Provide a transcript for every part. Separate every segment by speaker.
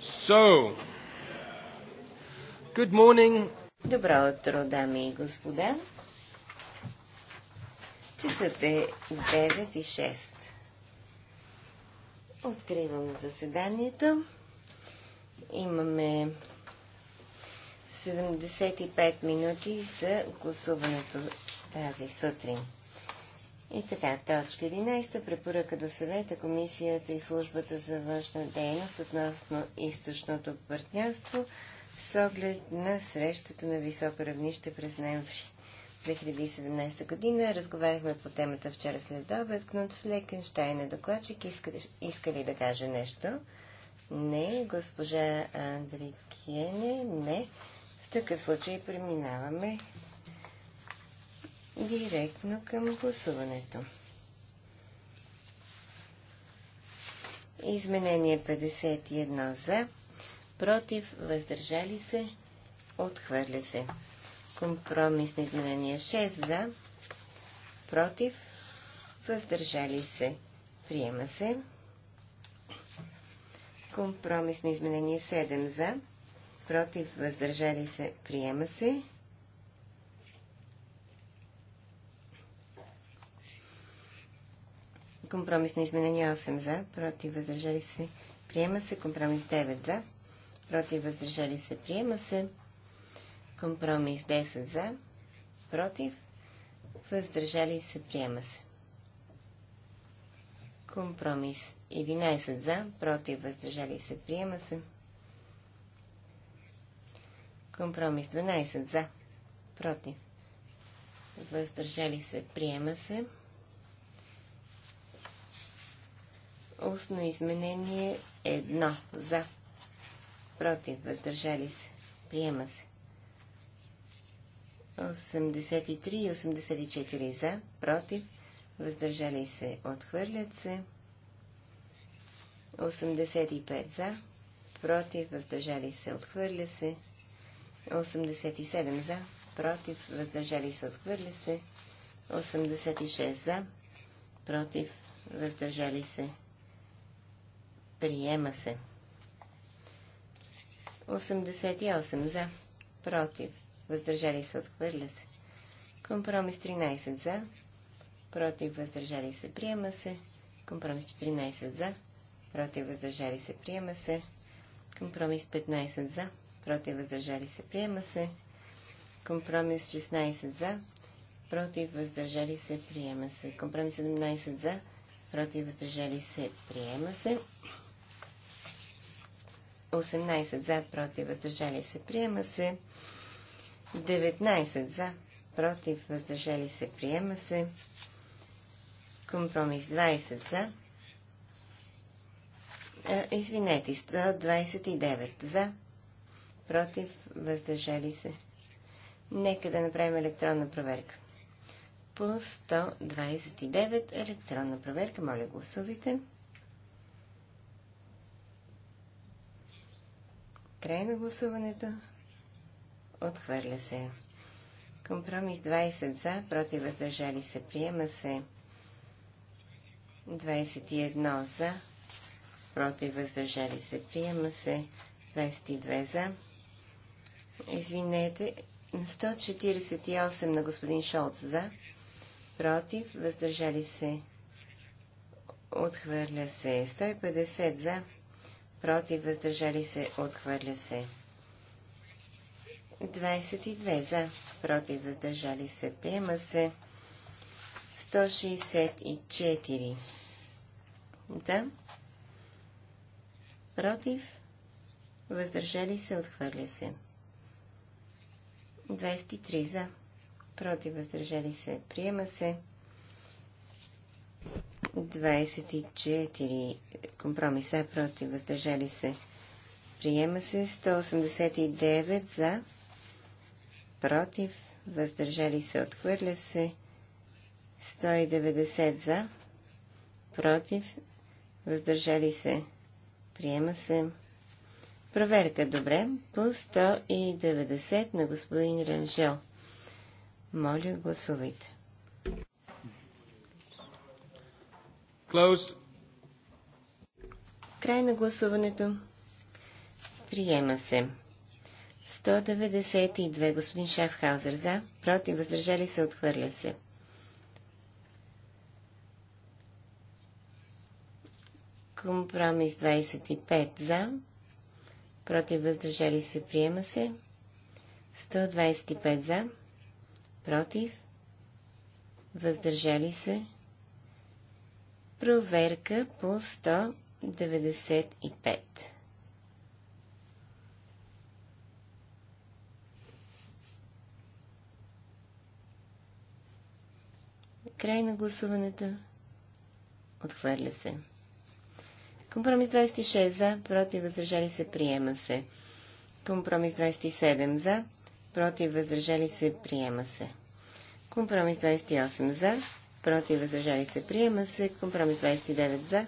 Speaker 1: So, good morning. Добро
Speaker 2: утро, дами и господа. Часът е 9 и 6. Откривам заседанието. Имаме 75 минути за гласуването тази сутрин. И така, точка 11. Препоръка до съвета, комисията и службата за външна дейност относно източното партньорство с оглед на срещата на високо равнище през ноември 2017 година. Разговаряхме по темата вчера след обед. Кнут Флекенштайн е докладчик. Иска, иска ли да каже нещо? Не. Госпожа Андрикиене? Не. В такъв случай преминаваме директно към гласуването. Изменение 51 за, против, въздържали се, отхвърля се. Компромисно изменение 6 за, против, въздържали се, приема се. Компромисно изменение 7 за, против, въздържали се, приема се. Компромис на изменение 8 за, против въздържали се, приема се. Компромис 9 за, против въздържали се, приема се. Компромис 10 за, против въздържали се, приема се. Компромис 11 за, против въздържали се, приема се. Компромис 12 за, против въздържали се, приема се. Устно изменение 1. За. Против. Въздържали се. Приема се. 83 и 84 за. Против. Въздържали се. Отхвърлят се. 85 за. Против. Въздържали се. Отхвърля се. 87 за. Против. Въздържали се. Отхвърля се. 86 за. Против. Въздържали се. Приема се. 88 за. Против. Въздържали се. Отхвърля се. Компромис 13 за. Против. Въздържали се. Приема се. Компромис 14 за. Против. Въздържали се. Приема се. Компромис 15 за. Против. Въздържали се. Приема се. Компромис 16 за. Против. Въздържали се. Приема се. Компромис 17 за. Против. Въздържали се. Приема се. 18 за, против, въздържали се, приема се. 19 за, против, въздържали се, приема се. Компромис 20 за. Е, извинете, 129 за, против, въздържали се. Нека да направим електронна проверка. По 129 електронна проверка, моля гласувайте. Край на гласуването. Отхвърля се. Компромис 20 за, против въздържали се. Приема се. 21 за, против въздържали се. Приема се. 22 за. Извинете, 148 на господин Шолц за, против въздържали се. Отхвърля се. 150 за против, въздържали се, отхвърля се. 22 за, против, въздържали се, приема се. 164 да, против, въздържали се, отхвърля се. 23 за, против, въздържали се, приема се. 24 компромиса против въздържали се. Приема се 189 за против въздържали се. Отхвърля се 190 за против въздържали се. Приема се. Проверка добре по 190 на господин Ранжел. Моля, гласувайте. Closed. Край на гласуването. Приема се. 192. Господин Шафхаузер за. Против. Въздържали се. Отхвърля се. Компромис 25 за. Против. Въздържали се. Приема се. 125 за. Против. Въздържали се. Проверка по 195. Край на гласуването. Отхвърля се. Компромис 26 за, против, възражали се, приема се. Компромис 27 за, против, възражали се, приема се. Компромис 28 за, против, въздържали се, приема се. Компромис 29 за,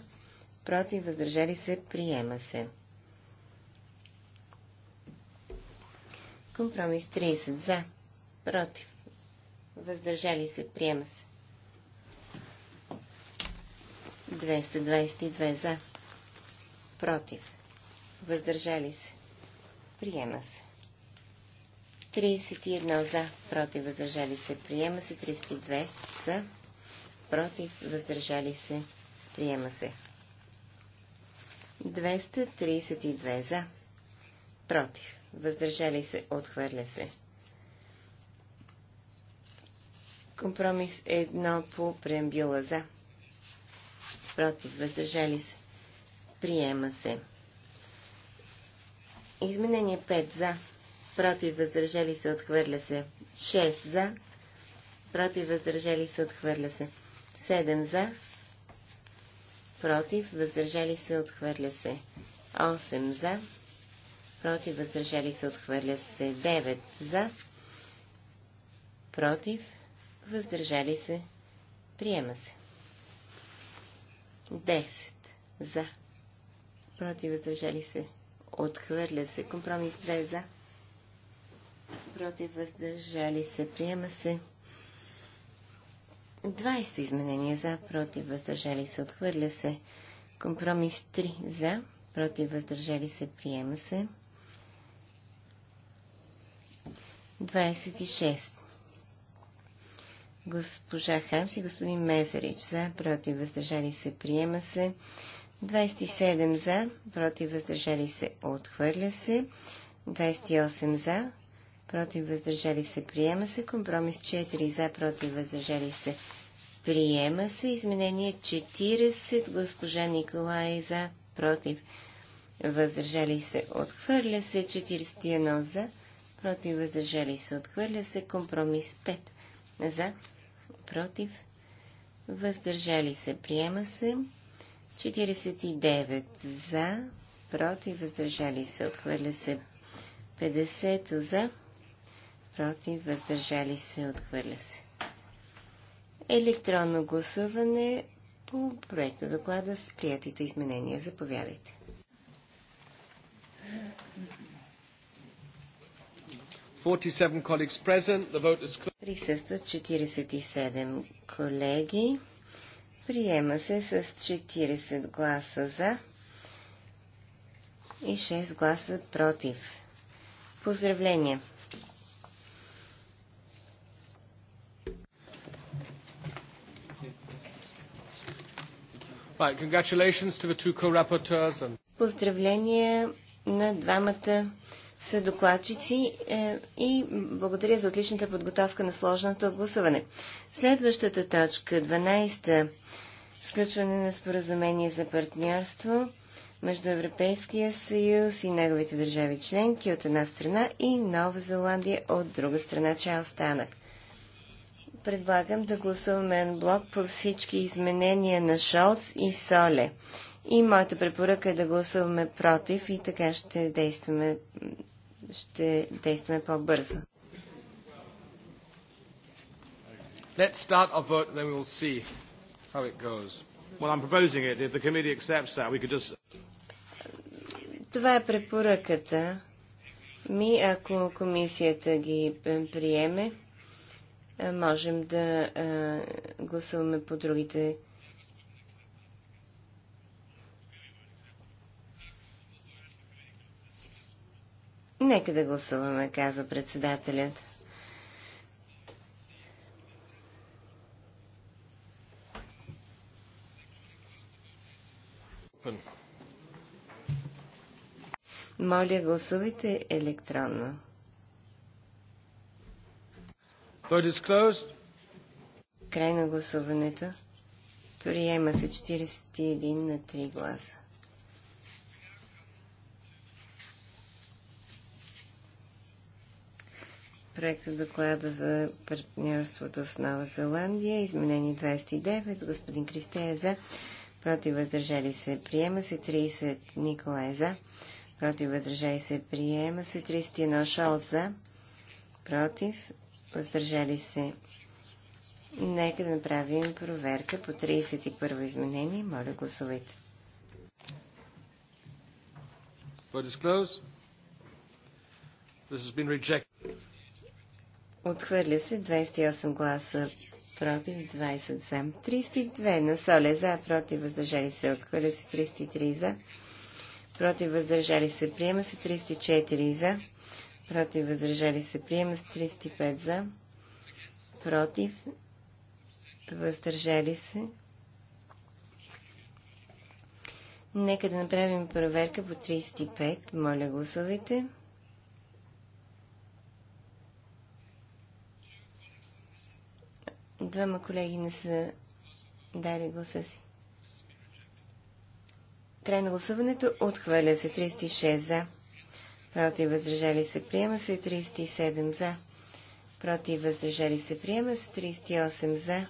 Speaker 2: против, въздържали се, приема се. Компромис 30 за, против, въздържали се, приема се. 222 за, против, въздържали се, приема се. 31 за, против, въздържали се, приема се. 32 за, против, въздържали се, приема се. 232 за, против, въздържали се, отхвърля се. Компромис 1 по преамбюла за, против, въздържали се, приема се. Изменение 5 за, против, въздържали се, отхвърля се. 6 за, против, въздържали се, отхвърля се. 7 за, против, въздържали се, отхвърля се. 8 за, против, въздържали се, отхвърля се. 9 за, против, въздържали се, приема се. 10 за, против, въздържали се, отхвърля се. Компромис 2 за, против, въздържали се, приема се. 20 изменения за, против, въздържали се, отхвърля се. Компромис 3 за, против, въздържали се, приема се. 26. Госпожа Хамс и господин Мезерич за, против, въздържали се, приема се. 27 за, против, въздържали се, отхвърля се. 28 за, против, въздържали се, приема се. Компромис 4 за, против, въздържали се, приема се. Изменение 40, госпожа Николай за, против, въздържали се, отхвърля се. 41 за, против, въздържали се, отхвърля се. Компромис 5 за, против, въздържали се, приема се. 49 за, против, въздържали се, отхвърля се. 50 за, против, въздържали се, отхвърля се. Електронно гласуване по проекта доклада с приятите изменения. Заповядайте. Присъстват 47 колеги. Приема се с 40 гласа за и 6 гласа против. Поздравления! Поздравления на двамата са докладчици е, и благодаря за отличната подготовка на сложното гласуване. Следващата точка, 12-та, сключване на споразумение за партньорство между Европейския съюз и неговите държави членки от една страна и Нова Зеландия от друга страна Чао Станък предлагам да гласуваме блок по всички изменения на Шолц и Соле. И моята препоръка е да гласуваме против и така ще действаме, ще действаме по-бързо.
Speaker 1: Let's start our vote, then we'll see how it
Speaker 3: goes. Well, I'm proposing it. If the committee accepts that, we could just...
Speaker 2: Това е препоръката ми, ако комисията ги приеме. Е, можем да е, гласуваме по другите Нека да гласуваме, каза председателят. Моля, гласувайте електронно. Vote is closed. Край на гласуването. Приема се 41 на 3 гласа. проекта доклада за партньорството с Нова Зеландия. Изменение 29. Господин Кристея е за. Против въздържали се. Приема се 30. Николай е за. Против въздържали се. Приема се 31. Шол за. Против въздържали се. Нека да направим проверка по 31 изменение. Моля, гласувайте. Отхвърля се 28 гласа против, 20 за. 32 на Соле за, против, въздържали се. Отхвърля се 33 за. Против, въздържали се. Приема се 34 за против, въздържали се, приема с 35 за, против, въздържали се. Нека да направим проверка по 35. Моля, гласувайте. Двама колеги не са дали гласа си. Край на гласуването отхвърля се 36 за против въздържали се приема се 37 за, против въздържали се приема с 38 за,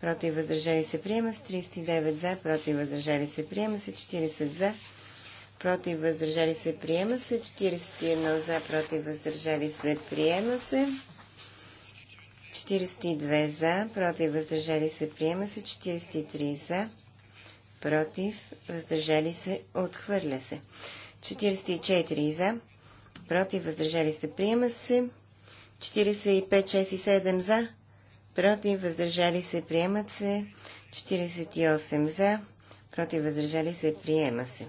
Speaker 2: против въздържали се приема с 39 за, против въздържали се приема се 40 за, против въздържали се приема се 41 за, против въздържали се приема се 42 за, против въздържали се приема се 43 за, против въздържали се отхвърля се. 44 за, против, въздържали се, приема се. 45, 6 и 7 за, против, въздържали се, приемат се. 48 за, против, въздържали се, приема се.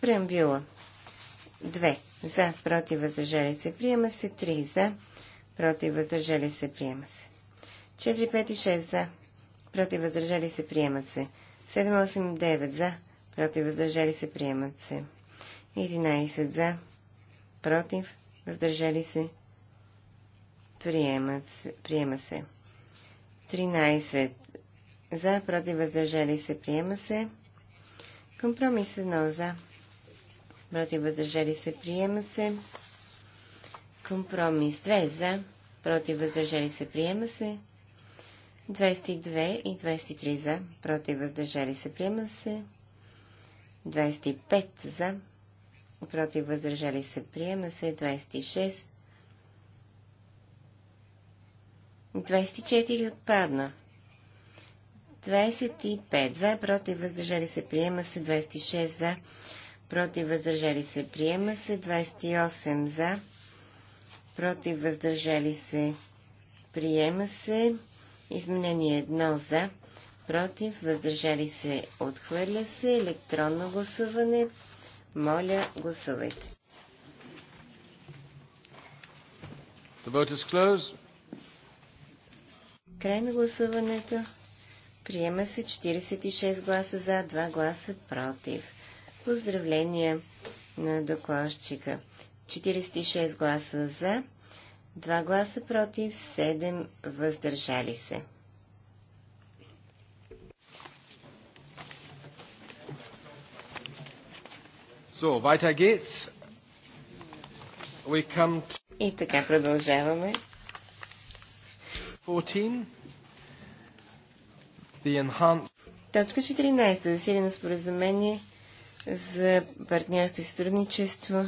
Speaker 2: Преамбюла. 2. За, против, въздържали се, приема се. 3. За, против, въздържали се, приема се. 4, 5 и 6 за, против, въздържали се, приемат се. 7, 8, 9 за, против, въздържали се, приемат се. 11 за, против, въздържали се, приема се. 13 за, против, въздържали се, приема се. Компромис 1 за, против, въздържали се, приема се. Компромис 2 за, против, въздържали се, приема се. 22 и 23 за, против, въздържали се, приема се. 25 за, против въздържали се, приема се 26. 24 отпадна. 25 за, против въздържали се, приема се 26 за, против въздържали се, приема се 28 за, против въздържали се, приема се изменение 1 за, против въздържали се, отхвърля се електронно гласуване моля, гласувайте.
Speaker 1: The vote is closed.
Speaker 2: Край на гласуването. Приема се 46 гласа за, 2 гласа против. Поздравления на докладчика. 46 гласа за, 2 гласа против, 7 въздържали се. So, weiter geht's. We come to... И така продължаваме. 14.
Speaker 1: The enhanced...
Speaker 2: Точка 14. Засилено споразумение за партньорство и сътрудничество.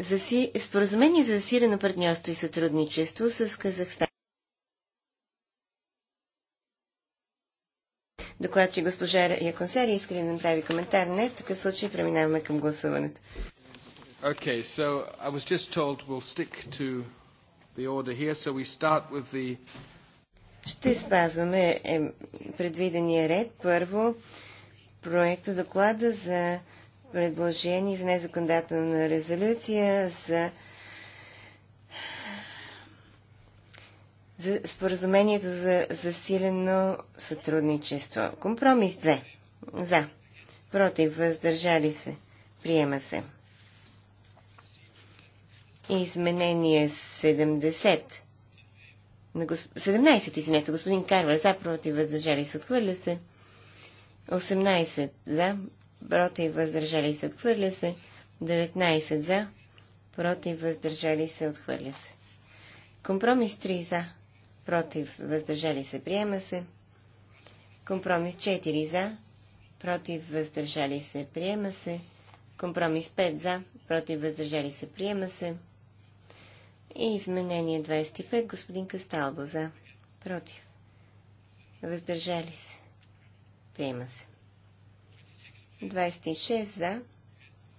Speaker 2: Заси... Споразумение за засилено партньорство и сътрудничество с Казахстан. доклад, че госпожа Яконсери иска да направи коментар. Не, в такъв случай преминаваме към гласуването.
Speaker 1: Okay, so I was just told we'll stick to the order here, so we start with the...
Speaker 2: Ще спазваме е, предвидения ред. Първо, проекта доклада за предложение за незаконодателна резолюция за за споразумението за засилено сътрудничество. Компромис 2. За. Против. Въздържали се. Приема се. Изменение 70. На госп... 17, извинете, господин Карвар. За. Против. Въздържали се. Отхвърля се. 18. За. Против. Въздържали се. Отхвърля се. 19. За. Против. Въздържали се. Отхвърля се. Компромис 3. За против, въздържали се, приема се. Компромис 4 за, против, въздържали се, приема се. Компромис 5 за, против, въздържали се, приема се. И изменение 25, господин Касталдо за, против, въздържали се, приема се. 26 за,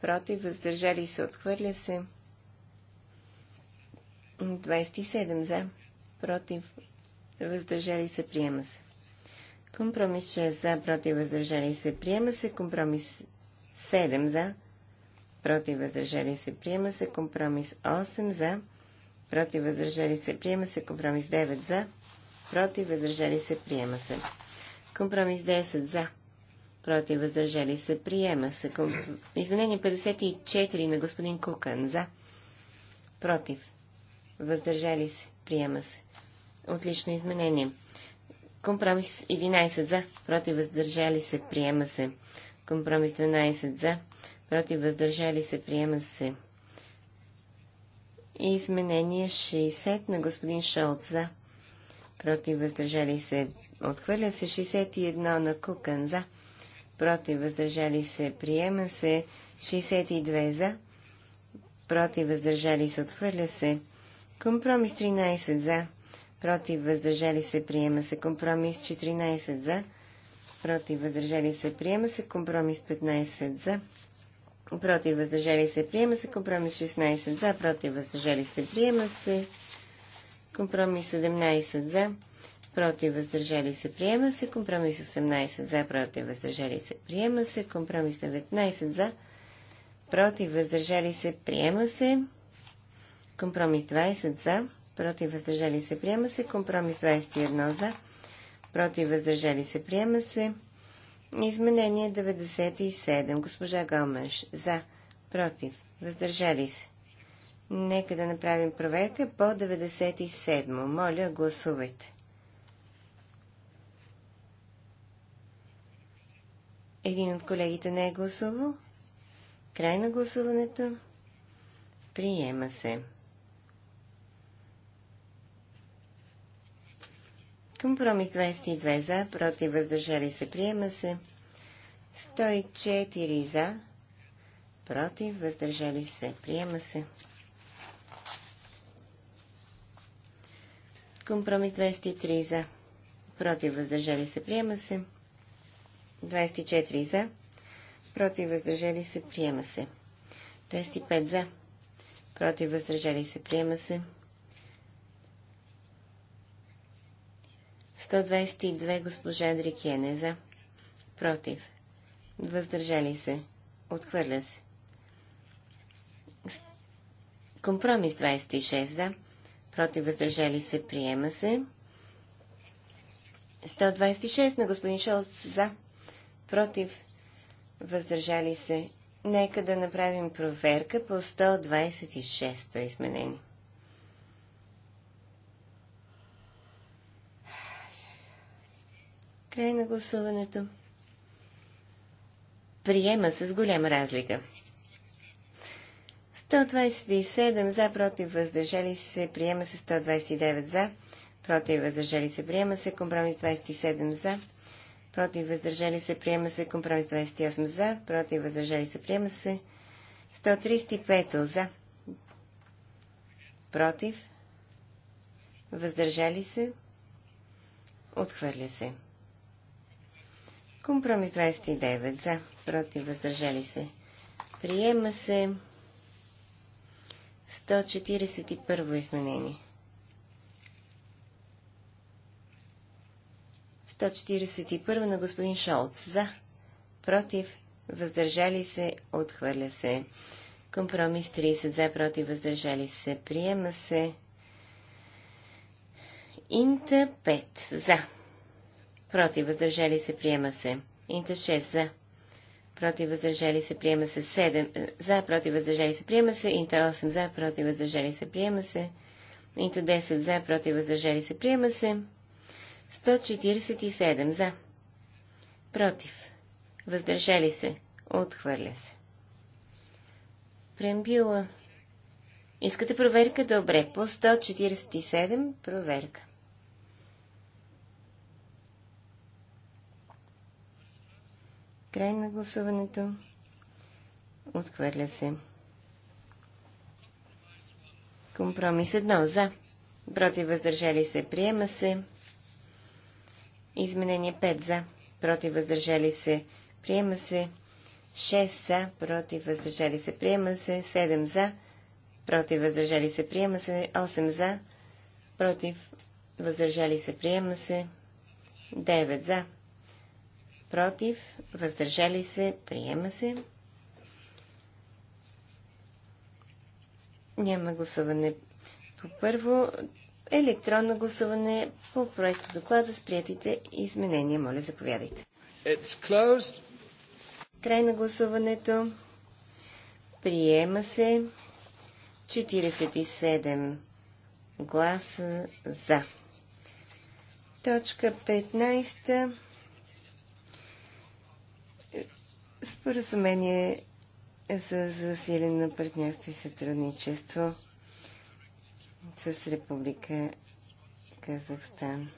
Speaker 2: против, въздържали се, отхвърля се. 27 за, против, въздържали се, приема се. Компромис 6 за, против, въздържали се, приема се. Компромис 7 за, против, въздържали се, приема се. Компромис 8 за, против, въздържали се, приема се. Компромис 9 за, против, въздържали се, приема се. Компромис 10 за, против, въздържали се, приема се. Изменение 54 на господин Кукан за, против, въздържали се, Приема се. Отлично изменение. Компромис 11 за, против въздържали се, приема се. Компромис 12 за, против въздържали се, приема се. И изменение 60 на господин Шолц за, против въздържали се, отхвърля се 61 на Кукан за, против въздържали се, приема се 62 за, против въздържали се, отхвърля се Компромис 13 за, против въздържали се, приема се. Компромис 14 за, против въздържали се, приема се. Компромис 15 за, против въздържали се, приема се. Компромис 16 за, против въздържали се, приема се. Компромис 17 за, против въздържали се, приема се. Компромис 18 за, против въздържали се, приема се. Компромис 19 за, против въздържали се, приема се. Компромис 20 за, против въздържали се, приема се. Компромис 21 за, против въздържали се, приема се. Изменение 97. Госпожа Гомеш. За. Против. Въздържали се. Нека да направим проверка по 97. Моля, гласувайте. Един от колегите не е гласувал. Край на гласуването. Приема се. Компромис 22 за, против въздържали се, приема се. 104 за, против въздържали се, приема се. Компромис 23 за, против въздържали се, приема се. 24 за, против въздържали се, приема се. 25 за, против въздържали се, приема се. 122 госпожа Дрикене за. Против. Въздържали се. Отхвърля се. Компромис 26 за. Против въздържали се. Приема се. 126 на господин Шолц за. Против въздържали се. Нека да направим проверка по 126 изменение. Край на гласуването. Приема с голяма разлика. 127 за, против, въздържали се, приема се 129 за, против, въздържали се, приема се, компромис 27 за, против, въздържали се, приема се, компромис 28 за, против, въздържали се, приема се, 135 за, против, въздържали се, отхвърля се. Компромис 29 за, против, въздържали се. Приема се 141 изменение. 141 на господин Шолц. За. Против. Въздържали се. Отхвърля се. Компромис 30. За. Против. Въздържали се. Приема се. Инта 5. За против, въздържали се, приема се. Инта 6 за, против, въздържали се, приема се. 7 е, за, против, въздържали се, приема се. Инта 8 за, против, въздържали се, приема се. Инта 10 за, против, въздържали се, приема се. 147 за, против, въздържали се, отхвърля се. Прембила. Искате проверка? Добре. По 147 проверка. Край на гласуването. Отхвърля се. Компромис 1 за. Против въздържали се. Приема се. Изменение 5 за. Против въздържали се. Приема се. 6 за. Против въздържали се. Приема се. 7 за. Против въздържали се. Приема се. 8 за. Против въздържали се. Приема се. 9 за против, въздържали се, приема се. Няма гласуване по първо. Електронно гласуване по проекта доклада с приятите изменения. Моля, заповядайте. Край на гласуването. Приема се 47 гласа за. Точка 15. споразумение за засилено партньорство и сътрудничество с Република Казахстан.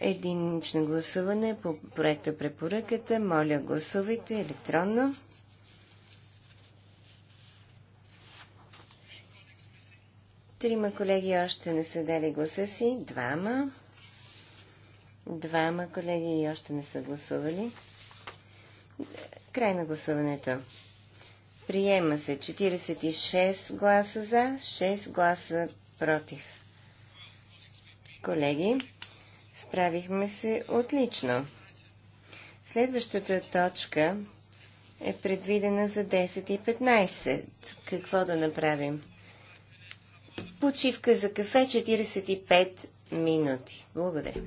Speaker 2: Единично гласуване по проекта препоръката. Моля, гласувайте електронно. Трима колеги още не са дали гласа си. Двама. Двама колеги още не са гласували. Край на гласуването. Приема се 46 гласа за, 6 гласа против. Колеги, справихме се отлично. Следващата точка е предвидена за 10 и 15. Какво да направим? Почивка за кафе 45 минути. Благодаря.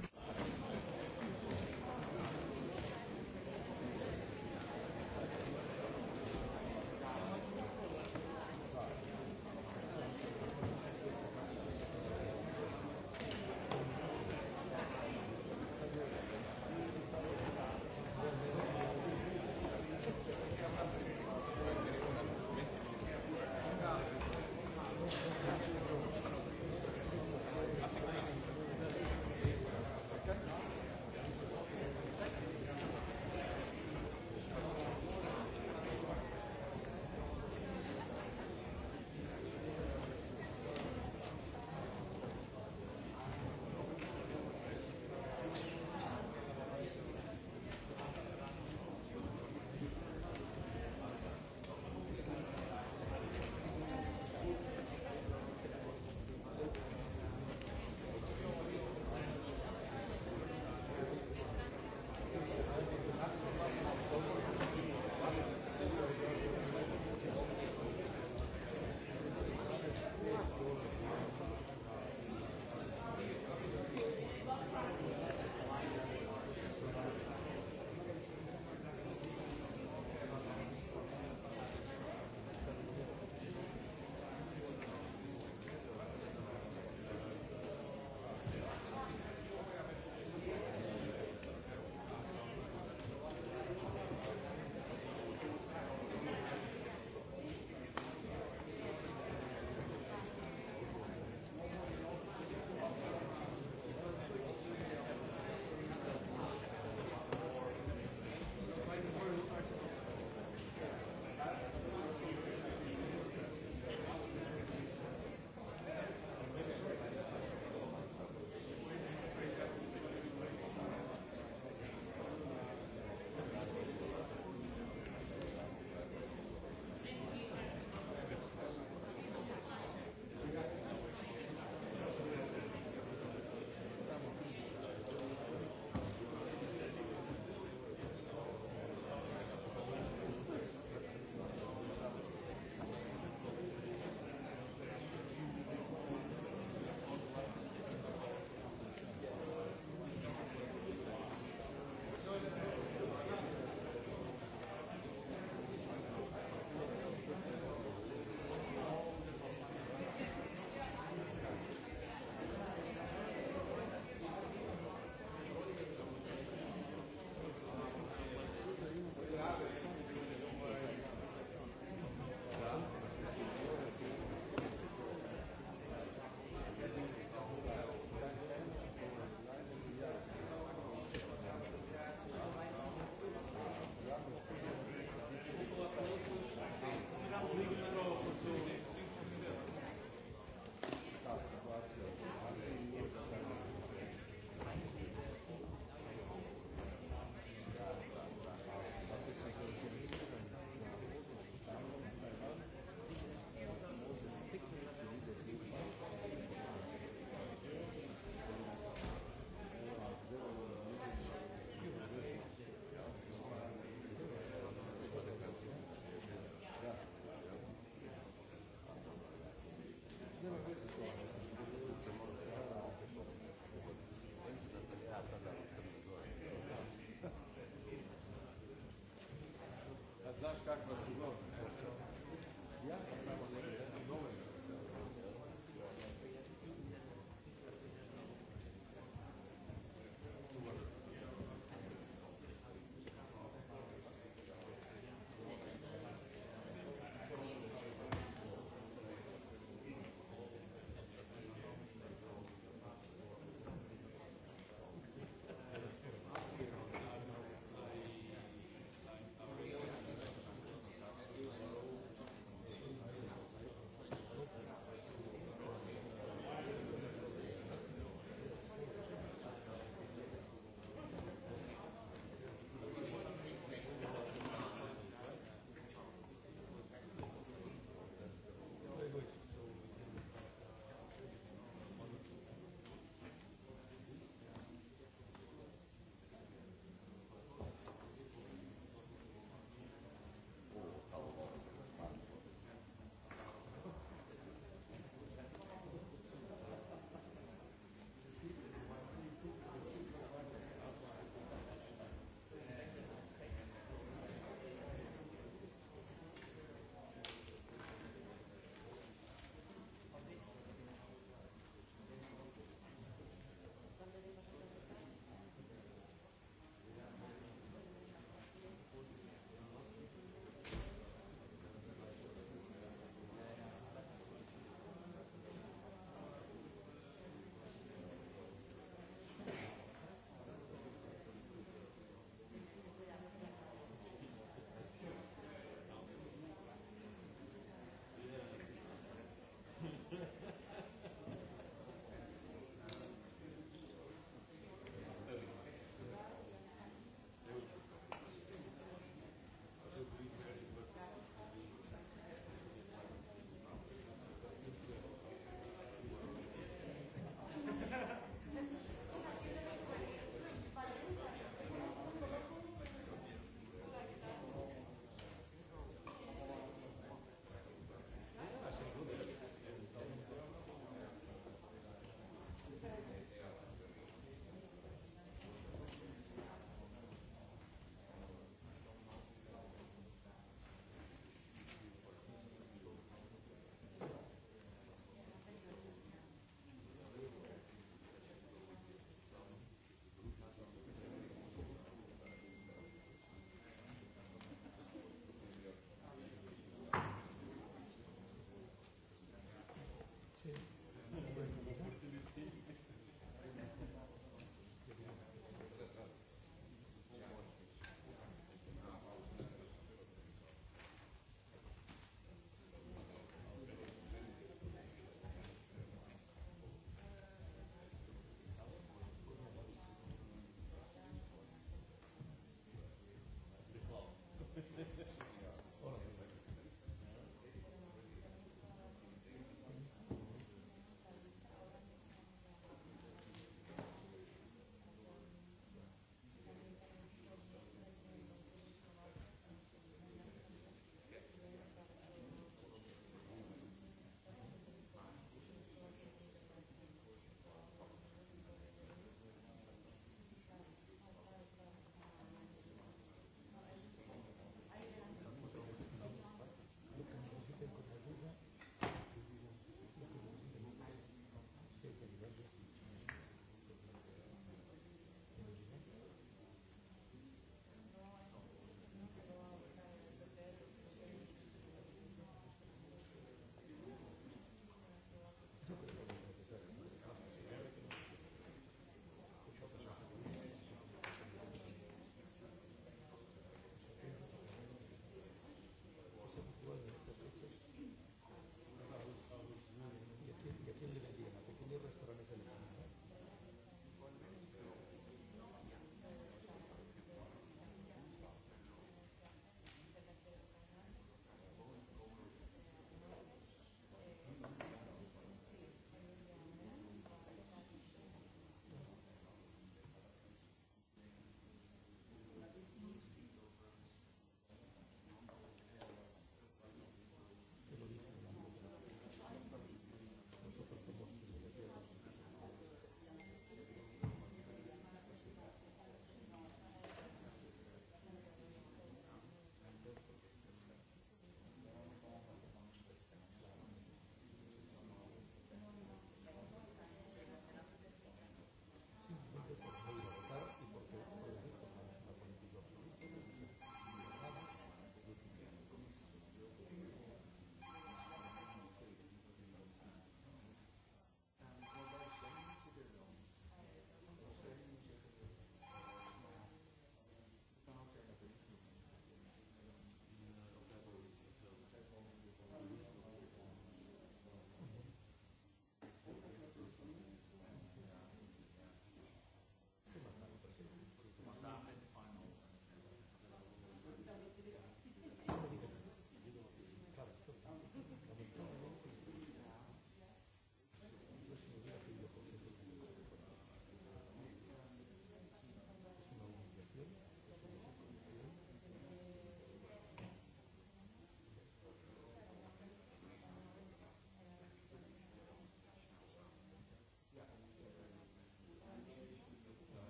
Speaker 4: знаеш как възможно.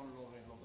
Speaker 3: con lo de los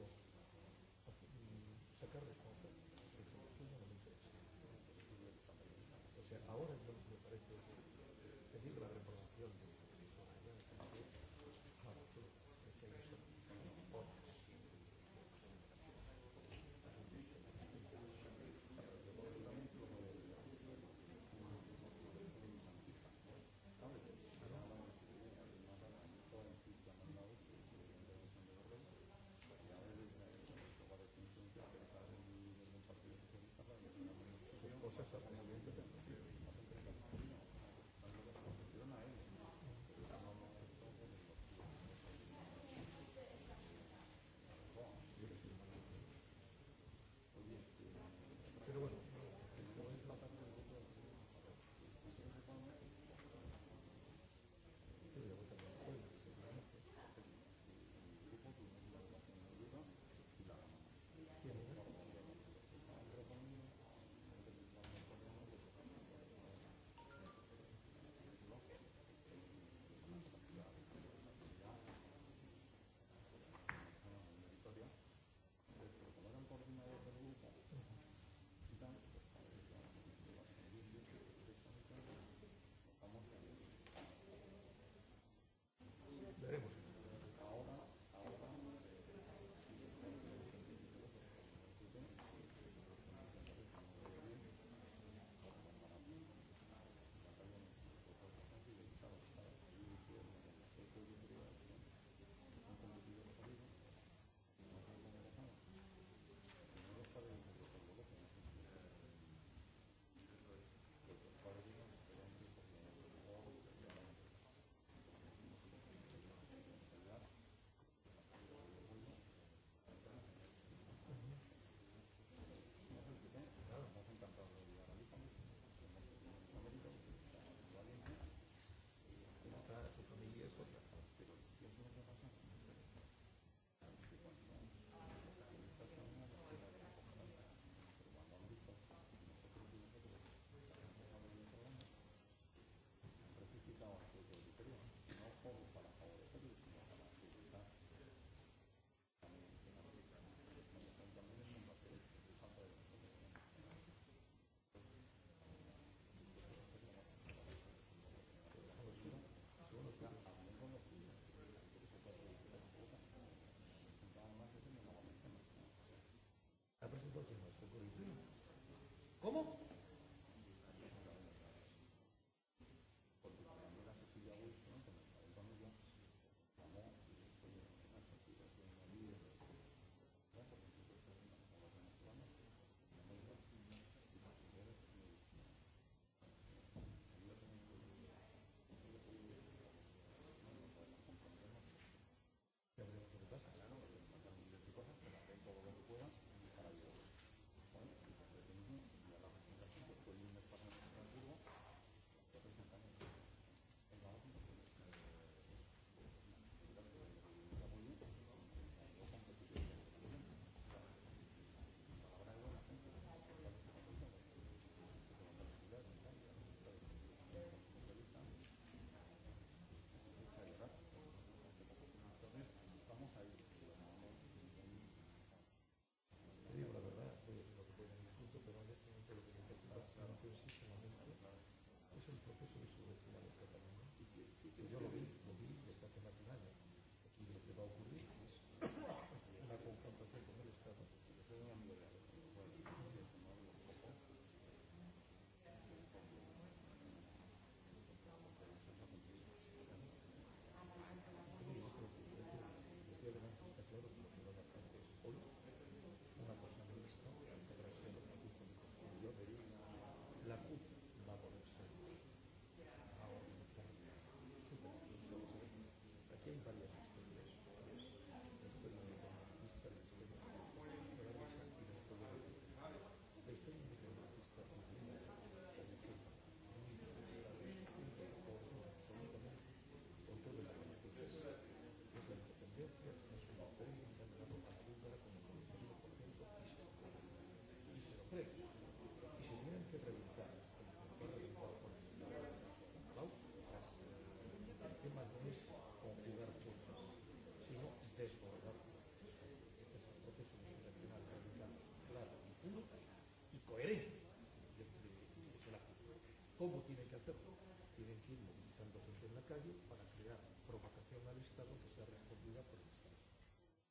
Speaker 3: sacar
Speaker 4: O sea, ahora yo me
Speaker 3: parece pedir la reprobación de Cristo. Claro, tú, es que ellos son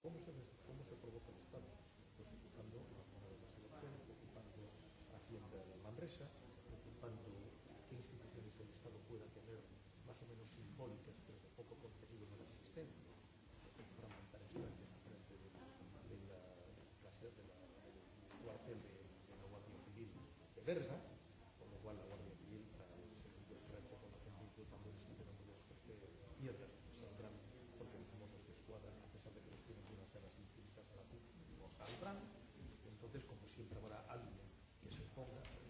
Speaker 3: ¿Cómo se, cómo se provoca el Estado? Pues ocupando la monedas de las elecciones, ocupando Hacienda de Manresa, ocupando qué instituciones el Estado pueda tener más o menos simbólicas, pero de poco contenido en el sistema para montar estancias al frente de, de la, de la, del cuartel de, de la Guardia Civil de Berga, siempre habrá alguien que se ponga, a y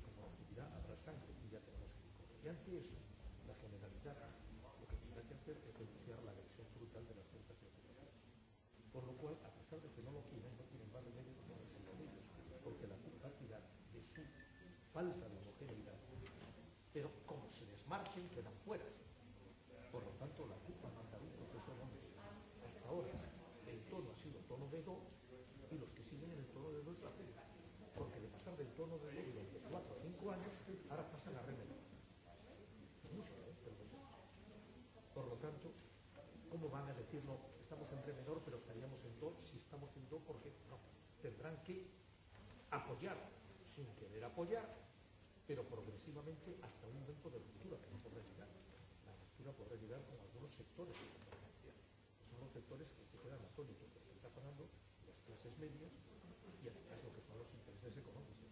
Speaker 3: como dirá dignidad habrá sangre y ya tenemos que Y ante eso, la generalidad lo que tendrá que hacer es denunciar la agresión brutal de las fuerzas de seguridad Por lo cual, a pesar de que no lo quieren, no tienen más remedio que ponerse con ellos, porque la culpa de su falta de homogeneidad. Pero como se desmarquen, uno, dos, tres, cuatro, cinco años, ahora pasan a remedio. Es música, ¿eh? Pero no Por lo tanto, ¿cómo van a decir no? Estamos en re menor, pero estaríamos en do, si estamos en do, porque no. Tendrán que apoyar, sin querer apoyar, pero progresivamente hasta un momento de ruptura que no podrá llegar. La ruptura podrá llegar con algunos sectores de competencia. Son los sectores que se quedan atónitos, que está pagando las clases medias y además lo que son los intereses económicos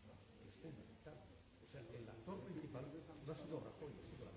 Speaker 3: tema, O sea, el actor principal no ha sido Rajoy, ha sido la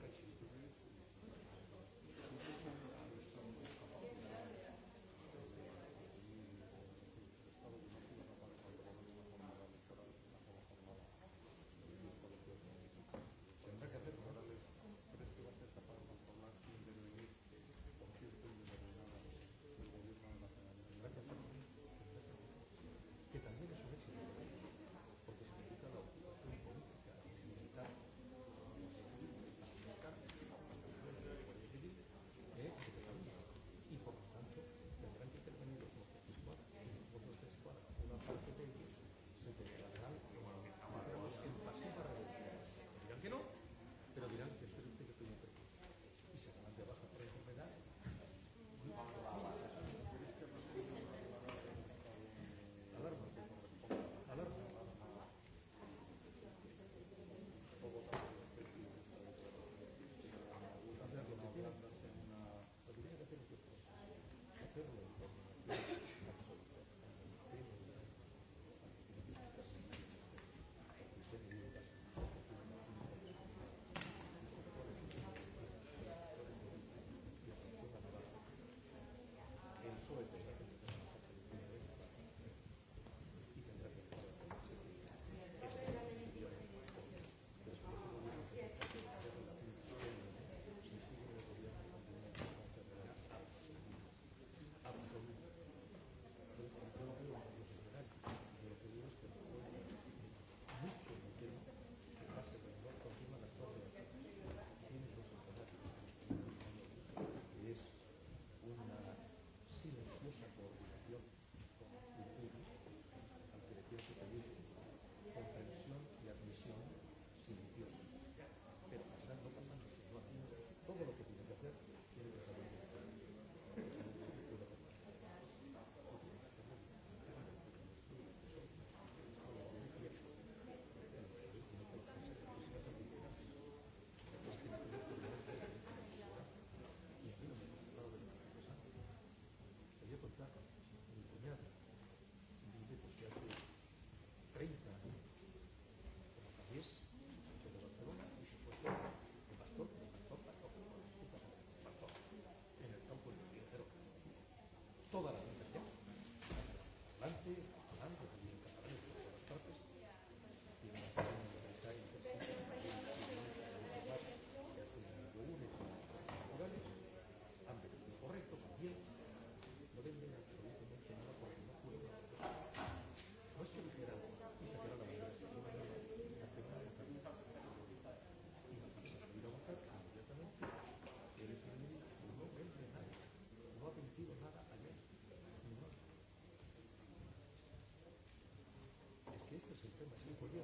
Speaker 3: Qu'est-ce que c'était Monsieur Collier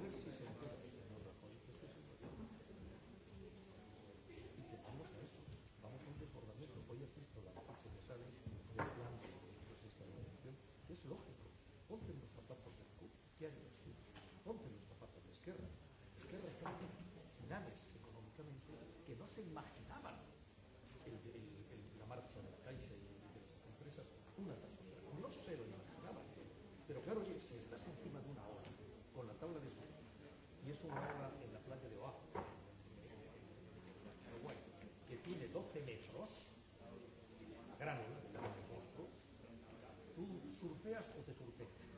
Speaker 3: Merci, c'est una obra en la playa de pero bueno, que tiene 12 metros, a grano, en el monstruo, tú surfeas o te surfeas.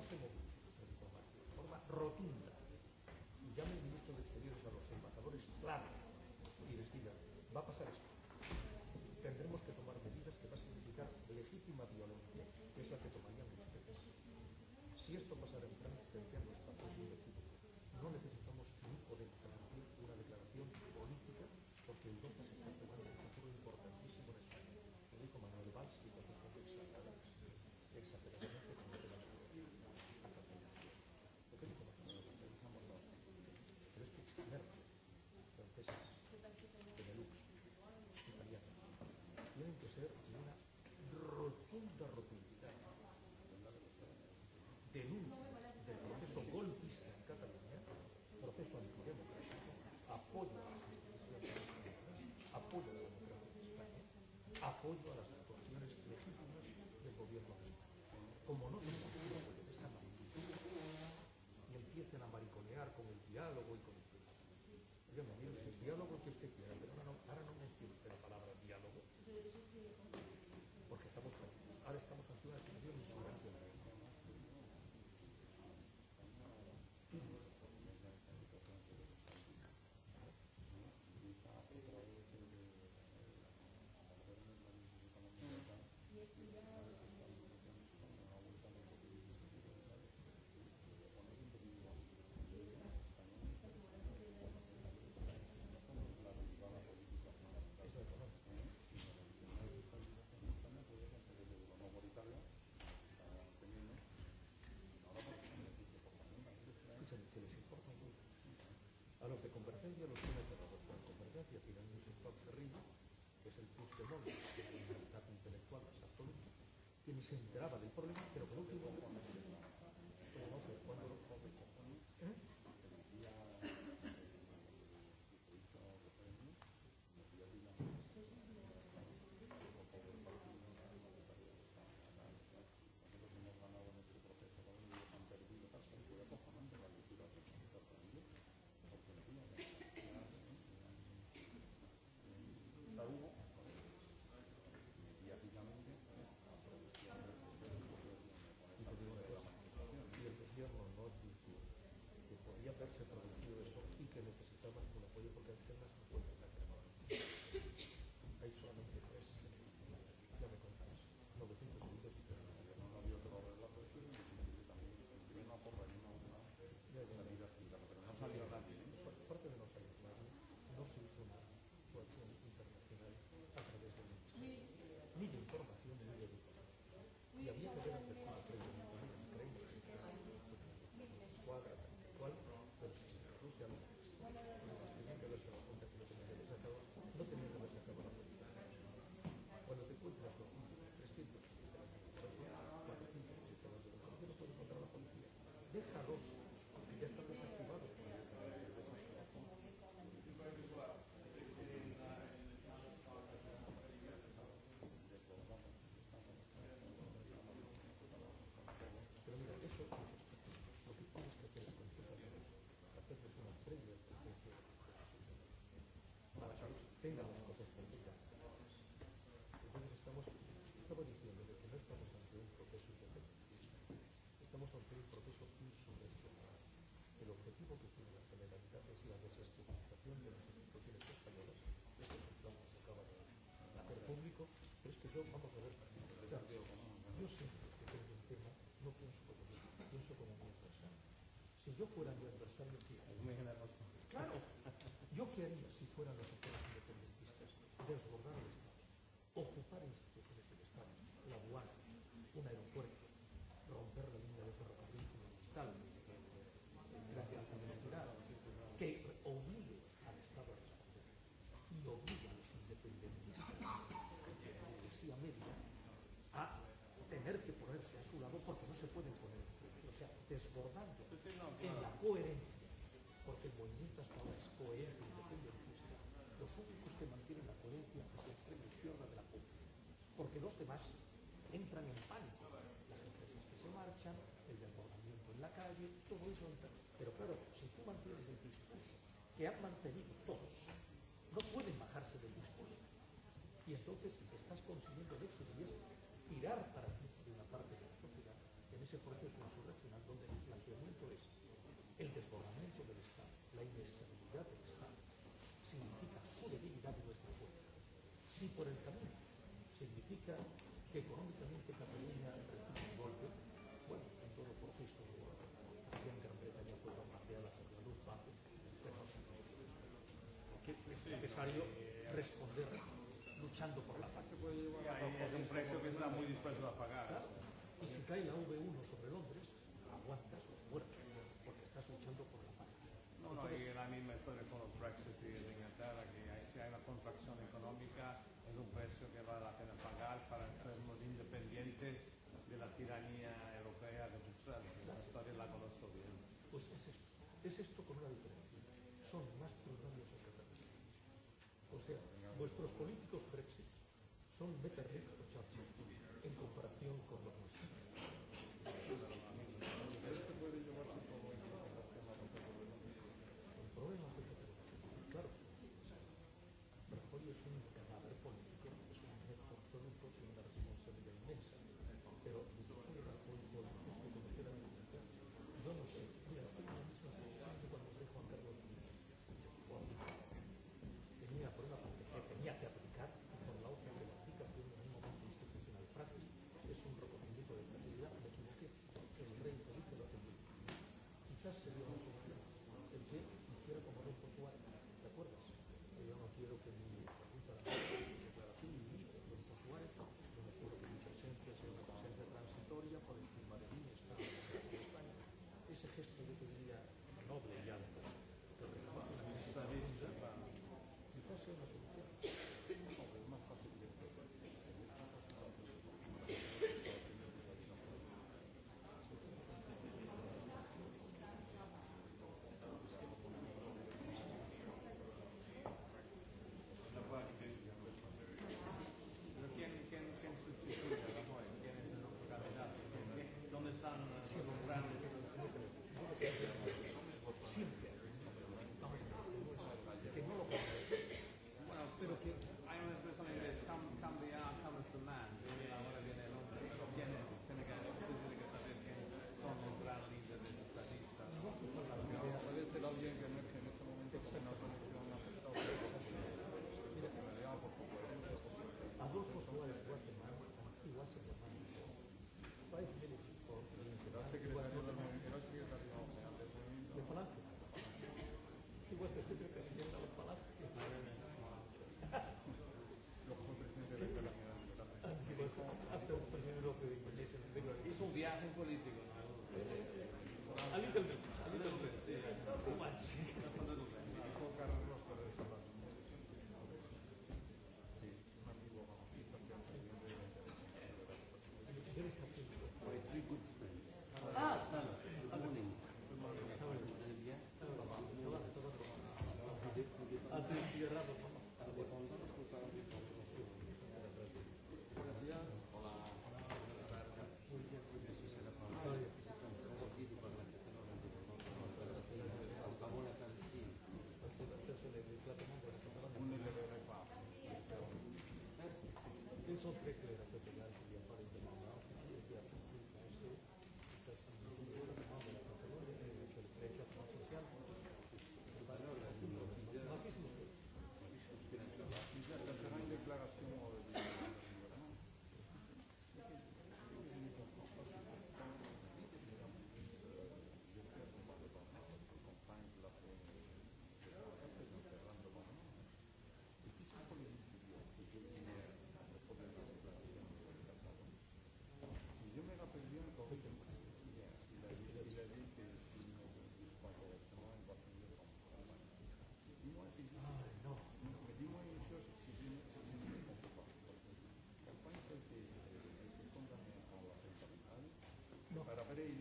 Speaker 3: desconoce de forma rotunda interromput. Denuncia del proceso golpista en Cataluña, proceso antidemocrático, apoyo a las instituciones apoyo a la democracia en España, apoyo a las actuaciones legítimas del gobierno de España. Como no se de esta magnitud y empiecen a mariconear con el diálogo y Bob Ferrini, que es el Puigdemont de la libertad intelectual más absoluta, quien se enteraba del problema, pero por último, cuando lo Entonces estamos, estamos diciendo que no estamos ante un proceso estamos ante un proceso insurreccional. El objetivo que tiene la generalidad es la desestructuración de las instituciones españolas, eso es que se acaba de hacer público, pero es que yo, vamos a ver, yo siempre que tengo un tema no pienso como yo, pienso como mi adversario. Si yo fuera mi adversario, ¿qué haría? Claro, yo qué haría si fueran los adversarios desbordar el Estado, ocupar instituciones del Estado, la aduana, un aeropuerto, romper la línea de ferrocarril fundamental, gracias a la velocidad, que obligue al Estado a responder y obligue a los independentistas de la Iglesia Media a tener que ponerse a su lado porque no se pueden poner o sea, desbordando en la coherencia, porque el movimiento hasta ahora es coherente porque los demás entran en pánico. Las empresas que se marchan, el desbordamiento en la calle, todo eso entra. Pero claro, si tú mantienes el discurso que han mantenido todos, no pueden bajarse del discurso. Y entonces si estás consiguiendo el éxito y es tirar para ti de una parte de la sociedad en ese proceso insurreccional donde el planteamiento es el desbordamiento del Estado, la inestabilidad del Estado, significa su debilidad y nuestra fuerza. Si por el luchando por la paz. Es un precio que está muy dispuesto a pagar. Y si cae la V1 sobre Londres, aguantas los muertos, porque estás luchando por la paz. No, no, y la misma historia con los Brexit y en Inglaterra, que hay, si hay una contracción económica, es un precio que vale la pena pagar para sermos independientes de la tiranía europea de Bruselas. La historia la conozco bien. Pues es esto. Es esto Битър un viaje político. A little bit, a little bit, sí. Too much.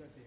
Speaker 3: that day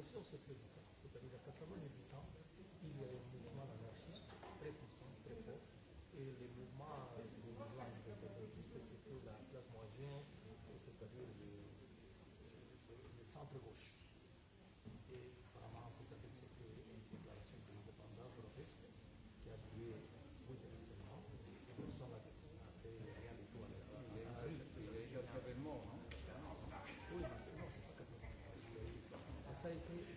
Speaker 3: situation, c'est que l'État, c'est-à-dire la Catalogne et l'État, il y a un mouvement anarchiste très puissant, très fort, et les mouvements de mouvement, anarchistes, c'est que la classe moyenne, c'est-à-dire le, le centre-gauche. socialista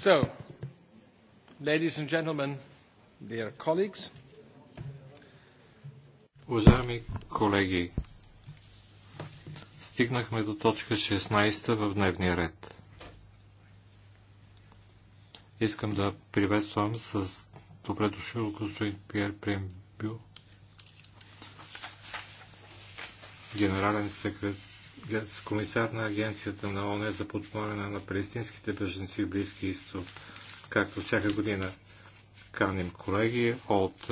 Speaker 4: So, ladies and gentlemen, dear colleagues. Уважаеми колеги, стигнахме до точка 16 в дневния ред. Искам да приветствам с добре дошъл господин Пьер Прембю, генерален секретар комисар на агенцията на ОНЕ за подпомагане на палестинските беженци в Близки изток. Както всяка година каним колеги от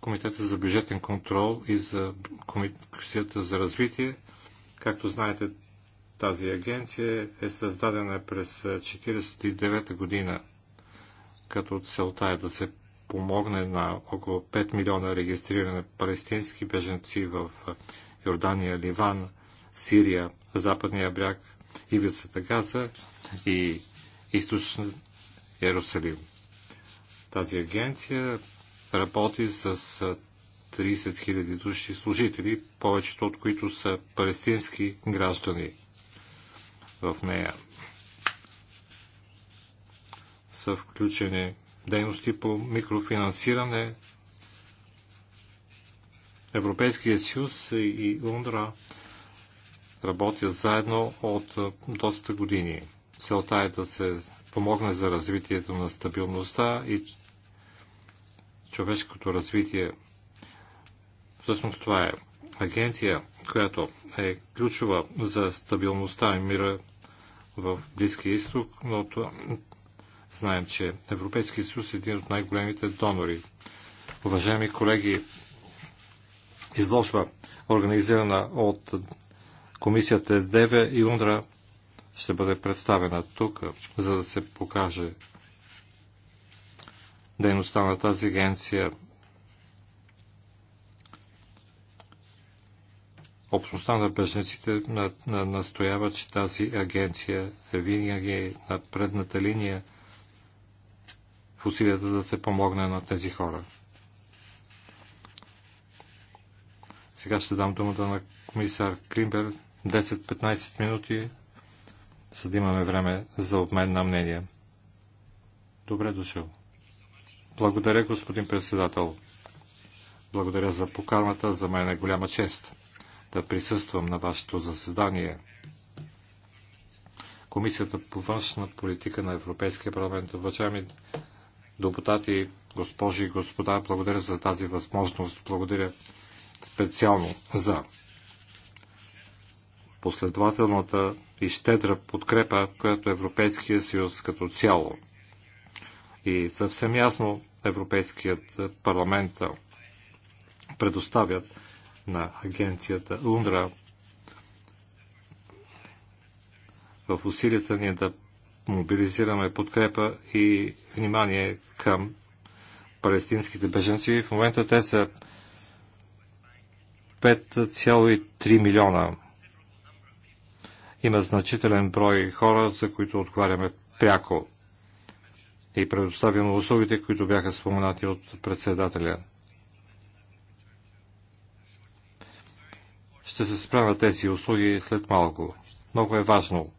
Speaker 4: Комитета за бюджетен контрол и за Комисията за развитие. Както знаете, тази агенция е създадена през 1949 година, като целта е да се помогне на около 5 милиона регистрирани палестински беженци в Йордания, Ливан, Сирия, Западния бряг, Ивицата Газа и Източен Иерусалим. Тази агенция работи с 30 000 души служители, повечето от които са палестински граждани в нея. Са включени дейности по микрофинансиране, Европейския съюз и УНДРА работят заедно от доста години. Целта е да се помогне за развитието на стабилността и човешкото развитие. Всъщност това е агенция, която е ключова за стабилността и мира в Близкия изток, но знаем, че Европейския съюз е един от най-големите донори. Уважаеми колеги, изложба, организирана от комисията Деве и Ундра, ще бъде представена тук, за да се покаже дейността на тази агенция. Общността на бежниците настоява, че тази агенция е винаги на предната линия в усилията да се помогне на тези хора. Сега ще дам думата на комисар Климбер 10-15 минути, за да имаме време за обмен на мнения. Добре дошъл. Благодаря, господин председател. Благодаря за поканата. За мен е голяма чест да присъствам на вашето заседание. Комисията по външна политика на Европейския парламент. Уважаеми депутати, госпожи и господа, благодаря за тази възможност. Благодаря специално за последователната и щедра подкрепа, която Европейския съюз като цяло и съвсем ясно Европейският парламент предоставят на агенцията УНРА в усилията ни да мобилизираме подкрепа и внимание към палестинските беженци. В момента те са 5,3 милиона. Има значителен брой хора, за които отговаряме пряко и предоставяме услугите, които бяха споменати от председателя. Ще се справя тези услуги след малко. Много е важно,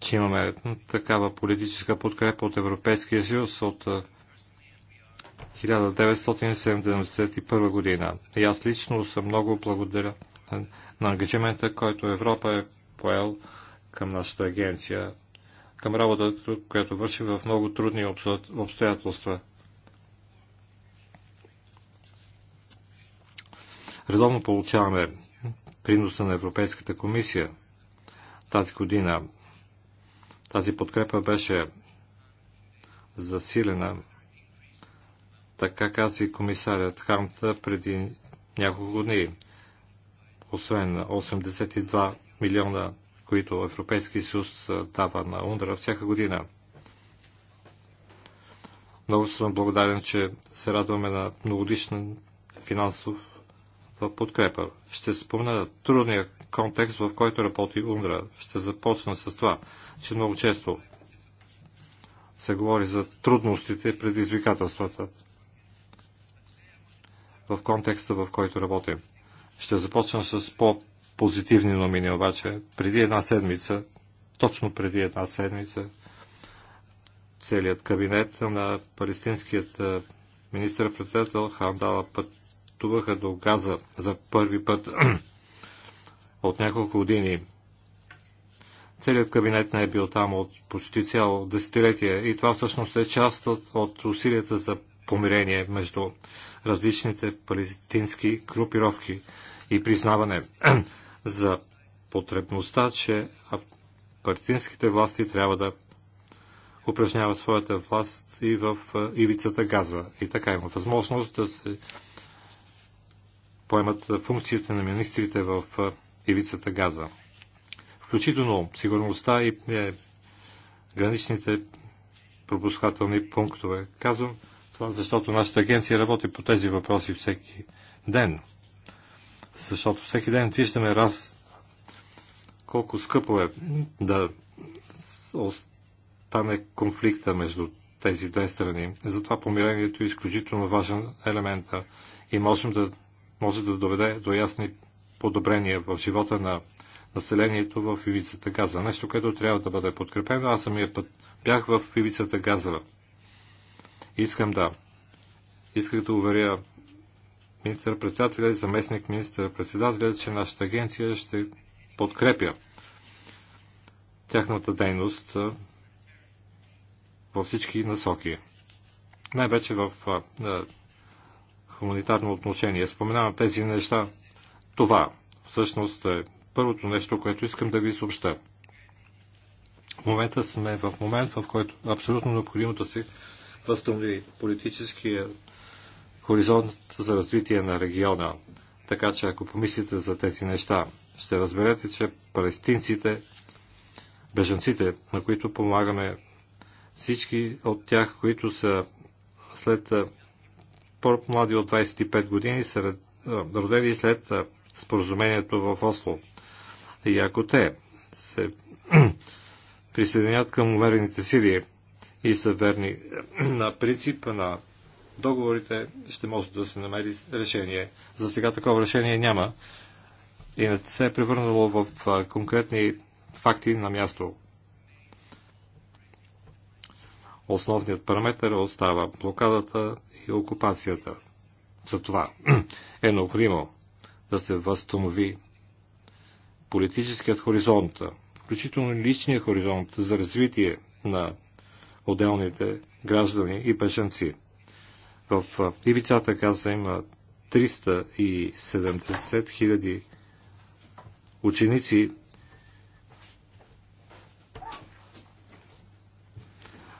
Speaker 4: че имаме такава политическа подкрепа от Европейския съюз, от 1971 година. И аз лично съм много благодаря на ангажимента, който Европа е поел към нашата агенция, към работата, която върши в много трудни обстоятелства. Редовно получаваме приноса на Европейската комисия тази година. Тази подкрепа беше засилена така каза и комисарят Хармта преди няколко дни. Освен 82 милиона, които Европейски съюз дава на Ундра всяка година. Много съм благодарен, че се радваме на многодишна финансов подкрепа. Ще спомена трудния контекст, в който работи Ундра. Ще започна с това, че много често се говори за трудностите и предизвикателствата в контекста, в който работим. Ще започна с по-позитивни номини обаче. Преди една седмица, точно преди една седмица, целият кабинет на палестинският министър-председател Хандала пътуваха до Газа за първи път от няколко години. Целият кабинет не е бил там от почти цяло десетилетие и това всъщност е част от, от усилията за помирение между различните палестински групировки и признаване за потребността, че палестинските власти трябва да упражнява своята власт и в ивицата Газа. И така има възможност да се поемат функциите на министрите в ивицата Газа. Включително сигурността и е, граничните пропускателни пунктове. Казвам, защото нашата агенция работи по тези въпроси всеки ден. Защото всеки ден виждаме раз колко скъпо е да остане конфликта между тези две страни. Затова помирението е изключително важен елемент и можем да, може да доведе до ясни подобрения в живота на населението в Ивицата Газа. Нещо, което трябва да бъде подкрепено. Аз самия път бях в Ивицата Газа Искам да. Исках да уверя министър-председателя и заместник министър-председателя, че нашата агенция ще подкрепя тяхната дейност във всички насоки. Най-вече в хуманитарно отношение. Споменавам тези неща. Това всъщност е първото нещо, което искам да ви съобща. В момента сме в момент, в който е абсолютно необходимото да се възстанови политическия хоризонт за развитие на региона. Така че ако помислите за тези неща, ще разберете, че палестинците, бежанците, на които помагаме, всички от тях, които са след по-млади от 25 години, са родени след споразумението в Осло. И ако те се присъединят към умерените сили, и са верни на принципа на договорите, ще може да се намери решение. За сега такова решение няма и не се е превърнало в конкретни факти на място. Основният параметр остава блокадата и окупацията. Затова е необходимо да се възстанови политическият хоризонт, включително личния хоризонт за развитие на отделните граждани и бежанци. В Ивицата Газа има 370 хиляди ученици.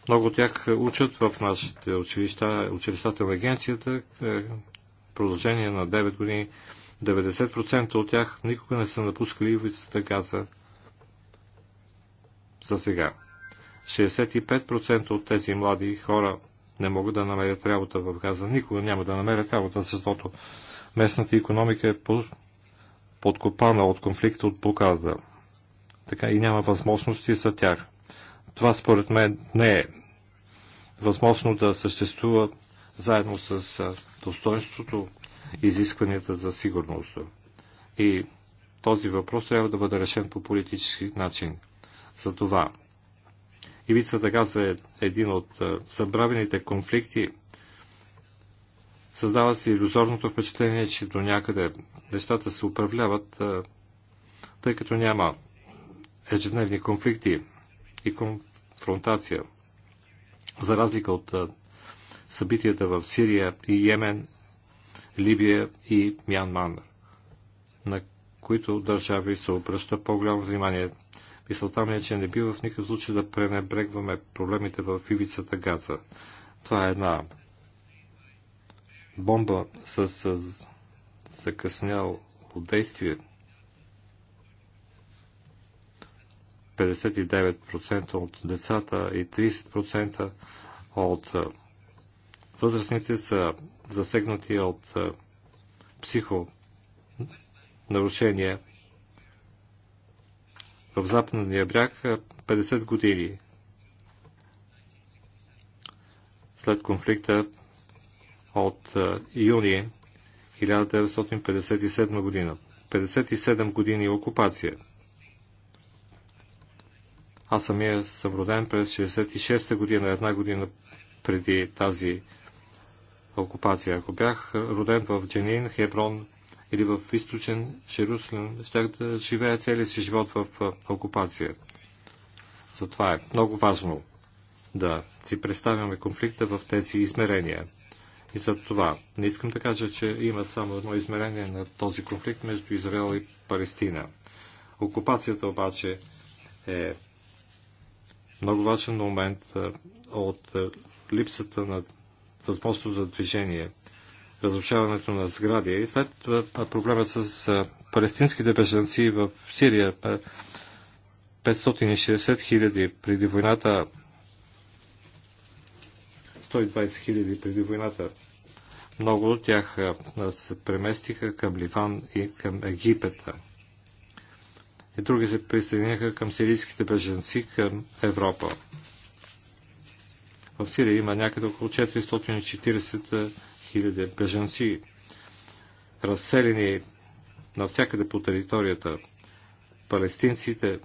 Speaker 4: Много от тях учат в нашите училища, училищата на агенцията. В е, продължение на 9 години 90% от тях никога не са напускали ивицата Газа за сега. 65% от тези млади хора не могат да намерят работа в Газа. Никога няма да намерят работа, защото местната економика е подкопана от конфликта, от блокада. Така и няма възможности за тях. Това според мен не е възможно да съществува заедно с достоинството, изискванията за сигурност. И този въпрос трябва да бъде решен по политически начин. За това Ивицата Газа е един от е, събравените конфликти. Създава се иллюзорното впечатление, че до някъде нещата се управляват, е, тъй като няма ежедневни конфликти и конфронтация. За разлика от е, събитията в Сирия и Йемен, Либия и Мянман, на които държави се обръща по-голямо внимание Мисълта ми е, че не бива в никакъв случай да пренебрегваме проблемите в ивицата Газа. Това е една бомба с, с закъснял действие. 59% от децата и 30% от възрастните са засегнати от психонарушения в западния бряг 50 години. След конфликта от юни 1957 година. 57 години окупация. Аз самия съм роден през 66-та година, една година преди тази окупация. Ако бях роден в Дженин, Хеброн или в източен Шерусалим, щях да живея целия си живот в окупация. Затова е много важно да си представяме конфликта в тези измерения. И за това не искам да кажа, че има само едно измерение на този конфликт между Израел и Палестина. Окупацията обаче е много важен момент от липсата на възможност за движение разрушаването на сгради. И след проблема с палестинските беженци в Сирия, 560 хиляди преди войната, 120 хиляди преди войната. Много от тях се преместиха към Ливан и към Египета. И други се присъединяха към сирийските беженци към Европа. В Сирия има някъде около 440 хиляди бежанци, разселени навсякъде по територията. Палестинците,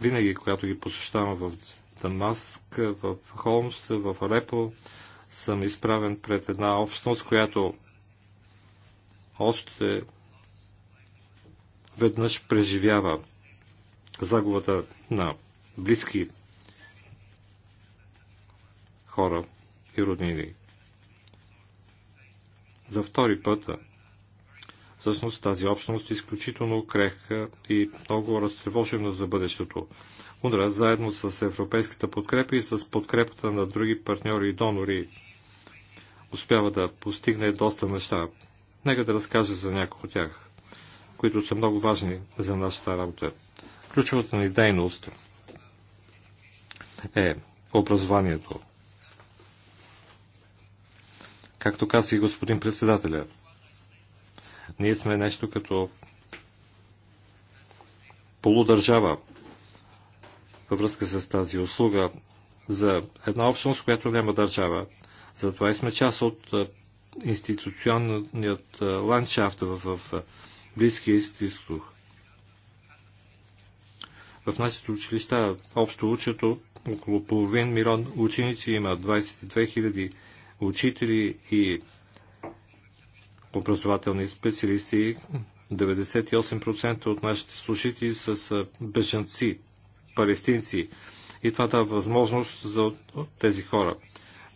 Speaker 4: винаги, когато ги посещавам в Дамаск, в Холмс, в Алепо, съм изправен пред една общност, която още веднъж преживява загубата на близки хора и роднини за втори път. Всъщност тази общност е изключително крехка и много разтревожена за бъдещето. УНРА заедно с европейската подкрепа и с подкрепата на други партньори и донори успява да постигне доста неща. Нека да разкажа за някои от тях, които са много важни за нашата работа. Ключовата ни дейност е образованието. Както каза и господин председателя, ние сме нещо като полудържава във връзка с тази услуга за една общност, която няма държава. Затова и сме част от институционният ландшафт в Близкия изток. В нашите училища общо учето около половин милион ученици има 22 хиляди учители и образователни специалисти. 98% от нашите служители са бежанци, палестинци. И това дава възможност за тези хора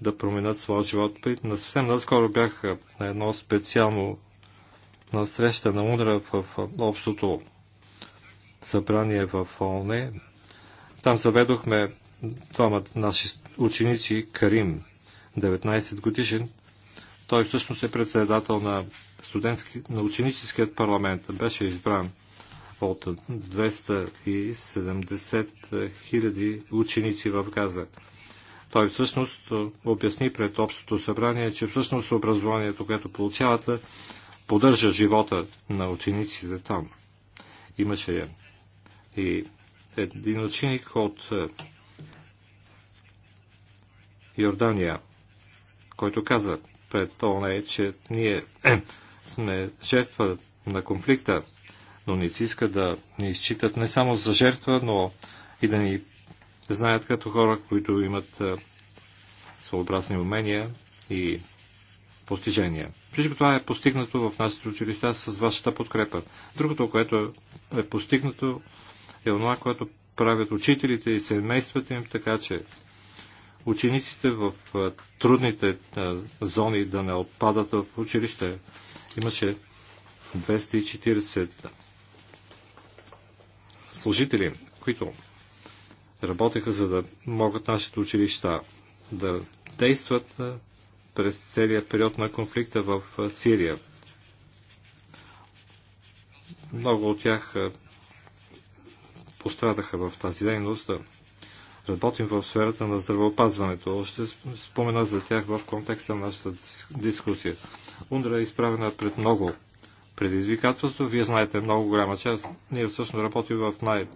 Speaker 4: да променят своя живот. На съвсем наскоро бях на едно специално на среща на УНРА в общото събрание в ОНЕ. Там заведохме двама наши ученици Карим 19 годишен. Той всъщност е председател на, студентски, на ученическият парламент. Беше избран от 270 000 ученици в Газа. Той всъщност обясни пред Общото събрание, че всъщност образованието, което получавате, поддържа живота на учениците там. Имаше и един ученик от е, Йордания, който каза пред ООН, е, че ние е, сме жертва на конфликта, но не си иска да ни изчитат не само за жертва, но и да ни знаят като хора, които имат е, своеобразни умения и постижения. Всичко това е постигнато в нашите училища с вашата подкрепа. Другото, което е постигнато, е онова, което правят учителите и семействата им, така че учениците в трудните зони да не отпадат в училище. Имаше 240 служители, които работеха, за да могат нашите училища да действат през целия период на конфликта в Сирия. Много от тях пострадаха в тази дейност работим в сферата на здравеопазването. Ще спомена за тях в контекста на нашата дискусия. Ундра е изправена пред много предизвикателство. Вие знаете много голяма част. Ние всъщност работим в най-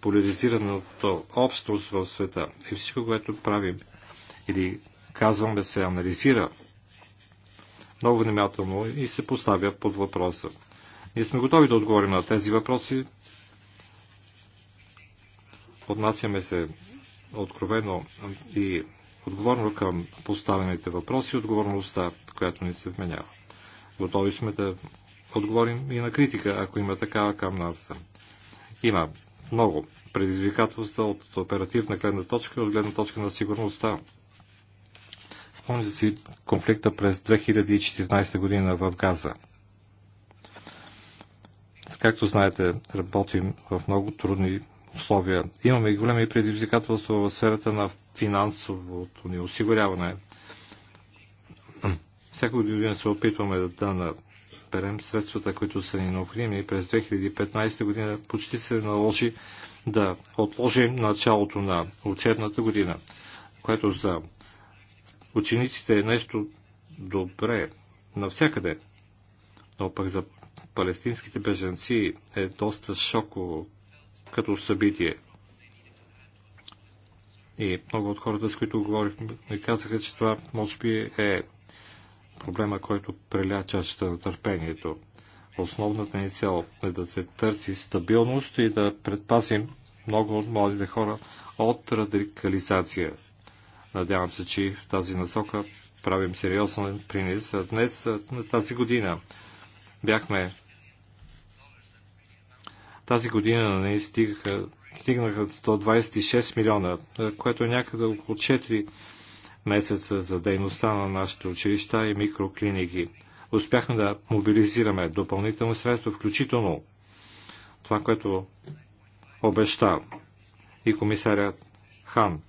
Speaker 4: поляризираното общност в света и всичко, което правим или казваме се анализира много внимателно и се поставя под въпроса. Ние сме готови да отговорим на тези въпроси Отнасяме се откровено и отговорно към поставените въпроси и отговорността, която ни се вменява. Готови сме да отговорим и на критика, ако има такава към нас. Има много предизвикателства от оперативна гледна точка и от гледна точка на сигурността. Спомните си конфликта през 2014 година в Газа. Както знаете, работим в много трудни условия. Имаме и големи предизвикателства в сферата на финансовото ни осигуряване. Всяка година се опитваме да, да наберем средствата, които са ни необходими. През 2015 година почти се наложи да отложим началото на учебната година, което за учениците е нещо добре навсякъде, но пък за палестинските беженци е доста шоково като събитие. И много от хората, с които говорих, ми казаха, че това може би е проблема, който преля чашата на търпението. Основната ни цел е да се търси стабилност и да предпазим много от младите хора от радикализация. Надявам се, че в тази насока правим сериозен принес. Днес, на тази година, бяхме тази година нея стигаха, стигнаха 126 милиона, което е някъде около 4 месеца за дейността на нашите училища и микроклиники. Успяхме да мобилизираме допълнително средства, включително това, което обеща и комисарят Хан.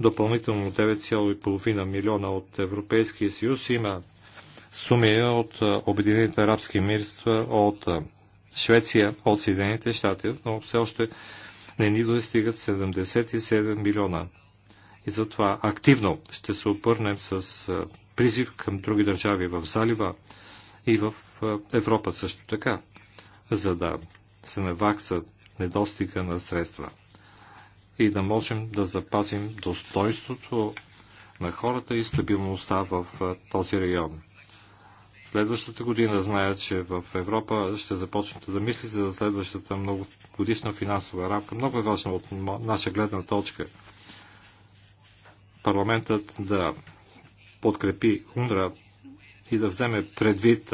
Speaker 4: Допълнително 9,5 милиона от Европейския съюз има суми от Обединените арабски мирства, от Швеция от Съединените щати, но все още не ни достигат 77 милиона. И затова активно ще се обърнем с призив към други държави в залива и в Европа също така, за да се навакса недостига на средства и да можем да запазим достоинството на хората и стабилността в този район следващата година. Зная, че в Европа ще започнете да мислите за следващата многогодишна финансова рамка. Много е важно от наша гледна точка парламентът да подкрепи Хундра и да вземе предвид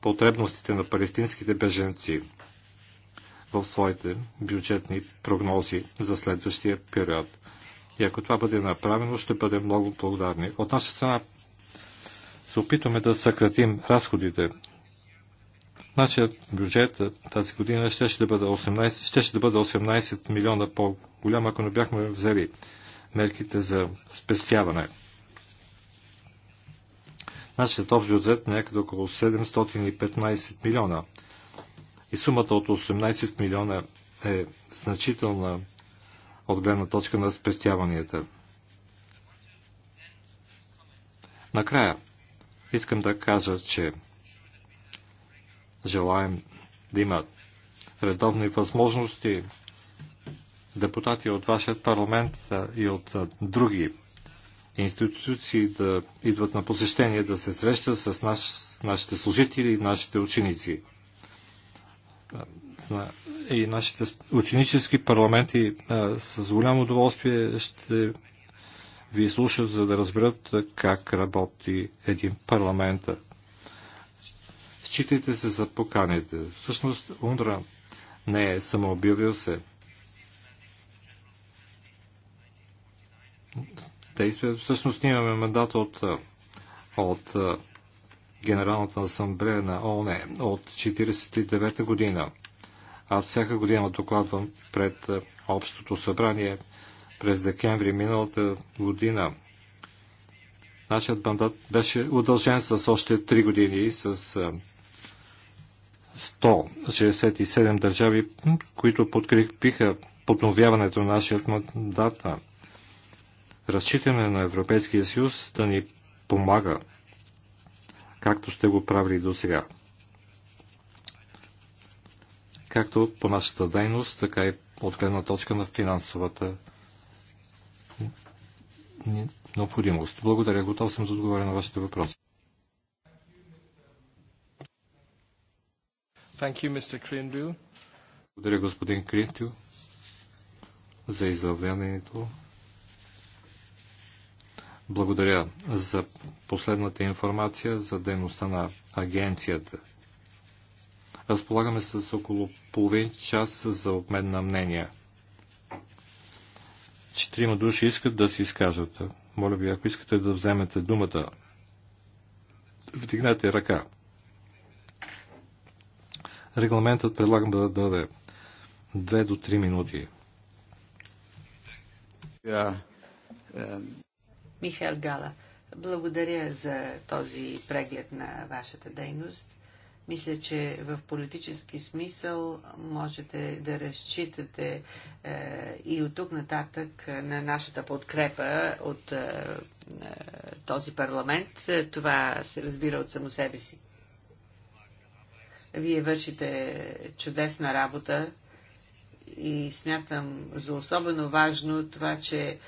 Speaker 4: потребностите на палестинските беженци в своите бюджетни прогнози за следващия период. И ако това бъде направено, ще бъдем много благодарни. От наша страна се опитваме да съкратим разходите. Нашият бюджет тази година ще, ще, бъде 18, ще, ще бъде 18 милиона по-голям, ако не бяхме взели мерките за спестяване. Нашият общ бюджет е някъде около 715 милиона. И сумата от 18 милиона е значителна от гледна точка на спестяванията. Накрая, Искам да кажа, че желаем да има редовни възможности депутати от вашия парламент и от други институции да идват на посещение, да се срещат с наш, нашите служители, и нашите ученици. И нашите ученически парламенти с голямо удоволствие ще ви слушат, за да разберат как работи един парламент. Считайте се за поканите. Всъщност Ундра не е самообявил се. Действие. Всъщност ние имаме мандат от, от Генералната асамблея на ООН от 1949 година. Аз всяка година докладвам пред Общото събрание през декември миналата година. Нашият мандат беше удължен с още 3 години с 167 държави, които подкрепиха подновяването на нашия мандат. Разчитаме на Европейския съюз да ни помага, както сте го правили до сега. Както по нашата дейност, така и от гледна точка на финансовата необходимост. Благодаря, готов съм за отговоря на вашите въпроси.
Speaker 1: Thank you, Mr. Кринбю.
Speaker 4: Благодаря, господин Кринбю, за изявлението. Благодаря за последната информация за дейността на агенцията. Разполагаме с около половин час за обмен на мнения. Четирима души искат да си изкажат. Моля ви, ако искате да вземете думата, вдигнете ръка. Регламентът предлагам да даде 2 до 3 минути.
Speaker 5: Михаил Гала, благодаря за този преглед на вашата дейност. Мисля, че в политически смисъл можете да разчитате е, и от тук нататък е, на нашата подкрепа от е, е този парламент. Е, това се разбира от само себе си. Вие вършите чудесна работа и смятам за особено важно това, че е,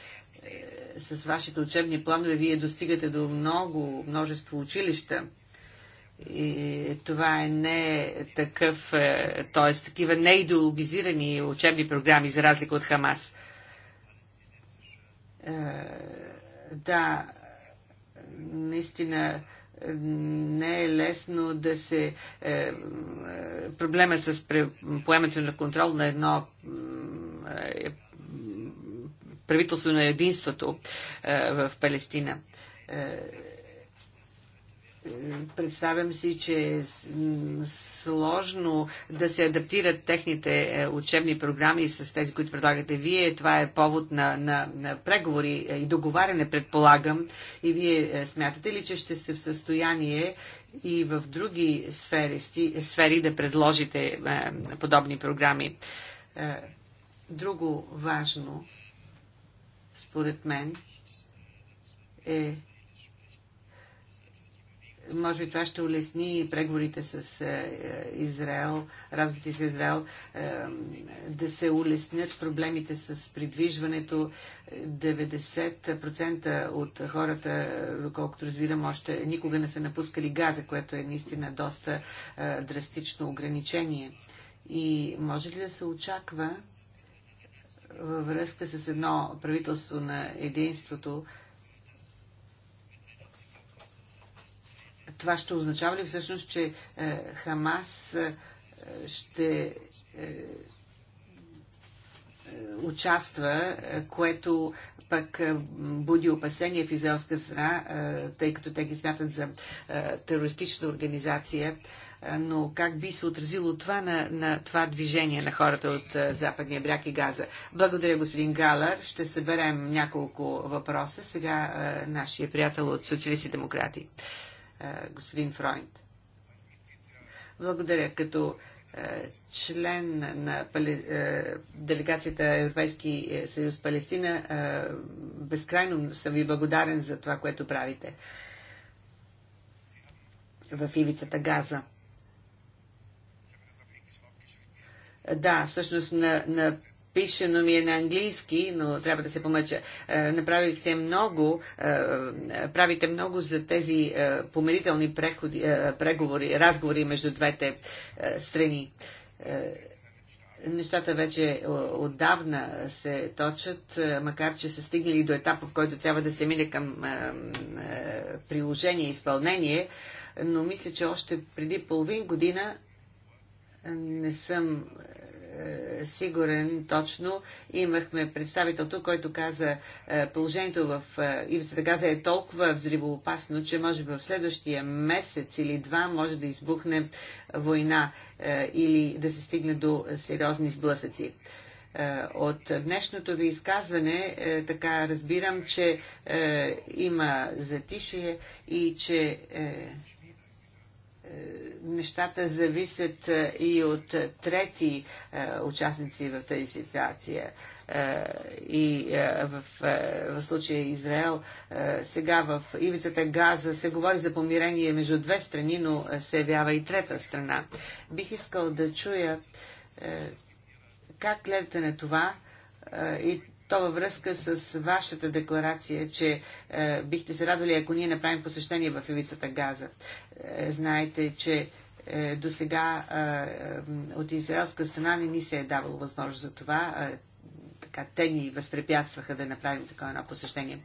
Speaker 5: с вашите учебни планове вие достигате до много, множество училища и това е не такъв, е, т.е. такива неидеологизирани учебни програми, за разлика от Хамас. Е, да, наистина не е лесно да се. Е, проблема с поемането на контрол на едно правителство на единството в Палестина представям си, че е сложно да се адаптират техните е, учебни програми с тези, които предлагате вие. Това е повод на, на, на преговори е, и договаряне, предполагам. И вие е, смятате ли, че ще сте в състояние и в други сфери, сфери да предложите е, подобни програми? Е, друго важно, според мен, е може би това ще улесни преговорите с е, е, Израел, разбити с Израел, е, да се улеснят проблемите с придвижването. 90% от хората, доколкото разбирам, още никога не са напускали газа, което е наистина доста драстично ограничение. И може ли да се очаква във връзка с едно правителство на единството, това ще означава ли всъщност, че е, Хамас е, ще е, участва, което пък буди опасения в израелска страна, тъй като те ги смятат за терористична организация. Но как би се отразило това на, на това движение на хората от Западния бряг и Газа? Благодаря, господин Галър. Ще съберем няколко въпроса. Сега нашия приятел от Социалисти демократи господин Фройнд. Благодаря. Като член на делегацията Европейски е, съюз Палестина, безкрайно съм ви благодарен за това, което правите в ивицата Газа. Да, всъщност на, на пишено ми е на английски, но трябва да се помъча. Е, направихте много, е, правите много за тези е, помирителни преходи, преговори, разговори между двете страни. Нещата вече отдавна се точат, макар че са стигнали до етапа, в който трябва да се мине към приложение и изпълнение, но мисля, че още преди половин година не съм е, сигурен точно. Имахме тук, който каза е, положението в е, Ивицата Газа е толкова взривоопасно, че може би в следващия месец или два може да избухне война или да се стигне до сериозни сблъсъци. От днешното ви изказване така разбирам, че има затишие и че нещата зависят е, и от трети е, участници в тази ситуация. Е, и в, в случая Израел, сега в ивицата Газа се говори за помирение между две страни, но се явява и трета страна. Бих искал да чуя как гледате на това и то във връзка с вашата декларация, че е, бихте се радвали, ако ние направим посещение в ивицата Газа. Е, знаете, че е, до сега е, е от израелска страна не ни се е давало възможност за това. Е, така, те ни възпрепятстваха да направим такова едно посещение.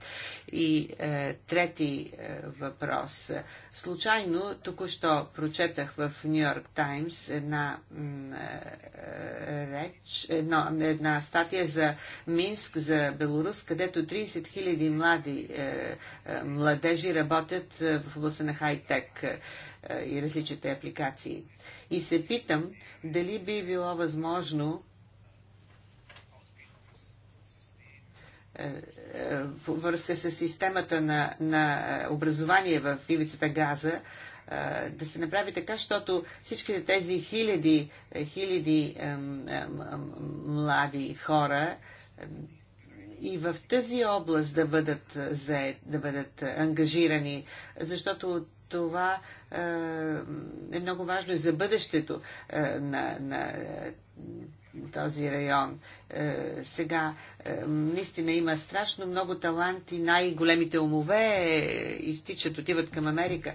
Speaker 5: И е, трети е, въпрос. Случайно, току-що прочетах в Нью Йорк Таймс една е, е, реч, едно, една статия за Минск, за Беларус, където 30 000 млади е, е, младежи работят е, в областта на хай-тек е, и различните апликации. И се питам дали би било възможно връзка с системата на, на е, образование в ивицата Газа, е, да се направи така, защото всичките тези хиляди, е, хиляди млади хора и в тази област да бъдат, заед, да бъдат ангажирани, защото това е много важно и за бъдещето на, на този район. Е, сега е, наистина има страшно много таланти, най-големите умове е, изтичат, отиват към Америка.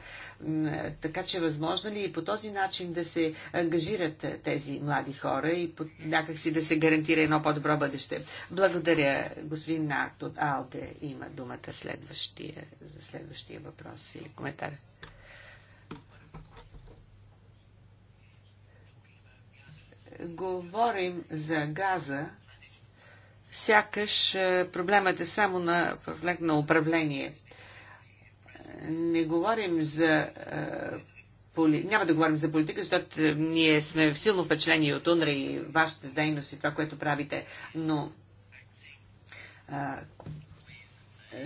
Speaker 5: Така че възможно ли и по този начин да се ангажират тези млади хора и по, някакси да се гарантира едно по-добро бъдеще? Благодаря, господин Нарт от Алте има думата следващия, за следващия въпрос или коментар. Говорим за газа, сякаш е, проблемът е само на, на управление. Не говорим за е, поли... няма да говорим за политика, защото е, ние сме в силно впечатлени от УНРА и вашата дейност и това, което правите, но а,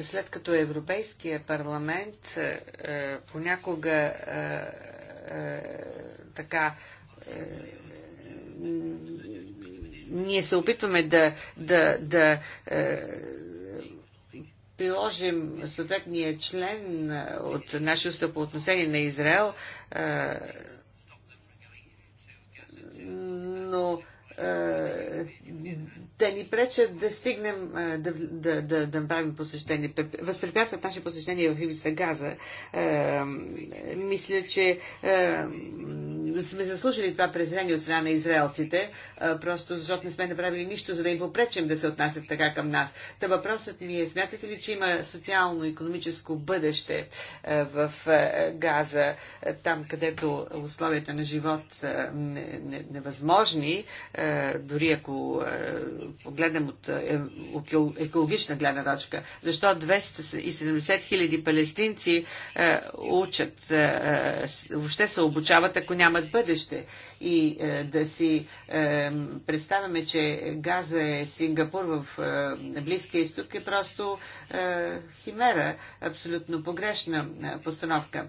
Speaker 5: след като Европейския парламент а, понякога а, а, така а, ние се опитваме да, да, да е, приложим съответния член е, от нашия устав по отношение на Израел, е, но е, да ни пречат да стигнем, е, да, да, да, да направим посещение, възпрепятстват наше посещение в Ивиста Газа. Е, мисля, че е, сме заслужили това презрение от страна на израелците, просто защото не сме направили нищо, за да им попречим да се отнасят така към нас. Та въпросът ми е, смятате ли, че има социално-економическо бъдеще в Газа, там където условията на живот невъзможни, дори ако Погледнем от е, екологична гледна точка. Защо 270 хиляди палестинци е, учат, е, въобще се обучават, ако нямат бъдеще? и е, да си е, представяме, че газа е Сингапур в е, Близкия изток е просто химера, абсолютно погрешна постановка.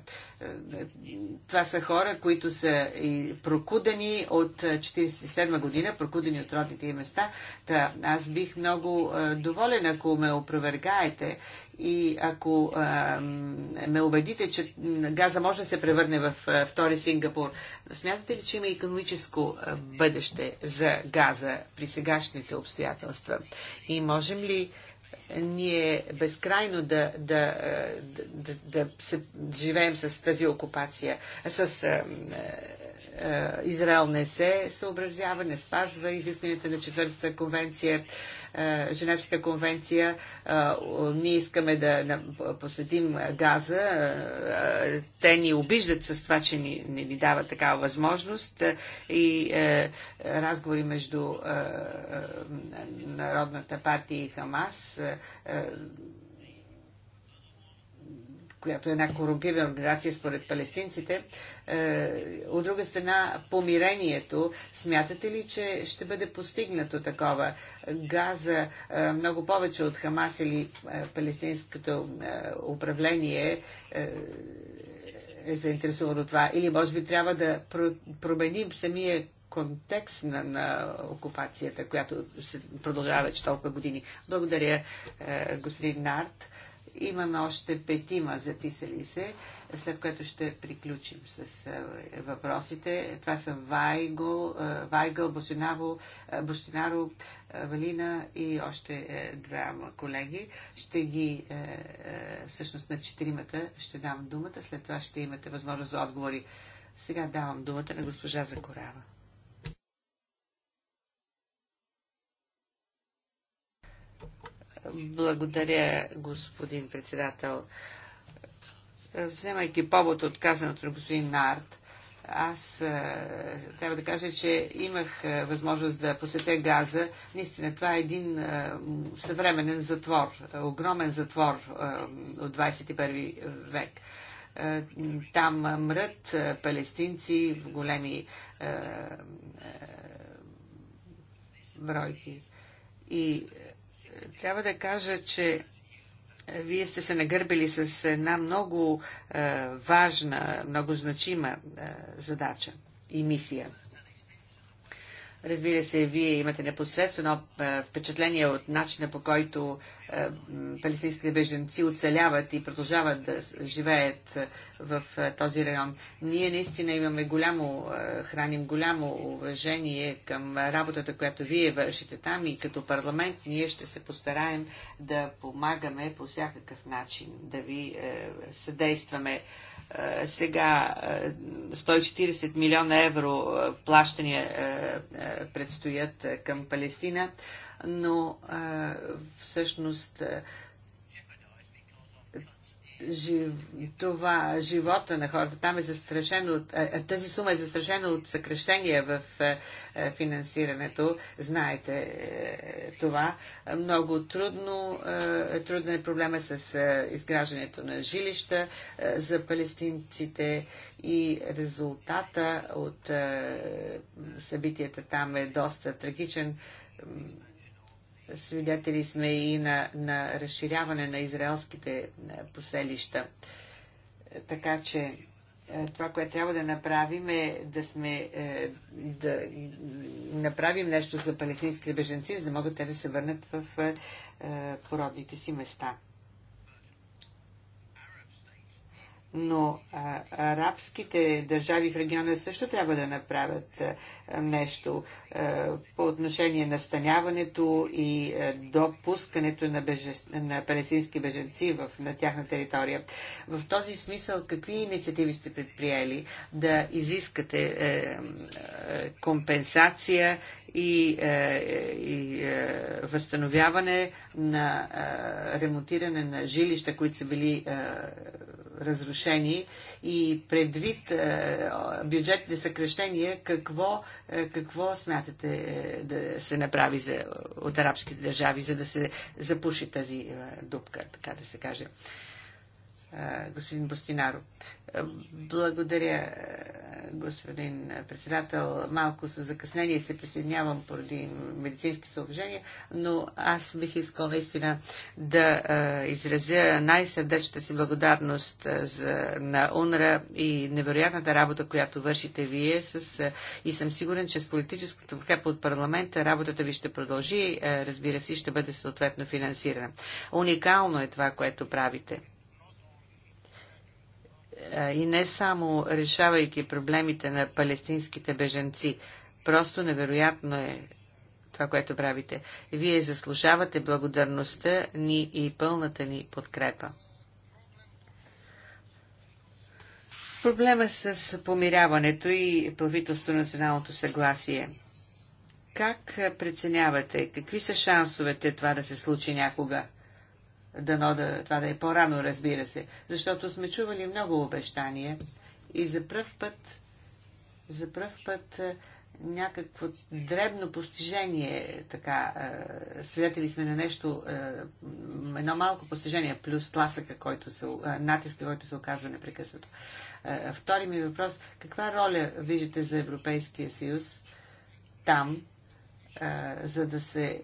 Speaker 5: Това са хора, които са и прокудени от 1947 година, прокудени от родните им места. Та аз бих много доволен, ако ме опровергаете и ако а, ме убедите, че газа може да се превърне в а, втори Сингапур, смятате ли, че има економическо а, бъдеще за газа при сегашните обстоятелства? И можем ли ние безкрайно да, да, да, да, да се живеем с тази окупация, с а, а, Израел не се съобразява, не спазва изискванията на четвъртата конвенция? Е, Женевската конвенция. Е, ние искаме да посветим газа. Е, те ни обиждат с това, че ни, ни, ни дава такава възможност и разговори между Народната партия и Хамас която е една корумпирана организация според палестинците, е, от друга страна, помирението, смятате ли, че ще бъде постигнато такова? Газа е, много повече от Хамас или е, палестинското управление е заинтересувано това? Или може би трябва да променим самия контекст на, на окупацията, която се продължава вече толкова години. Благодаря, господин Нарт. Имаме още петима записали се, след което ще приключим с е, въпросите. Това са Вайгъл, е, Вайгъл Бошинаво, Бощинаро, е, Валина и още двама колеги. Ще ги, всъщност на четиримата ще дам думата, след това ще имате възможност за отговори. Сега давам думата на госпожа Закорава. Благодаря, господин председател. Вземайки повод от казаното на господин Нарт, аз е, трябва да кажа, че имах е, възможност да посетя Газа. Наистина, това е един е, съвременен затвор, огромен затвор от 21 век. Там мрът палестинци в големи бройки. И трябва да кажа, че е, вие сте се нагърбили с една много е, важна, много значима е, задача и мисия. Разбира се, вие имате непосредствено е, впечатление от начина по който е, палестинските беженци оцеляват и продължават да живеят е, в е, този район. Ние наистина имаме голямо, храним голямо уважение към работата, която вие вършите там и като парламент ние ще се постараем да помагаме по всякакъв начин, да ви съдействаме сега 140 милиона евро плащания предстоят към Палестина но всъщност жив, това, живота на хората там е застрашено, от, тази сума е застрашена от съкрещения в финансирането. Знаете е, това. Много трудно, труден е проблема с изграждането на жилища за палестинците и резултата от събитията там е доста трагичен Свидетели сме и на, на разширяване на израелските е, поселища. Е, така че е, това, което трябва да направим е да, сме, да направим нещо за палестинските беженци, за да могат те да се върнат в породните си места. но а, арабските държави в региона също трябва да направят а, нещо а, по отношение на станяването и а, допускането на, бежен, на палестински беженци в, на тяхна територия. В този смисъл, какви инициативи сте предприели да изискате а, е, а, е, компенсация и, е, и е, възстановяване на е, ремонтиране на жилища, които са били е, разрушени и предвид е, бюджетните съкрещения, какво, е, какво смятате е, да се направи за, от арабските държави, за да се запуши тази дупка, така да се каже? господин Бостинаро. Благодаря, господин председател. Малко с закъснение се присъединявам поради медицински съображения, но аз бих искал наистина да изразя най-сърдечната си благодарност за, на УНРА и невероятната работа, която вършите вие с, и съм сигурен, че с политическата подкрепа от парламента работата ви ще продължи, разбира се, ще бъде съответно финансирана. Уникално е това, което правите и не само решавайки проблемите на палестинските беженци. Просто невероятно е това, което правите. Вие заслужавате благодарността ни и пълната ни подкрепа. Проблема с помиряването и правителство на националното съгласие. Как преценявате? Какви са шансовете това да се случи някога? Дано да, това да е по-рано, разбира се. Защото сме чували много обещания и за пръв път, за пръв път е, някакво дребно постижение, така, е, свидетели сме на нещо, е, едно малко постижение, плюс тласъка, който се, натиска, който се оказва непрекъснато. втори ми въпрос, каква роля виждате за Европейския съюз там, за да се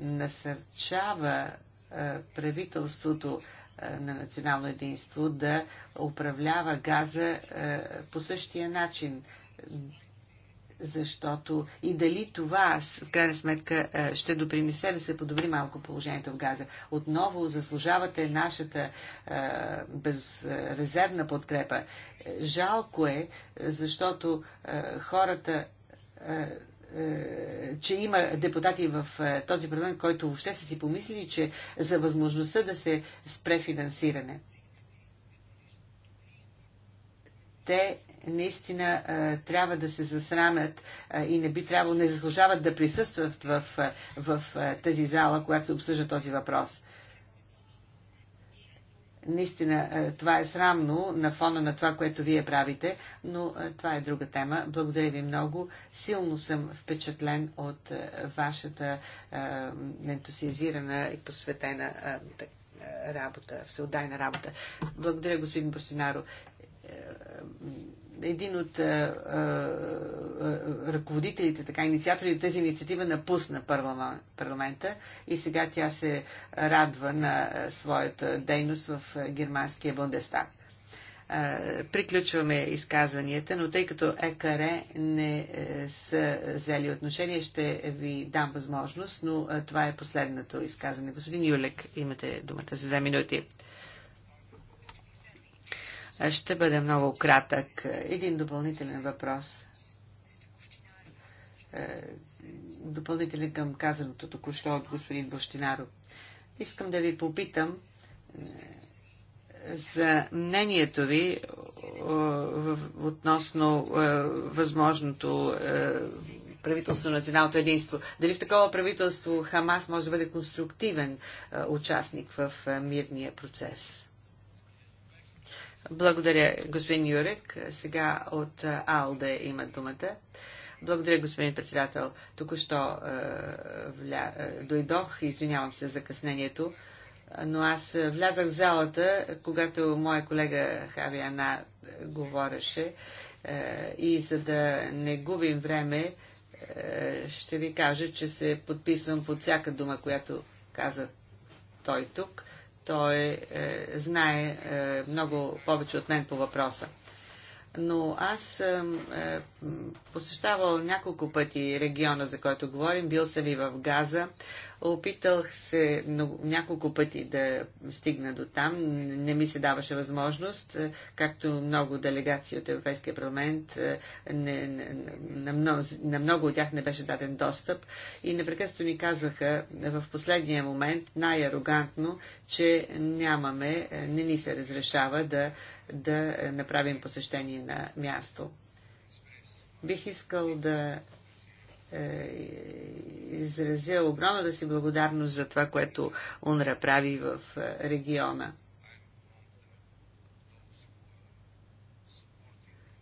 Speaker 5: насърчава е, правителството е, на национално единство да управлява газа е, по същия начин, защото и дали това в крайна сметка ще допринесе да се подобри малко положението в Газа. Отново заслужавате нашата безрезервна подкрепа. Жалко е, защото хората че има депутати в е, този парламент, който въобще са си помислили, че за възможността да се спре финансиране. Те наистина е, трябва да се засрамят е, и не би трябвало, не заслужават да присъстват в, в, тази зала, когато се обсъжда този въпрос. Наистина, е, това е срамно на фона на това, което вие правите, но е, това е друга тема. Благодаря ви много. Силно съм впечатлен от е, вашата ентусиазирана и посветена работа, всеотдайна работа. Благодаря, господин Бостинаро един от ръководителите, така инициаторите тази инициатива напусна парламента и сега тя се радва на своята дейност в германския Бундестаг приключваме изказванията, но тъй като ЕКР не е, са взели отношение, ще ви дам възможност, но това е последното изказване. Господин Юлек, имате думата за две минути. Ще бъде много кратък. Един допълнителен въпрос. Е, допълнителен към казаното току-що от господин Бощинаро. Искам да ви попитам е, за мнението ви е, относно възможното правителство на националното единство. Дали в такова правителство Хамас може да бъде конструктивен участник в мирния процес? Благодаря, господин Юрек. Сега от АЛДЕ има думата. Благодаря, господин председател. Току-що е, вля... дойдох, извинявам се за закъснението, но аз влязах в залата, когато моя колега Хавиана говореше е, и за да не губим време, е, ще ви кажа, че се подписвам под всяка дума, която каза той тук. Той е, знае е, много повече от мен по въпроса. Но аз съм е, посещавал няколко пъти региона, за който говорим. Бил съм и в Газа. Опитах се много, няколко пъти да стигна до там. Не ми се даваше възможност, е, както много делегации от Европейския парламент, е, не, не, на, много, на много от тях не беше даден достъп. И непрекъснато ни казаха е, в последния момент най-арогантно, че нямаме, не ни се разрешава да, да направим посещение на място. Бих искал да е, изразя огромната си благодарност за това, което УНРА прави в е, региона.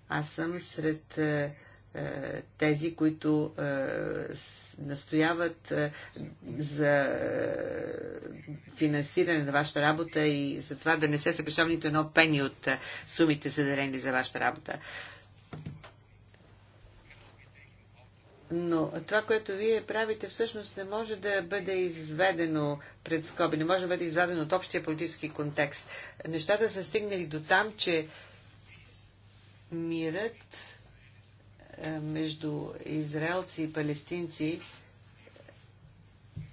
Speaker 5: Аз съм сред е, тези, които настояват за финансиране на вашата работа и за това да не се съкрещава нито едно пени от сумите заделени за вашата работа. но това, което вие правите, всъщност не може да бъде изведено пред скоби, не може да бъде изведено от общия политически контекст. Нещата са стигнали до там, че мирът е, между израелци и палестинци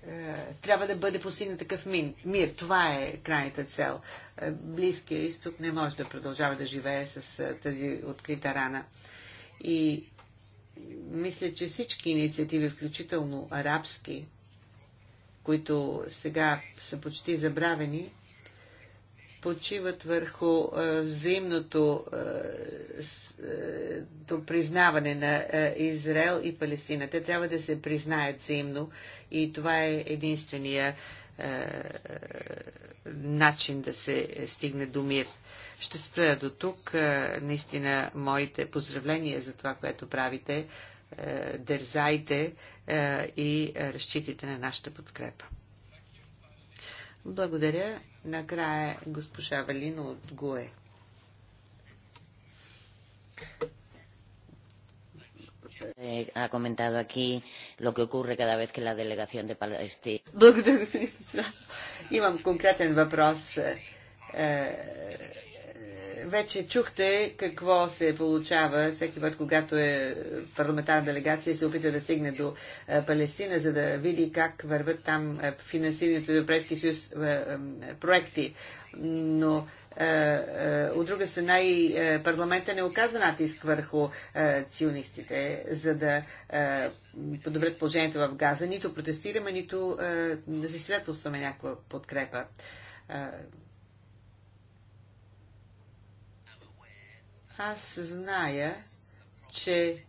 Speaker 5: е, трябва да бъде постигнат такъв мир. Това е крайната цел. Е, Близкия изток не може да продължава да живее с тази открита рана. И мисля, че всички инициативи, включително арабски, които сега са почти забравени, почиват върху е, взаимното е, е, признаване на е, Израел и Палестина. Те трябва да се признаят взаимно и това е единствения е, начин да се стигне до мир. Ще спра до тук. Е, наистина, моите поздравления за това, което правите. Е, дързайте и разчитайте на нашата подкрепа. Благодаря. Накрая госпожа Валина от ГУЕ.
Speaker 2: Eh, ha comentado aquí lo que que ocurre cada vez la Благодаря,
Speaker 5: господин председател. Имам конкретен въпрос. Е, е, вече чухте какво се получава всеки път, когато е парламентарна делегация се опита да стигне до е, Палестина, за да види как върват там финансирането на Европейския съюз проекти. Но е, е, от друга страна и е, парламента не оказа натиск върху ционистите, за да подобрят положението в Газа. Нито протестираме, нито засвидетелстваме някаква подкрепа. Аз зная, че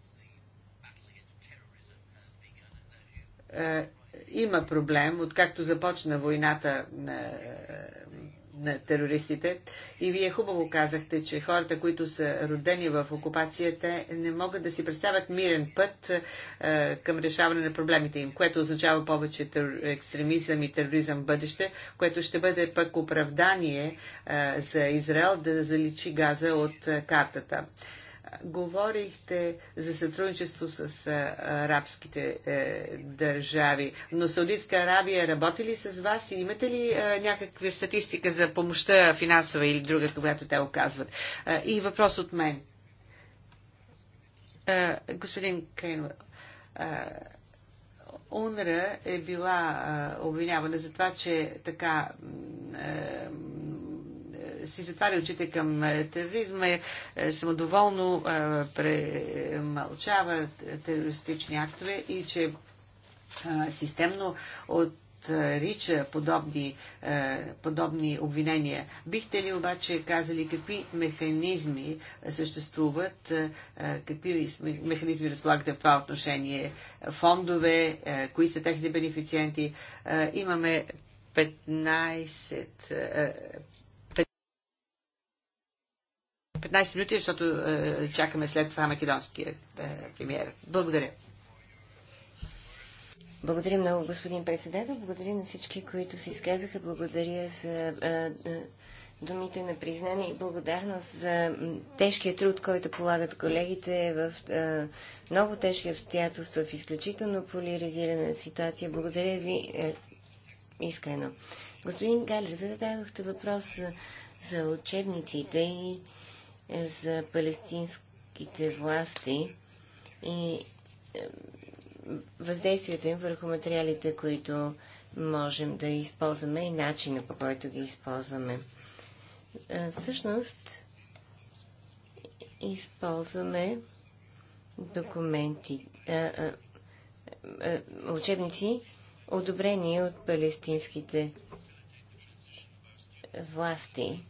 Speaker 5: има проблем, откакто започна войната на на терористите. И вие хубаво казахте, че хората, които са родени в окупацията, не могат да си представят мирен път е, към решаване на проблемите им, което означава повече тер... екстремизъм и тероризъм в бъдеще, което ще бъде пък оправдание е, за Израел да заличи газа от е, картата. Е, говорихте за сътрудничество с арабските е, държави, но Саудитска Арабия работи ли с вас и имате ли е, някаква статистика за помощта финансова или друга, която те оказват? Е, и въпрос от мен. Е, господин Кренвел, е, УНРА е била обвинявана за това, че така си затваря очите към е, тероризма, е, е, самодоволно премълчава терористични актове и че системно от отрича подобни, подобни обвинения. Бихте ли обаче казали какви механизми съществуват, какви механизми разполагате в това отношение? Фондове, кои са техните бенефициенти? Имаме 15 15 минути, защото е, чакаме след това македонския е, премиер.
Speaker 2: Благодаря. Благодаря много, господин председател. Благодаря на всички, които се изказаха. Благодаря за е, е думите на признание и благодарност за тежкия труд, който полагат колегите в е, много тежки обстоятелства, в изключително поляризирана ситуация. Благодаря ви е, искрено. Господин Галер, зададохте въпрос за, за учебниците и за палестинските власти и е, въздействието им върху материалите, които можем да използваме и начина по който ги използваме. Е, всъщност, използваме документи, е, учебници, одобрени от палестинските власти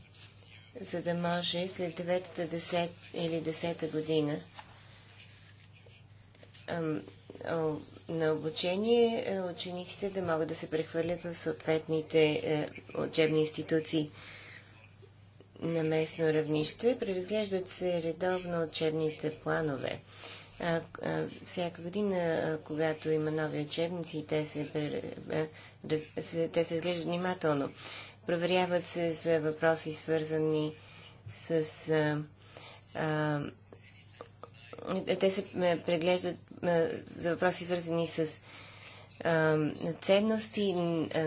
Speaker 2: за да може след 9-та 10 или 10-та година на обучение е, учениците да могат да се прехвърлят в съответните е, учебни институции на местно равнище. Преразглеждат се редовно учебните планове. всяка година, когато има нови учебници, те се, те се разглеждат внимателно проверяват се за въпроси свързани с... А, а, те се преглеждат а, за въпроси свързани с а, ценности,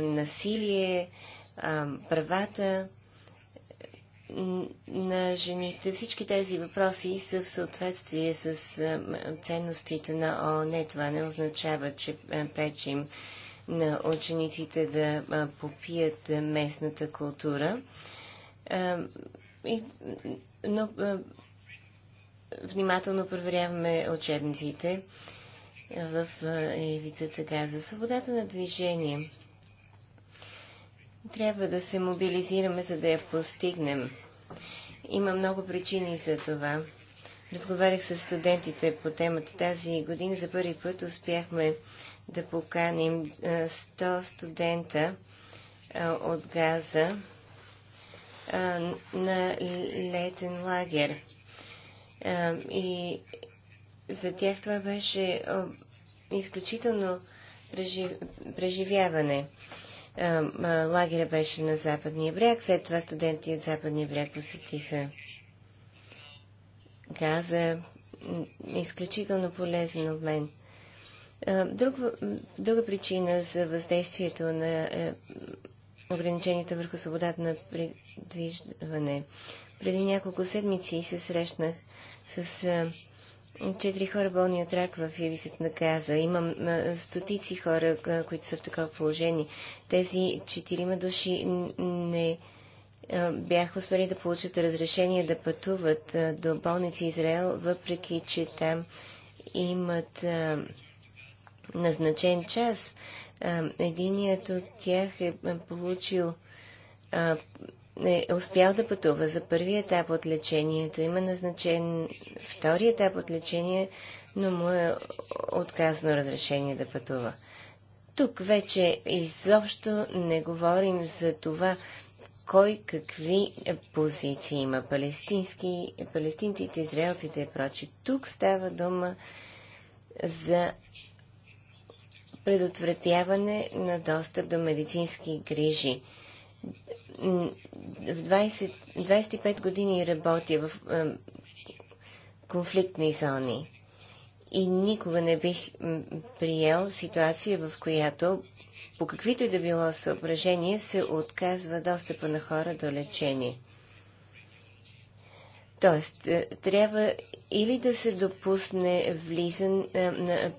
Speaker 2: насилие, а, правата на жените. Всички тези въпроси са в съответствие с ценностите на ООН. Е. Това не означава, че пречим на учениците да попият местната култура. Но внимателно проверяваме учебниците в Ивица газа за свободата на движение. Трябва да се мобилизираме, за да я постигнем. Има много причини за това. Разговарях с студентите по темата тази година. За първи път успяхме да поканим 100 студента от Газа на летен лагер. И за тях това беше изключително преживяване. Лагера беше на Западния бряг, след това студенти от Западния бряг посетиха газа. Изключително полезен обмен. Друг, друга причина за въздействието на е, ограниченията върху свободата на придвижване. Преди няколко седмици се срещнах с е, четири хора болни от рак в Ивисът на каза. Имам е, стотици хора, които са в такова положение. Тези четирима души не е, бяха успели да получат разрешение да пътуват е, до болници Израел, въпреки че там имат е, назначен час. Единият от тях е получил е успял да пътува за първи етап от лечението. Има назначен втори етап от лечение, но му е отказано разрешение да пътува. Тук вече изобщо не говорим за това кой какви позиции има. Палестински, палестинците, израелците и прочи. Тук става дума за предотвратяване на достъп до медицински грижи. В 20, 25 години работя в е, конфликтни зони и никога не бих приел ситуация, в която по каквито и да било съображения се отказва достъпа на хора до лечение. Тоест, е, трябва или да се допусне влизан, а, е, на,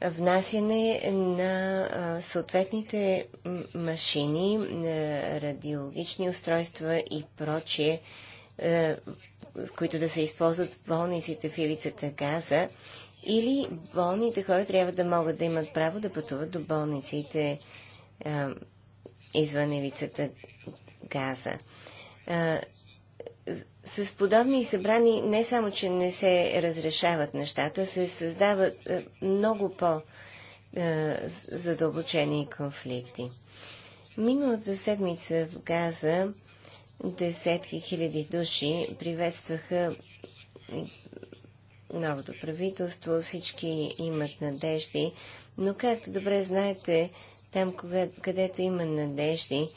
Speaker 2: е, внасяне на а, съответните машини, на радиологични устройства и прочие, а, които да се използват в болниците в ивицата Газа или болните хора трябва да могат да имат право да пътуват до болниците а, извън евицата Газа. А, с подобни събрани не само, че не се разрешават нещата, се създават а, много по-задълбочени конфликти. Миналата седмица в Газа десетки хиляди души приветстваха новото правителство. Всички имат надежди, но както добре знаете, там, където има надежди,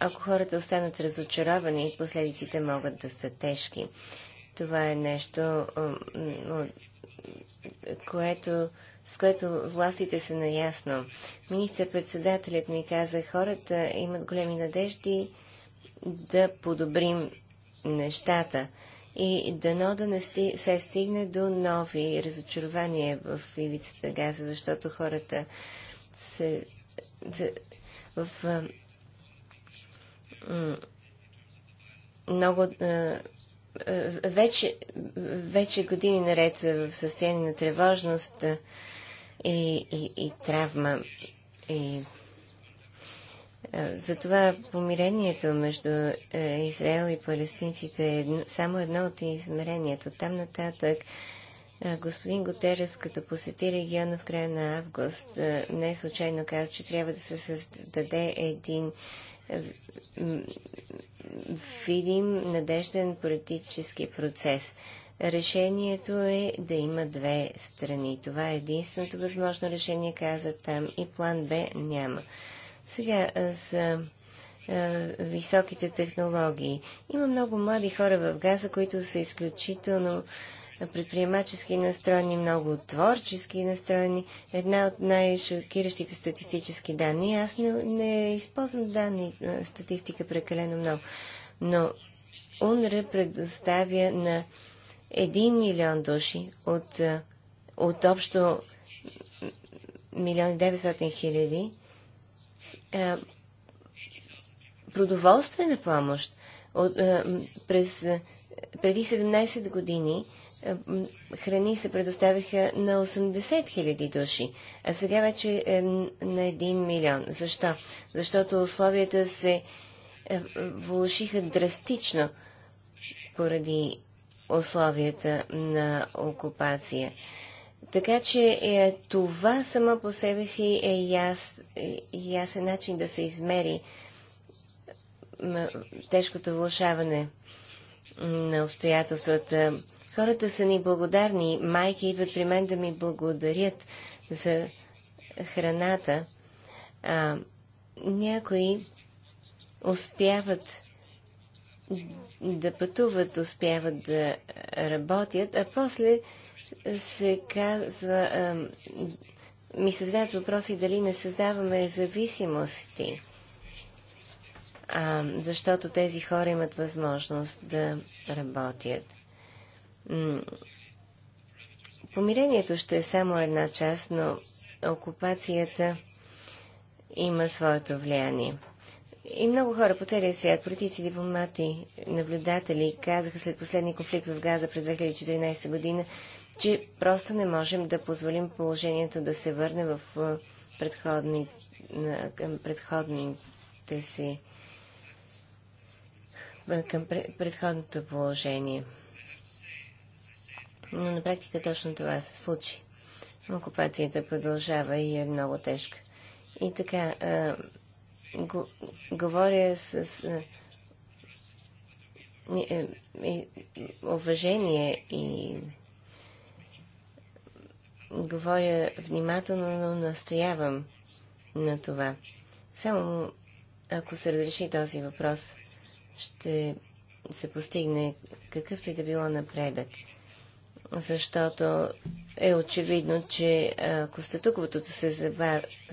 Speaker 2: ако хората останат разочаровани, последиците могат да са тежки. Това е нещо, което, с което властите са наясно. Министър-председателят ми каза, хората имат големи надежди да подобрим нещата и дано да не сти, се стигне до нови разочарования в ивицата газа, защото хората се, се в много вече, вече години наред са в състояние на тревожност и, и, и травма и е, затова помирението между е, Израел и палестинците е само едно от измерението. Там нататък е, господин Готерес, като посети региона в края на август, не случайно каза, че трябва да се създаде един видим, надежден политически процес. Решението е да има две страни. Това е единственото възможно решение, каза там, и план Б няма. Сега за високите технологии. Има много млади хора в Газа, които са изключително предприемачески настроени, много творчески настроени. Една от най-шокиращите статистически данни. Аз не, не използвам данни, статистика прекалено много. Но УНРА предоставя на 1 милион души от, от общо милион 900 хиляди е, продоволствена помощ. От, е, през, е, преди 17 години храни се предоставяха на 80 хиляди души, а сега вече е на 1 милион. Защо? Защото условията се влушиха драстично поради условията на окупация. Така че е, това само по себе си е яс, е, ясен начин да се измери тежкото влушаване на обстоятелствата. Хората са ни благодарни. Майки идват при мен да ми благодарят за храната. А, някои успяват да пътуват, успяват да работят, а после се казва, а, ми създават въпроси дали не създаваме зависимости, а, защото тези хора имат възможност да работят. Помирението ще е само една част, но окупацията има своето влияние. И много хора по целия свят, политици, дипломати, наблюдатели, казаха след последния конфликт в Газа през 2014 година, че просто не можем да позволим положението да се върне в предходни, към предходните си към предходното положение. Но на практика точно това се случи. Окупацията продължава и е много тежка. И така, а, го, говоря с а, е, уважение и говоря внимателно, но настоявам на това. Само ако се разреши този въпрос, ще се постигне какъвто и да било напредък. Защото е очевидно, че ако статуквото се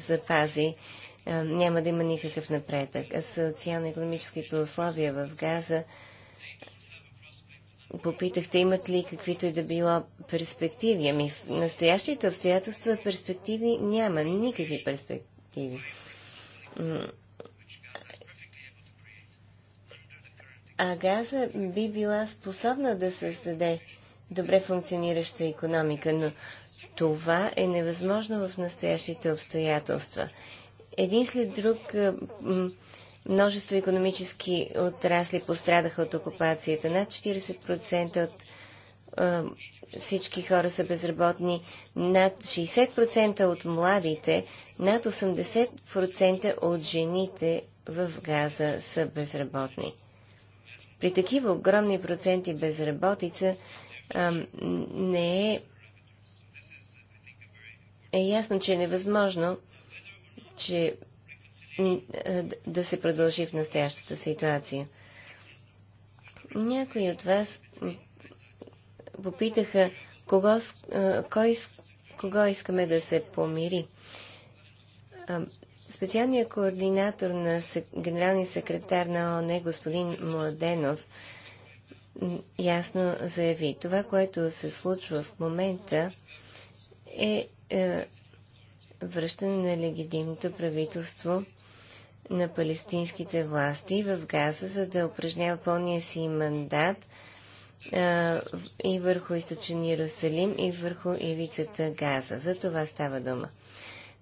Speaker 2: запази, няма да има никакъв напредък. А социално-економическите условия в Газа попитахте имат ли каквито и да било перспективи. Ами в настоящите обстоятелства перспективи няма, никакви перспективи. А Газа би била способна да създаде добре функционираща економика, но това е невъзможно в настоящите обстоятелства. Един след друг Множество економически отрасли пострадаха от окупацията. Над 40% от а, всички хора са безработни, над 60% от младите, над 80% от жените в Газа са безработни. При такива огромни проценти безработица а, не е, е ясно, че е невъзможно, че е, да се продължи в настоящата ситуация. Някои от вас попитаха кого, е, кой, кого искаме да се помири. Специалният координатор на генералния секретар на ОНЕ, господин Младенов, ясно заяви, това, което се случва в момента, е, е връщане на легитимното правителство – на палестинските власти в Газа, за да упражнява пълния си мандат а, и върху източен Иерусалим, и върху ивицата Газа. За това става дума.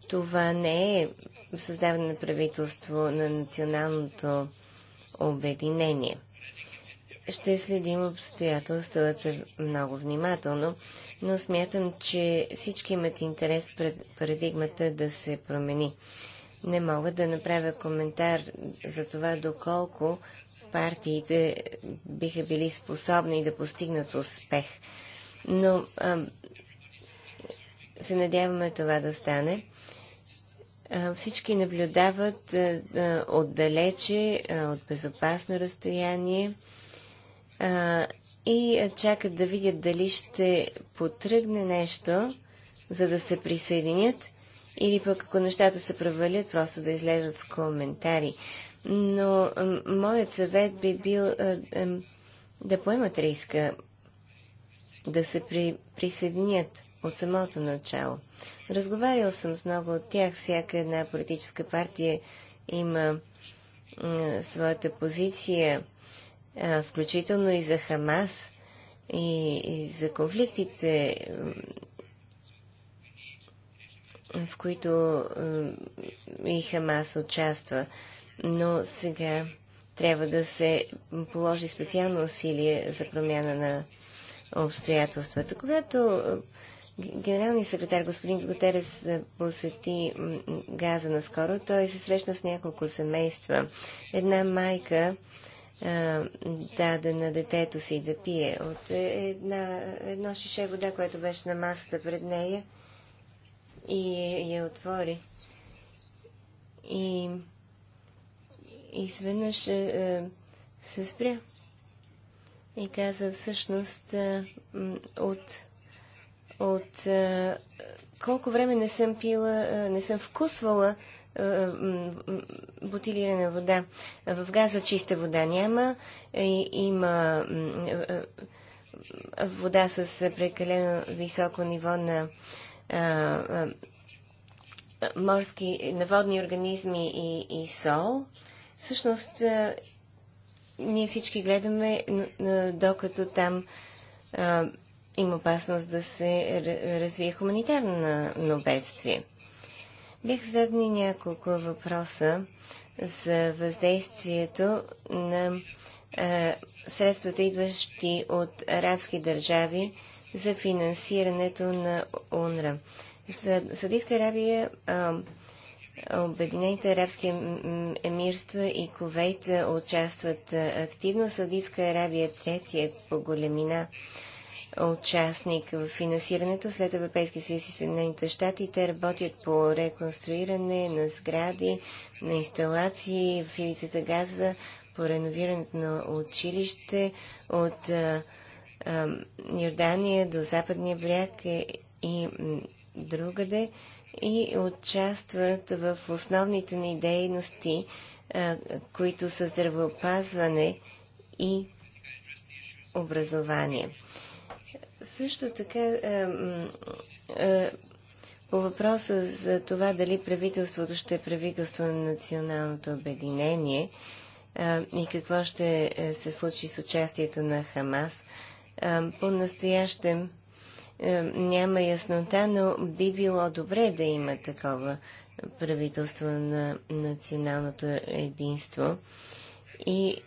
Speaker 2: Това не е създаване на правителство на националното обединение. Ще следим обстоятелствата много внимателно, но смятам, че всички имат интерес пред парадигмата да се промени не мога да направя коментар за това доколко партиите биха били способни да постигнат успех. Но а, се надяваме това да стане. А, всички наблюдават а, отдалече, а, от безопасно разстояние а, и чакат да видят дали ще потръгне нещо, за да се присъединят – или пък ако нещата се провалят, просто да излежат с коментари. Но моят съвет би бил а, а, да поемат риска, да се при, присъединят от самото начало. Разговарял съм с много от тях. Всяка една политическа партия има а, своята позиция, а, включително и за Хамас и, и за конфликтите в които и Хамас участва. Но сега трябва да се положи специално усилие за промяна на обстоятелствата. Когато генералният секретар господин Готерес посети Газа наскоро, той се срещна с няколко семейства. Една майка а, даде на детето си да пие от е, една, едно шише вода, което беше на масата пред нея и я отвори. И изведнъж е, е, се спря и каза всъщност е, от, от е, колко време не съм пила, е, не съм вкусвала е, бутилирана вода. В газа чиста вода няма. И, има е, вода с прекалено високо ниво на морски наводни организми и, и сол, всъщност ние всички гледаме, докато там а, има опасност да се развие хуманитарно бедствие. Бих задни няколко въпроса за въздействието на а, средствата, идващи от арабски държави за финансирането на УНРА. За Саудитска Арабия, Обединените арабски емирства и Ковейт участват активно. Саудитска Арабия е третият по големина участник в финансирането след Европейския съюз и Съединените щати. Те работят по реконструиране на сгради, на инсталации в Ивицата Газа, по реновирането на училище от а, Йордания до Западния бряг е и другаде и участват в основните ни дейности, които са здравеопазване и образование. Също така по въпроса за това дали правителството ще е правителство на националното обединение и какво ще е, се случи с участието на Хамас, по-настоящем няма яснота, но би било добре да има такова правителство на националното единство и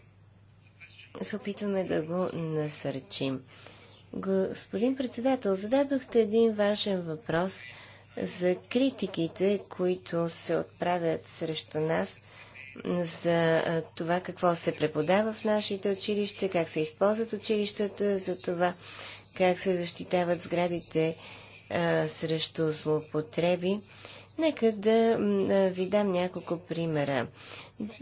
Speaker 2: се опитваме да го насърчим. Господин председател, зададохте един важен въпрос за критиките, които се отправят срещу нас за това какво се преподава в нашите училища, как се използват училищата, за това как се защитават сградите а, срещу злоупотреби. Нека да а, ви дам няколко примера.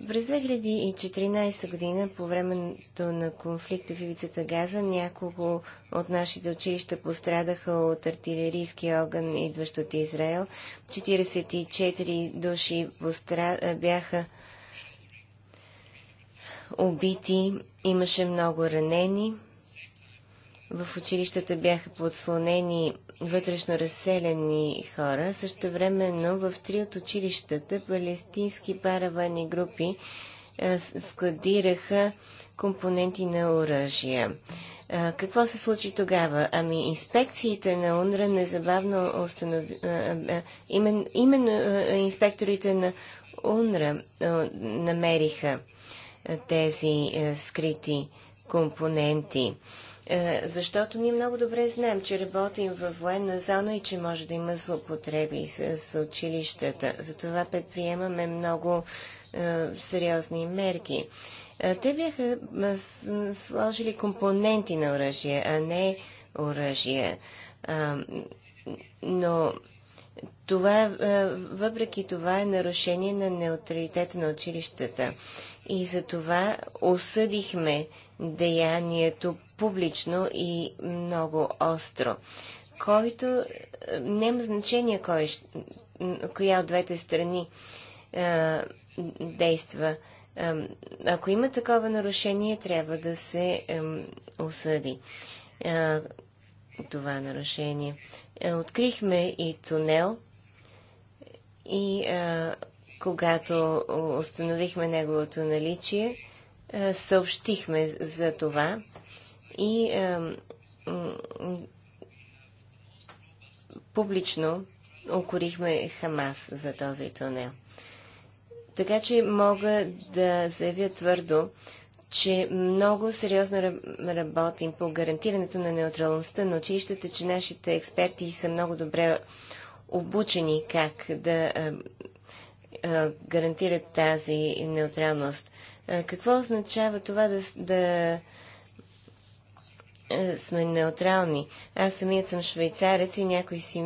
Speaker 2: През 2014 година, по времето на конфликта в Ивицата Газа, няколко от нашите училища пострадаха от артилерийски огън, идващ от Израел. 44 души постра... бяха убити, имаше много ранени. В училищата бяха подслонени вътрешно разселени хора. Също времено в три от училищата палестински паравани групи складираха компоненти на оръжия. Какво се случи тогава? Ами инспекциите на УНРА незабавно установи... Именно, именно инспекторите на УНРА намериха тези е, скрити компоненти. Е, защото ние много добре знаем, че работим във военна зона и че може да има злопотреби с, училищата. Затова предприемаме много е, сериозни мерки. Те бяха сложили компоненти на оръжие, а не оръжие. но това, е, въпреки това е нарушение на неутралитета на училищата. И за това осъдихме деянието публично и много остро. Който е, няма значение кой, е, коя от двете страни а, действа. А, ако има такова нарушение, трябва да се а, осъди а, това нарушение. Е, открихме и тунел и а, когато установихме неговото наличие, а, съобщихме за това и а, публично окорихме Хамас за този тунел. Така че мога да заявя твърдо, че много сериозно работим по гарантирането на неутралността на училищата, че нашите експерти са много добре обучени как да гарантират тази неутралност. Какво означава това да, да сме неутрални? Аз самият съм швейцарец и някои си...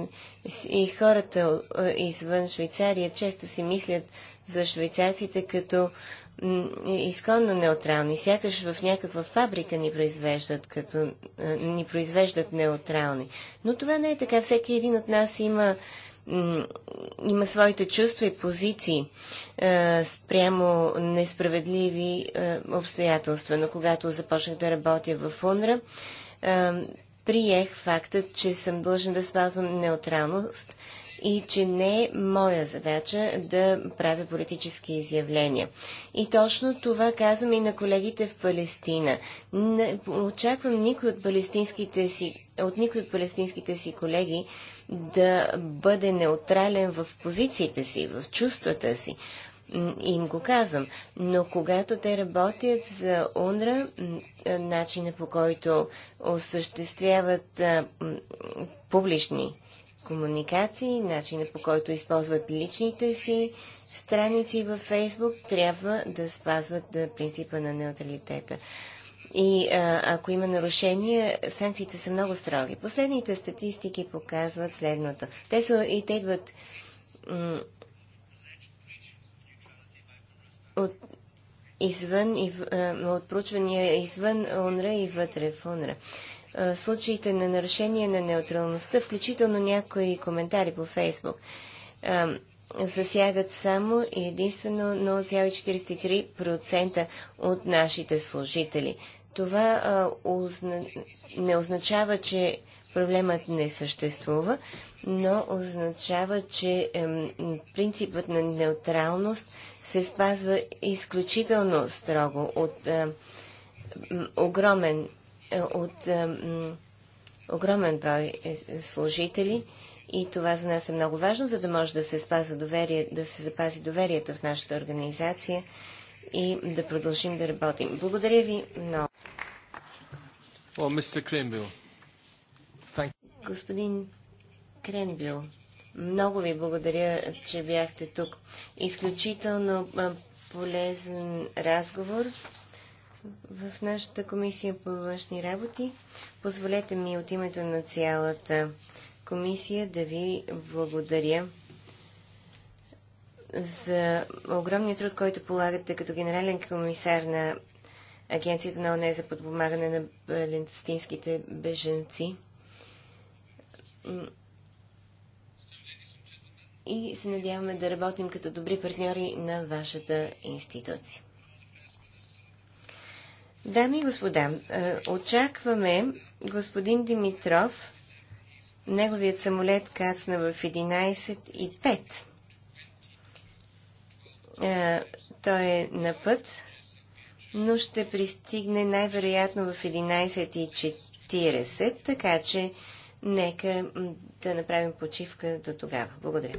Speaker 2: и хората извън Швейцария често си мислят за швейцарците като изконно неутрални. Сякаш в някаква фабрика ни произвеждат, като, ни произвеждат неутрални. Но това не е така. Всеки един от нас има има своите чувства и позиции спрямо несправедливи обстоятелства. Но когато започнах да работя в УНРА, приех фактът, че съм длъжен да спазвам неутралност и че не е моя задача да правя политически изявления. И точно това казвам и на колегите в Палестина. Не очаквам никой от, палестинските си, от никой от палестинските си колеги да бъде неутрален в позициите си, в чувствата си. Им го казвам. Но когато те работят за УНРА, начина по който осъществяват публични комуникации, начина по който използват личните си страници във Фейсбук, трябва да спазват принципа на неутралитета. И а, ако има нарушения, санкциите са много строги. Последните статистики показват следното. Те са и те идват от извън и от проучвания извън ОНРА и вътре в ОНРА случаите на нарушение на неутралността, включително някои коментари по Фейсбук, засягат само и единствено 0,43% от нашите служители. Това не означава, че проблемът не съществува, но означава, че принципът на неутралност се спазва изключително строго от огромен от огромен брой е, служители и това за нас е много важно, за да може да се, спазва доверие, да се запази доверието в нашата организация и да продължим да работим. Благодаря ви много.
Speaker 1: Well,
Speaker 2: Господин Кренбил, много ви благодаря, че бяхте тук. Изключително полезен разговор в нашата комисия по външни работи. Позволете ми от името на цялата комисия да ви благодаря за огромния труд, който полагате като генерален комисар на Агенцията на ОНЕ за подпомагане на палестинските беженци. И се надяваме да работим като добри партньори на вашата институция. Дами и господа, е, очакваме господин Димитров. Неговият самолет кацна в 11.05. Е, той е на път, но ще пристигне най-вероятно в 11.40, така че нека да направим почивка до тогава. Благодаря.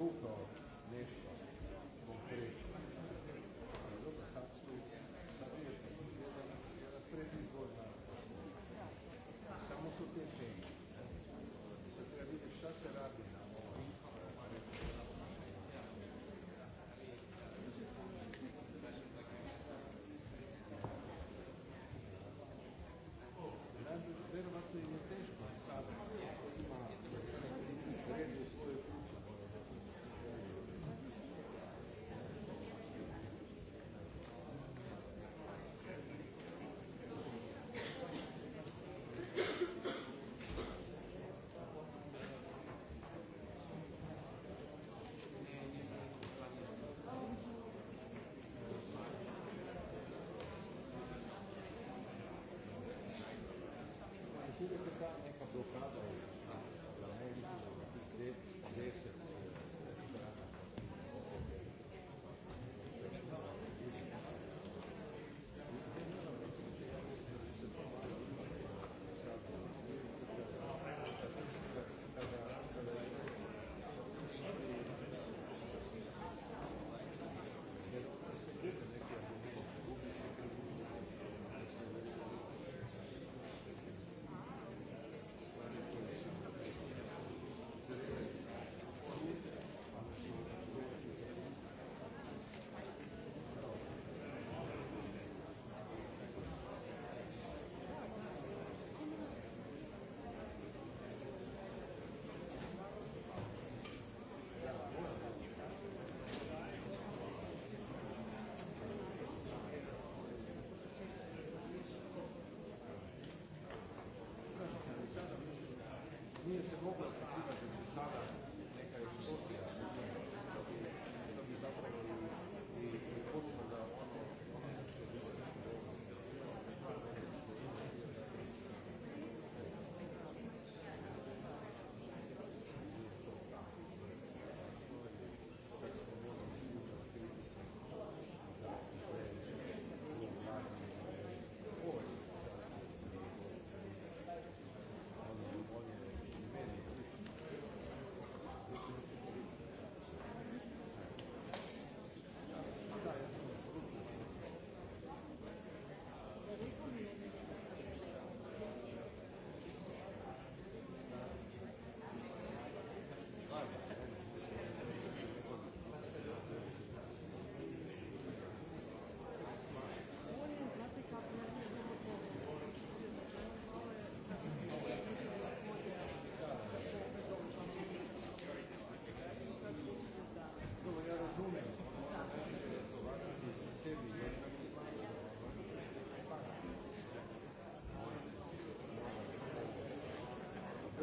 Speaker 3: kulturno nešto.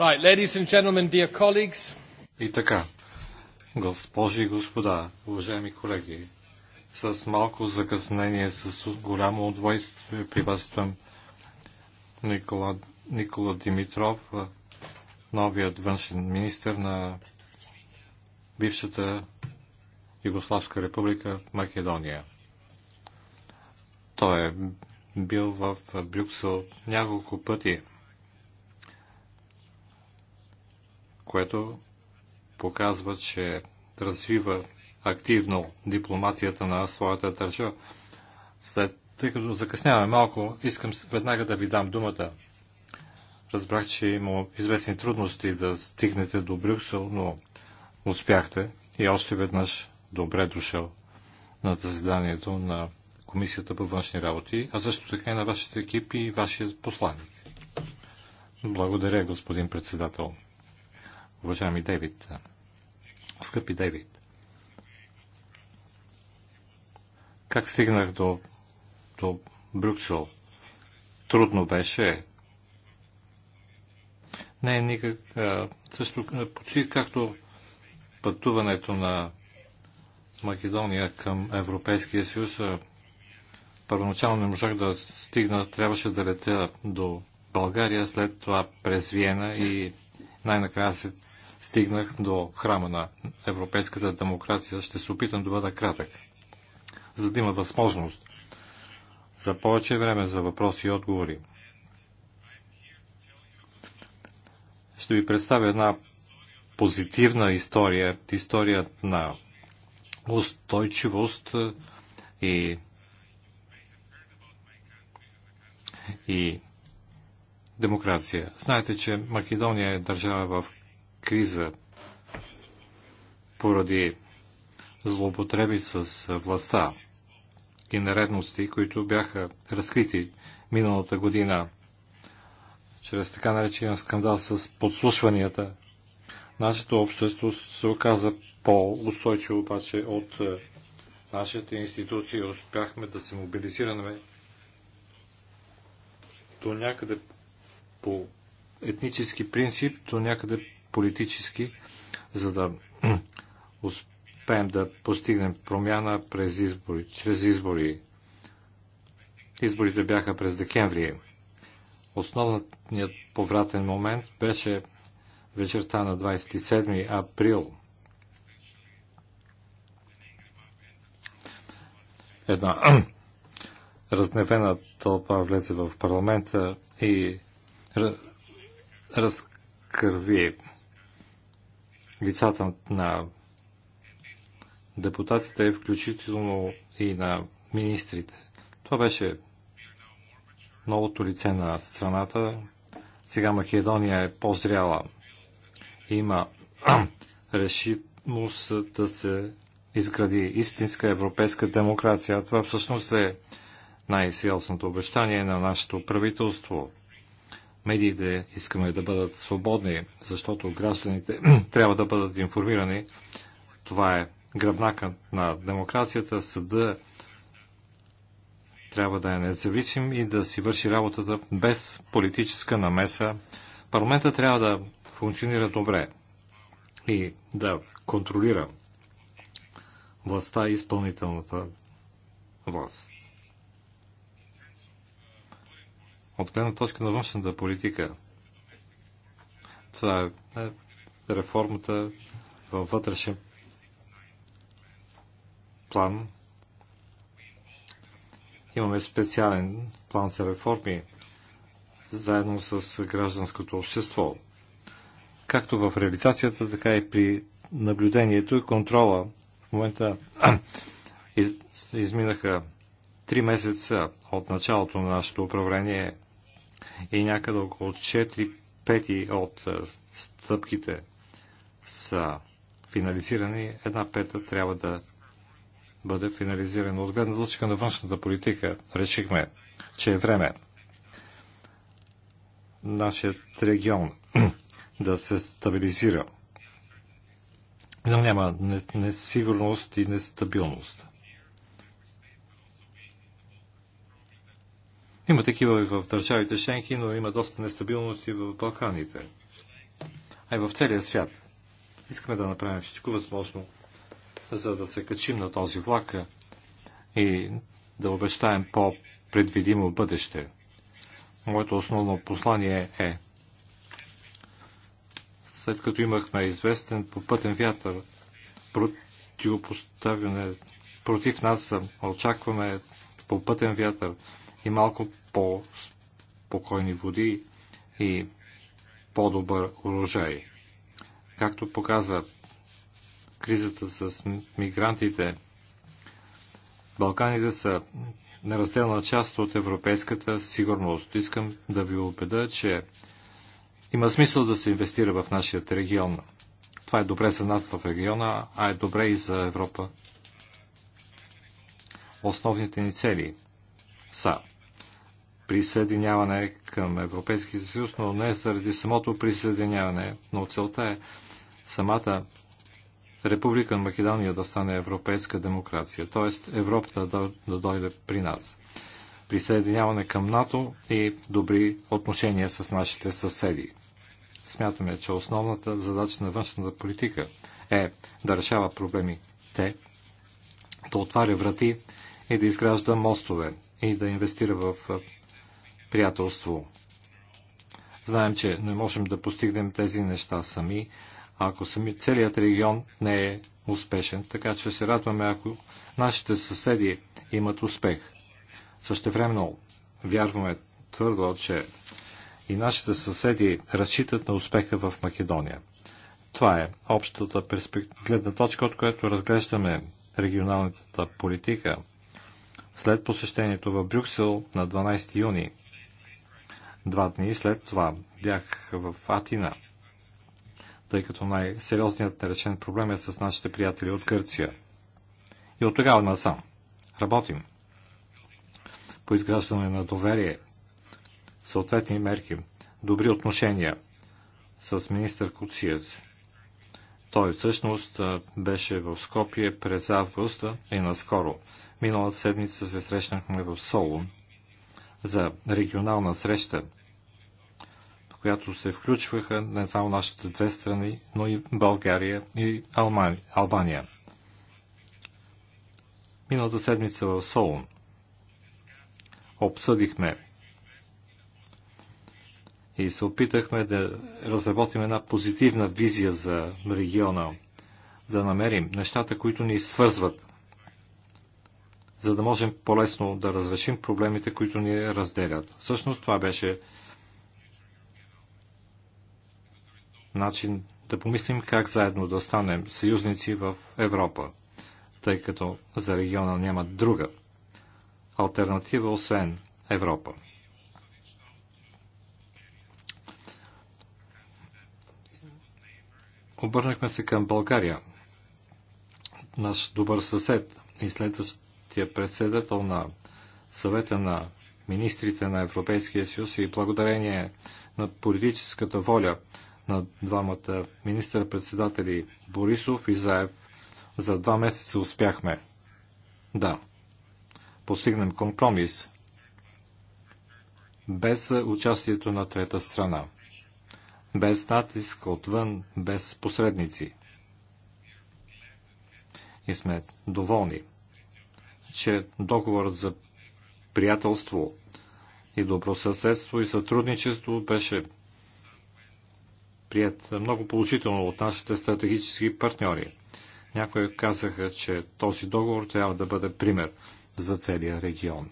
Speaker 1: Right,
Speaker 4: ladies and gentlemen, dear colleagues. И така, госпожи и господа, уважаеми колеги, с малко закъснение, с голямо удоволствие приветствам Никола, Никола Димитров, новият външен министр на бившата Югославска република Македония. Той е бил в Брюксел няколко пъти – което показва, че развива активно дипломацията на своята държа. След, тъй като закъсняваме малко, искам веднага да ви дам думата. Разбрах, че има известни трудности да стигнете до Брюксел, но успяхте и още веднъж добре дошъл на заседанието на Комисията по външни работи, а също така и на вашите екипи и вашия посланник. Благодаря, господин председател. Уважаеми Девид, скъпи Девид, как стигнах до, до Брюксел? Трудно беше. Не е никак... А, също почти както пътуването на Македония към Европейския съюз. Първоначално не можах да стигна, трябваше да летя до България, след това през Виена и най-накрая се стигнах до храма на европейската демокрация. Ще се опитам да бъда кратък, за да има възможност за повече време за въпроси и отговори. Ще ви представя една позитивна история, история на устойчивост е, и, и демокрация. Знаете, че Македония е държава, в криза поради злоупотреби с властта и нередности, които бяха разкрити миналата година чрез така наречения скандал с подслушванията. Нашето общество се оказа по-устойчиво обаче от нашите институции. Успяхме да се мобилизираме до някъде по етнически принцип, до някъде политически, за да успеем да постигнем промяна през избори, чрез избори. Изборите бяха през декември. Основният повратен момент беше вечерта на 27 април. Една разневена тълпа влезе в парламента и разкърви лицата на депутатите, включително и на министрите. Това беше новото лице на страната. Сега Македония е по-зряла. Има решимост да се изгради истинска европейска демокрация. Това всъщност е най-сериозното обещание на нашето правителство медиите искаме да бъдат свободни, защото гражданите трябва да бъдат информирани. Това е гръбнака на демокрацията. Съда трябва да е независим и да си върши работата без политическа намеса. Парламента трябва да функционира добре и да контролира властта и изпълнителната власт. от гледна точка на външната политика. Това е реформата във вътрешен план. Имаме специален план за реформи заедно с гражданското общество. Както в реализацията, така и при наблюдението и контрола. В момента из, изминаха три месеца от началото на нашето управление – и някъде около 4 пети от е, стъпките са финализирани, една пета трябва да бъде финализирана. От гледна точка на външната политика решихме, че е време нашият регион да се стабилизира. Но няма несигурност и нестабилност. Има такива и в държавите Шенки, но има доста нестабилности в Балканите. А и в целия свят. Искаме да направим всичко възможно, за да се качим на този влак и да обещаем по-предвидимо бъдеще. Моето основно послание е след като имахме известен попътен вятър, противопоставяне против нас, очакваме попътен вятър, и малко по-спокойни води и по-добър урожай. Както показа кризата с мигрантите, Балканите са неразделна част от европейската сигурност. Искам да ви убеда, че има смисъл да се инвестира в нашия регион. Това е добре за нас в региона, а е добре и за Европа. Основните ни цели са присъединяване към Европейския съюз, но не заради самото присъединяване, но целта е самата Република Македония да стане европейска демокрация, т.е. Европа да, да дойде при нас. Присъединяване към НАТО и добри отношения с нашите съседи. Смятаме, че основната задача на външната политика е да решава проблеми те, да отваря врати и да изгражда мостове и да инвестира в приятелство. Знаем, че не можем да постигнем тези неща сами, ако сами, целият регион не е успешен. Така че се радваме, ако нашите съседи имат успех. Същевременно вярваме твърдо, че и нашите съседи разчитат на успеха в Македония. Това е общата перспект... гледна точка, от която разглеждаме регионалната политика. След посещението в Брюксел на 12 юни Два дни след това бях в Атина, тъй като най-сериозният наречен проблем е с нашите приятели от Гърция. И от тогава насам работим по изграждане на доверие, съответни мерки, добри отношения с министър Куцият. Той всъщност беше в Скопие през август и наскоро. Миналата седмица се срещнахме в Солун за регионална среща, в която се включваха не само нашите две страни, но и България и Албания. Миналата седмица в Солун обсъдихме и се опитахме да разработим една позитивна визия за региона, да намерим нещата, които ни свързват за да можем по-лесно да разрешим проблемите, които ни разделят. Всъщност това беше начин да помислим как заедно да станем съюзници в Европа, тъй като за региона няма друга альтернатива, освен Европа. Обърнахме се към България, наш добър съсед и следващ е председател на съвета на министрите на Европейския съюз и благодарение на политическата воля на двамата министър-председатели Борисов и Заев за два месеца успяхме. Да, постигнем компромис без участието на трета страна, без натиск отвън, без посредници. И сме доволни че договорът за приятелство и добросъседство и сътрудничество беше прият много положително от нашите стратегически партньори. Някои казаха, че този договор трябва да бъде пример за целия регион.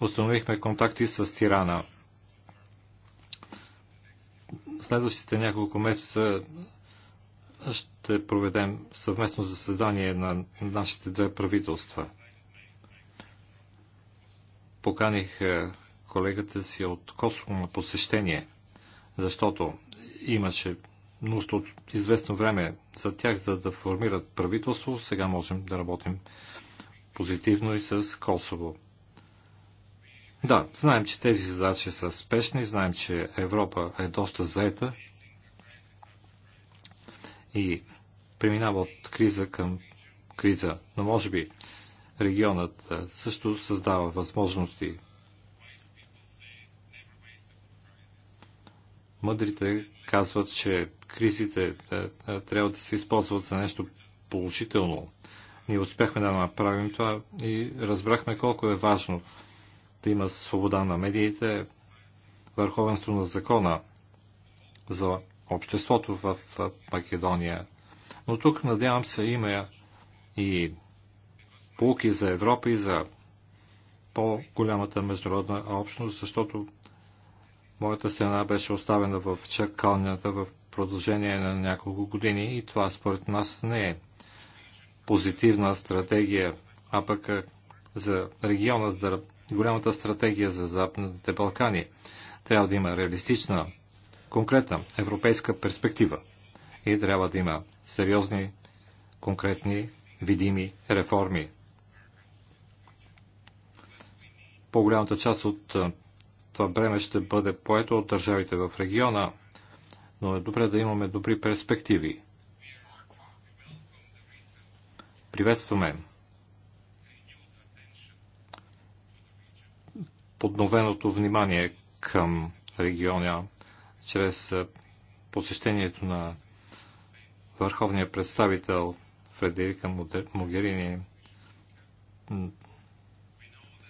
Speaker 4: Установихме контакти с Тирана. Следващите няколко месеца ще проведем съвместно заседание на нашите две правителства. Поканих е, колегата си от Косово на посещение, защото имаше нужда от известно време за тях, за да формират правителство. Сега можем да работим позитивно и с Косово. Да, знаем, че тези задачи са спешни, знаем, че Европа е доста заета – и преминава от криза към криза. Но може би регионът също създава възможности. Мъдрите казват, че кризите трябва да се използват за нещо положително. Ние успяхме да направим това и разбрахме колко е важно да има свобода на медиите, върховенство на закона за обществото в Македония. Но тук, надявам се, има и полки за Европа и за по-голямата международна общност, защото моята страна беше оставена в чакалнята в продължение на няколко години и това според нас не е позитивна стратегия, а пък е, за региона, за голямата стратегия за Западните Балкани. Трябва да има реалистична конкретна европейска перспектива и трябва да има сериозни, конкретни, видими реформи. По-голямата част от това бреме ще бъде поето от държавите в региона, но е добре да имаме добри перспективи. Приветстваме подновеното внимание към региона чрез посещението на върховния представител Фредерика Могерини,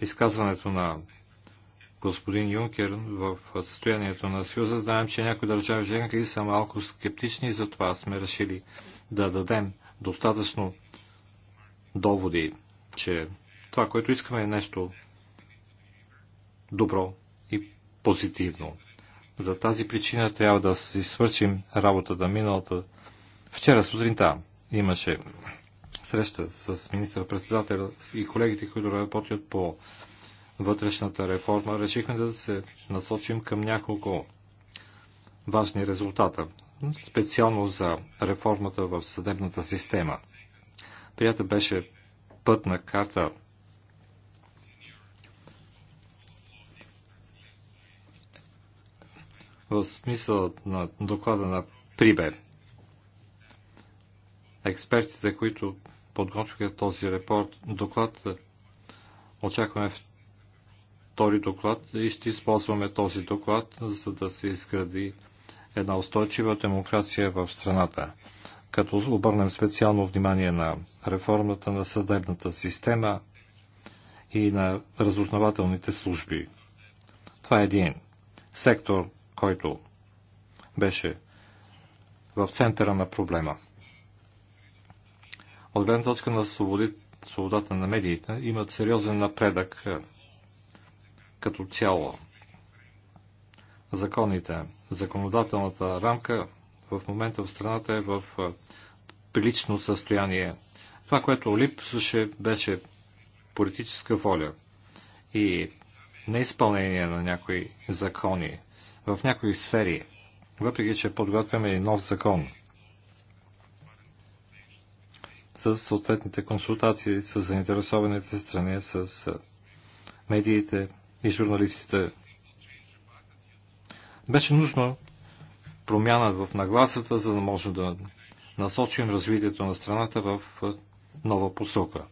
Speaker 4: изказването на господин Юнкер в състоянието на Съюза. Знаем, че някои държави женки са малко скептични, затова сме решили да дадем достатъчно доводи, че това, което искаме е нещо добро и позитивно. За тази причина трябва да си свършим работата миналата. Вчера сутринта имаше среща с министър председател и колегите, които работят по вътрешната реформа. Решихме да се насочим към няколко важни резултата, специално за реформата в съдебната система. Прията беше пътна карта в смисъл на доклада на Прибер. Експертите, които подготвиха този репорт, доклад, очакваме втори доклад и ще използваме този доклад, за да се изгради една устойчива демокрация в страната. Като обърнем специално внимание на реформата на съдебната система и на разузнавателните служби. Това е един сектор, който беше в центъра на проблема. От гледна точка на свободи, свободата на медиите имат сериозен напредък е, като цяло. Законите, законодателната рамка в момента в страната е в е, прилично състояние. Това, което липсваше, беше политическа воля и неизпълнение на някои закони в някои сфери, въпреки че подготвяме и нов закон с съответните консултации с заинтересованите страни, с медиите и журналистите. Беше нужно промяна в нагласата, за да можем да насочим развитието на страната в нова посока.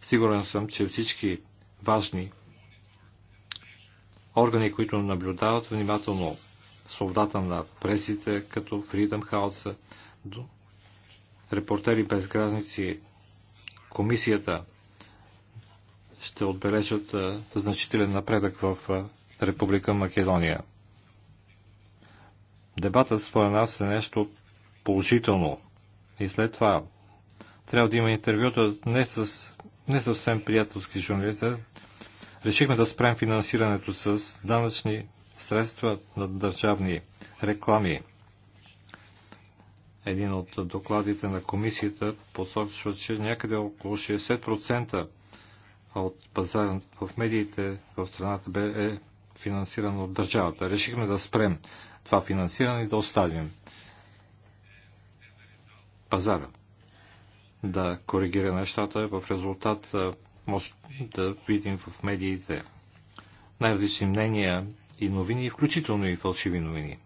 Speaker 4: Сигурен съм, че всички важни органи, които наблюдават внимателно свободата на пресите, като Freedom House, Репортери без граници, комисията ще отбележат значителен напредък в Република Македония. Дебатът според нас е нещо положително. И след това трябва да има интервюта не, с, не съвсем приятелски журналист, Решихме да спрем финансирането с данъчни средства на държавни реклами. Един от докладите на комисията посочва, че някъде около 60% от пазара в медиите в страната бе е финансиран от държавата. Решихме да спрем това финансиране и да оставим пазара да коригира нещата. В резултат може да видим в медиите най-различни мнения и новини, включително и фалшиви новини.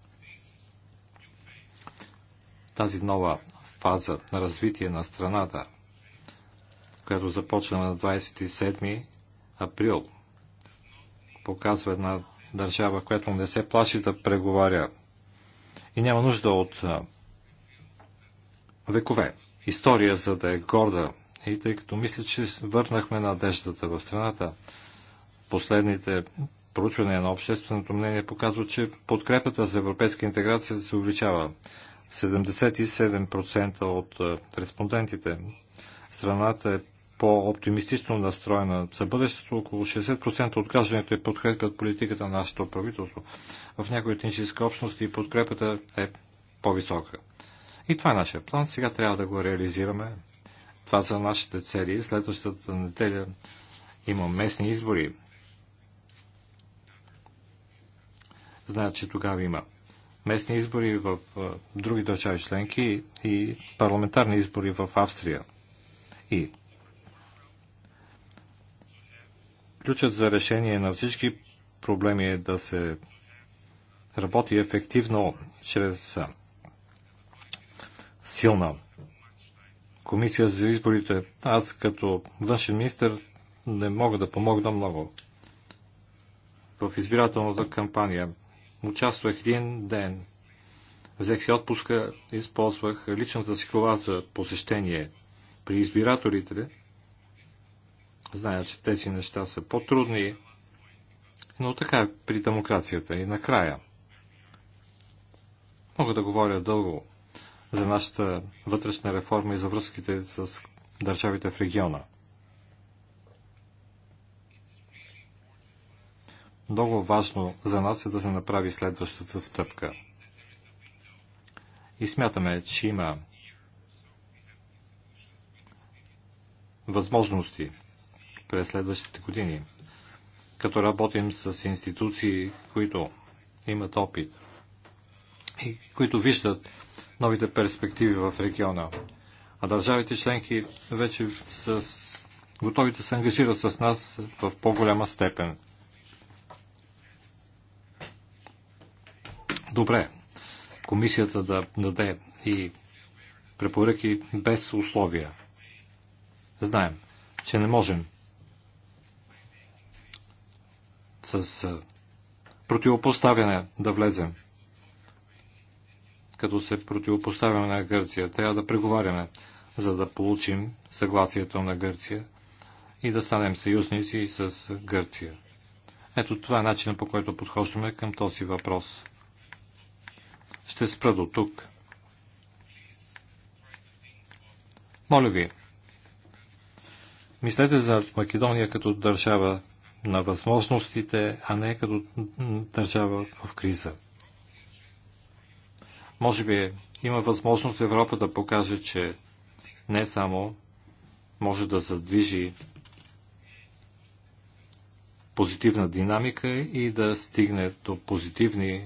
Speaker 4: Тази нова фаза на развитие на страната, която започна на 27 април, показва една държава, която не се плаши да преговаря и няма нужда от векове история, за да е горда и тъй като мисля, че върнахме надеждата в страната, последните проучвания на общественото мнение показват, че подкрепата за европейска интеграция се увеличава. 77% от е, респондентите. Страната е по-оптимистично настроена за бъдещето. Около 60% от гражданите подкрепят политиката на нашето правителство. В някои етнически общности подкрепата е по-висока. И това е нашия план. Сега трябва да го реализираме. Това са нашите цели. Следващата неделя има местни избори. Знаят, че тогава има местни избори в други държави членки и парламентарни избори в Австрия. И ключът за решение на всички проблеми е да се работи ефективно чрез силна комисия за изборите. Аз като външен министр не мога да помогна много. В избирателната кампания участвах един ден. Взех си отпуска, използвах личната си кола за посещение при избирателите. Зная, че тези неща са по-трудни, но така е при демокрацията и накрая. Мога да говоря дълго за нашата вътрешна реформа и за връзките с държавите в региона. Много важно за нас е да се направи следващата стъпка. И смятаме, че има възможности през следващите години, като работим с институции, които имат опит и които виждат новите перспективи в региона. А държавите членки вече са готови да се ангажират с нас в по-голяма степен. Добре, комисията да даде и препоръки без условия. Знаем, че не можем с противопоставяне да влезем като се противопоставяме на Гърция. Трябва да преговаряме, за да получим съгласието на Гърция и да станем съюзници с Гърция. Ето това е начинът по който подхождаме към този въпрос. Ще спра до тук. Моля ви, мислете за Македония като държава на възможностите, а не като държава в криза. Може би има възможност Европа да покаже, че не само може да задвижи позитивна динамика и да стигне до позитивни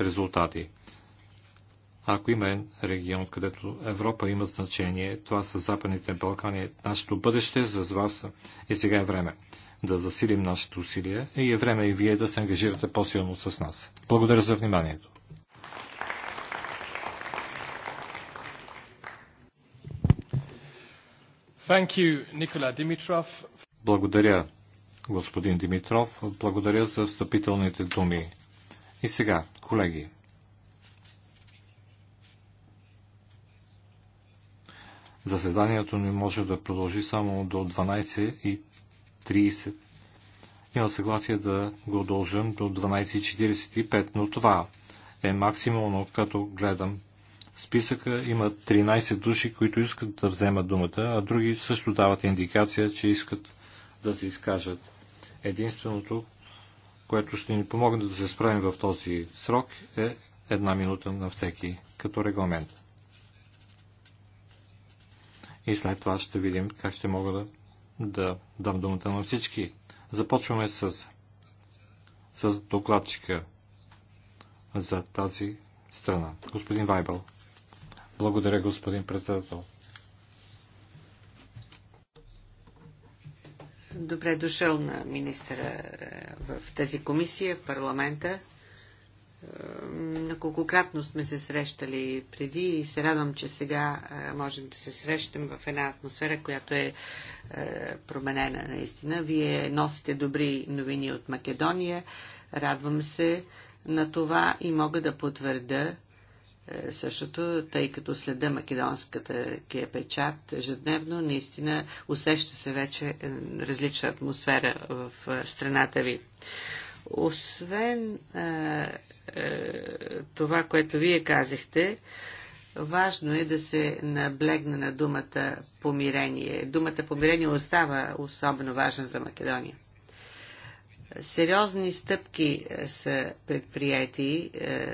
Speaker 4: резултати. Ако има регион, където Европа има значение, това са Западните Балкани, нашето бъдеще за вас и е сега е време да засилим нашите усилия и е време и вие да се ангажирате по-силно с нас. Благодаря за вниманието. Благодаря, господин Димитров. Благодаря за встъпителните думи. И сега, колеги, Заседанието ни може да продължи само до 12.30. Има съгласие да го удължим до 12.45, но това е максимално, като гледам списъка има 13 души, които искат да вземат думата, а други също дават индикация, че искат да се изкажат. Единственото, което ще ни помогне да се справим в този срок е една минута на всеки като регламент. И след това ще видим как ще мога да, да дам думата на всички. Започваме с, с докладчика за тази страна. Господин Вайбъл. Благодаря, господин председател.
Speaker 5: Добре дошъл на министра е, в тази комисия, в парламента. Е, наколкократно сме се срещали преди и се радвам, че сега е, можем да се срещнем в една атмосфера, която е променена наистина. Вие носите добри новини от Македония. Радвам се на това и мога да потвърда, е, същото, тъй като следа македонската кия печат ежедневно, наистина усеща се вече е, различна атмосфера в е, страната ви. Освен е, е, това, което вие казахте, важно е да се наблегне на думата помирение. Думата помирение остава особено важна за Македония. Сериозни стъпки е, са предприяти е,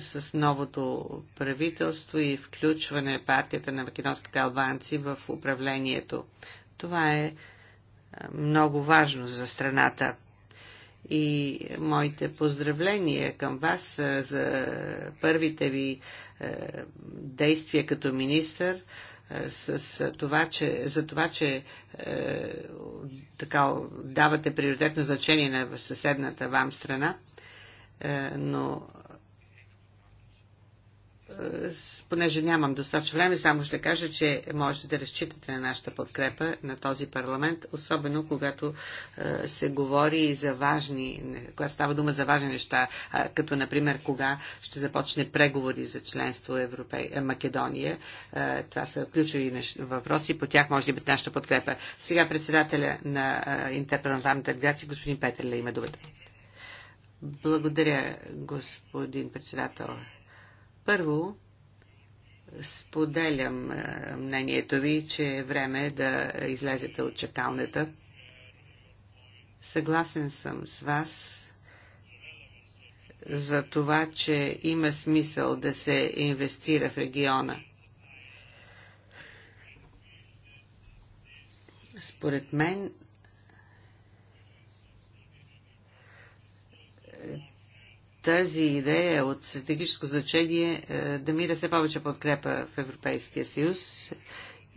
Speaker 5: с новото правителство и включване партията на македонските албанци в управлението. Това е, е много важно за страната. И моите поздравления към вас е, за първите ви действия като министър е, с е, това, че, за това, че е, така, давате приоритетно значение на съседната вам страна, е, но е, понеже нямам достатъчно време, само ще кажа, че можете да разчитате на нашата подкрепа на този парламент, особено когато е, се говори и за важни, когато става дума за важни неща, е, като например кога ще започне преговори за членство Европе... Е, Македония. Е, това са ключови нещ... въпроси, по тях може да бъде нашата подкрепа. Сега председателя на е, интерпарламентарната делегация, господин Петър, има думата. Благодаря, господин председател. Първо, Споделям е, мнението ви, че е време да излезете от чакалнята. Съгласен съм с вас за това, че има смисъл да се инвестира в региона. Според мен тази идея е от стратегическо значение е, да мира все повече подкрепа в Европейския съюз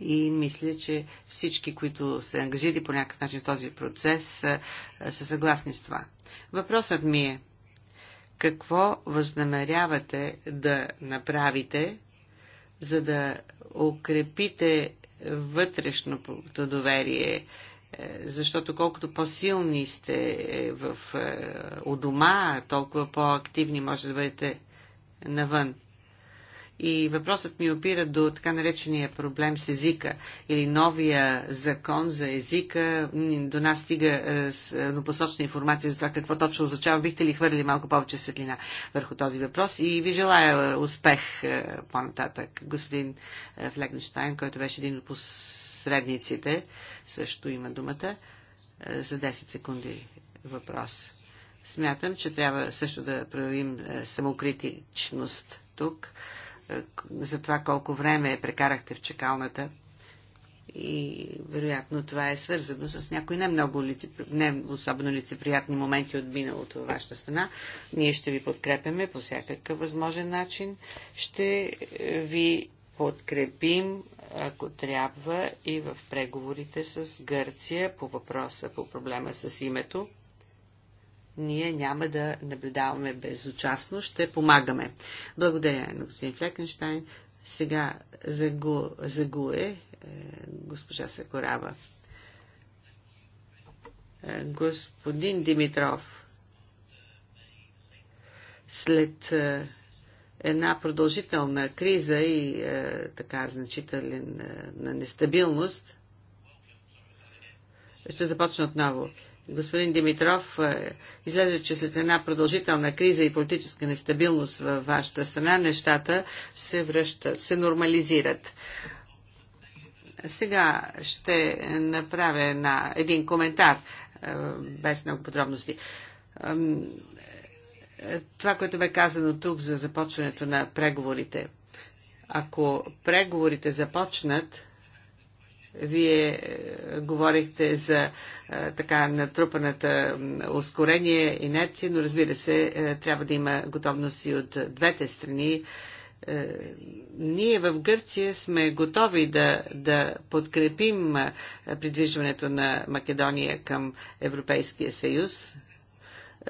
Speaker 5: и мисля, че всички, които се ангажирали по някакъв начин с този процес, са, е, са съгласни с това. Въпросът ми е, какво възнамерявате да направите, за да укрепите вътрешното доверие е, защото колкото по-силни сте е, в, е, у дома, толкова по-активни може да бъдете навън. И въпросът ми опира до така наречения проблем с езика или новия закон за езика. До нас стига еднопосочна информация за това какво точно означава. Бихте ли хвърли малко повече светлина върху този въпрос? И ви желая успех по-нататък, господин Флегнштайн, който беше един от посредниците също има думата е, за 10 секунди въпрос. Смятам, че трябва също да проявим е, самокритичност тук е, за това колко време прекарахте в чекалната. И вероятно това е свързано с някои не много лици, не особено лицеприятни моменти от миналото във вашата страна. Ние ще ви подкрепяме по всякакъв възможен начин. Ще ви подкрепим ако трябва, и в преговорите с Гърция по въпроса, по проблема с името. Ние няма да наблюдаваме безучастно, ще помагаме. Благодаря на господин Флекенштайн. Сега загу, загуе е, госпожа Сакорава. Е, господин Димитров, след е, една продължителна криза и е, така значителен е, на нестабилност. Ще започна отново. Господин Димитров, е, излезе, че след една продължителна криза и политическа нестабилност във вашата страна, нещата се връщат, се нормализират. Сега ще направя на един коментар, е, без много подробности това, което бе казано тук за започването на преговорите. Ако преговорите започнат, вие е, говорихте за е, така натрупаната ускорение, инерция, но разбира се, е, трябва да има готовност и от двете страни. Ние в Гърция сме готови да, да подкрепим придвижването на Македония към Европейския съюз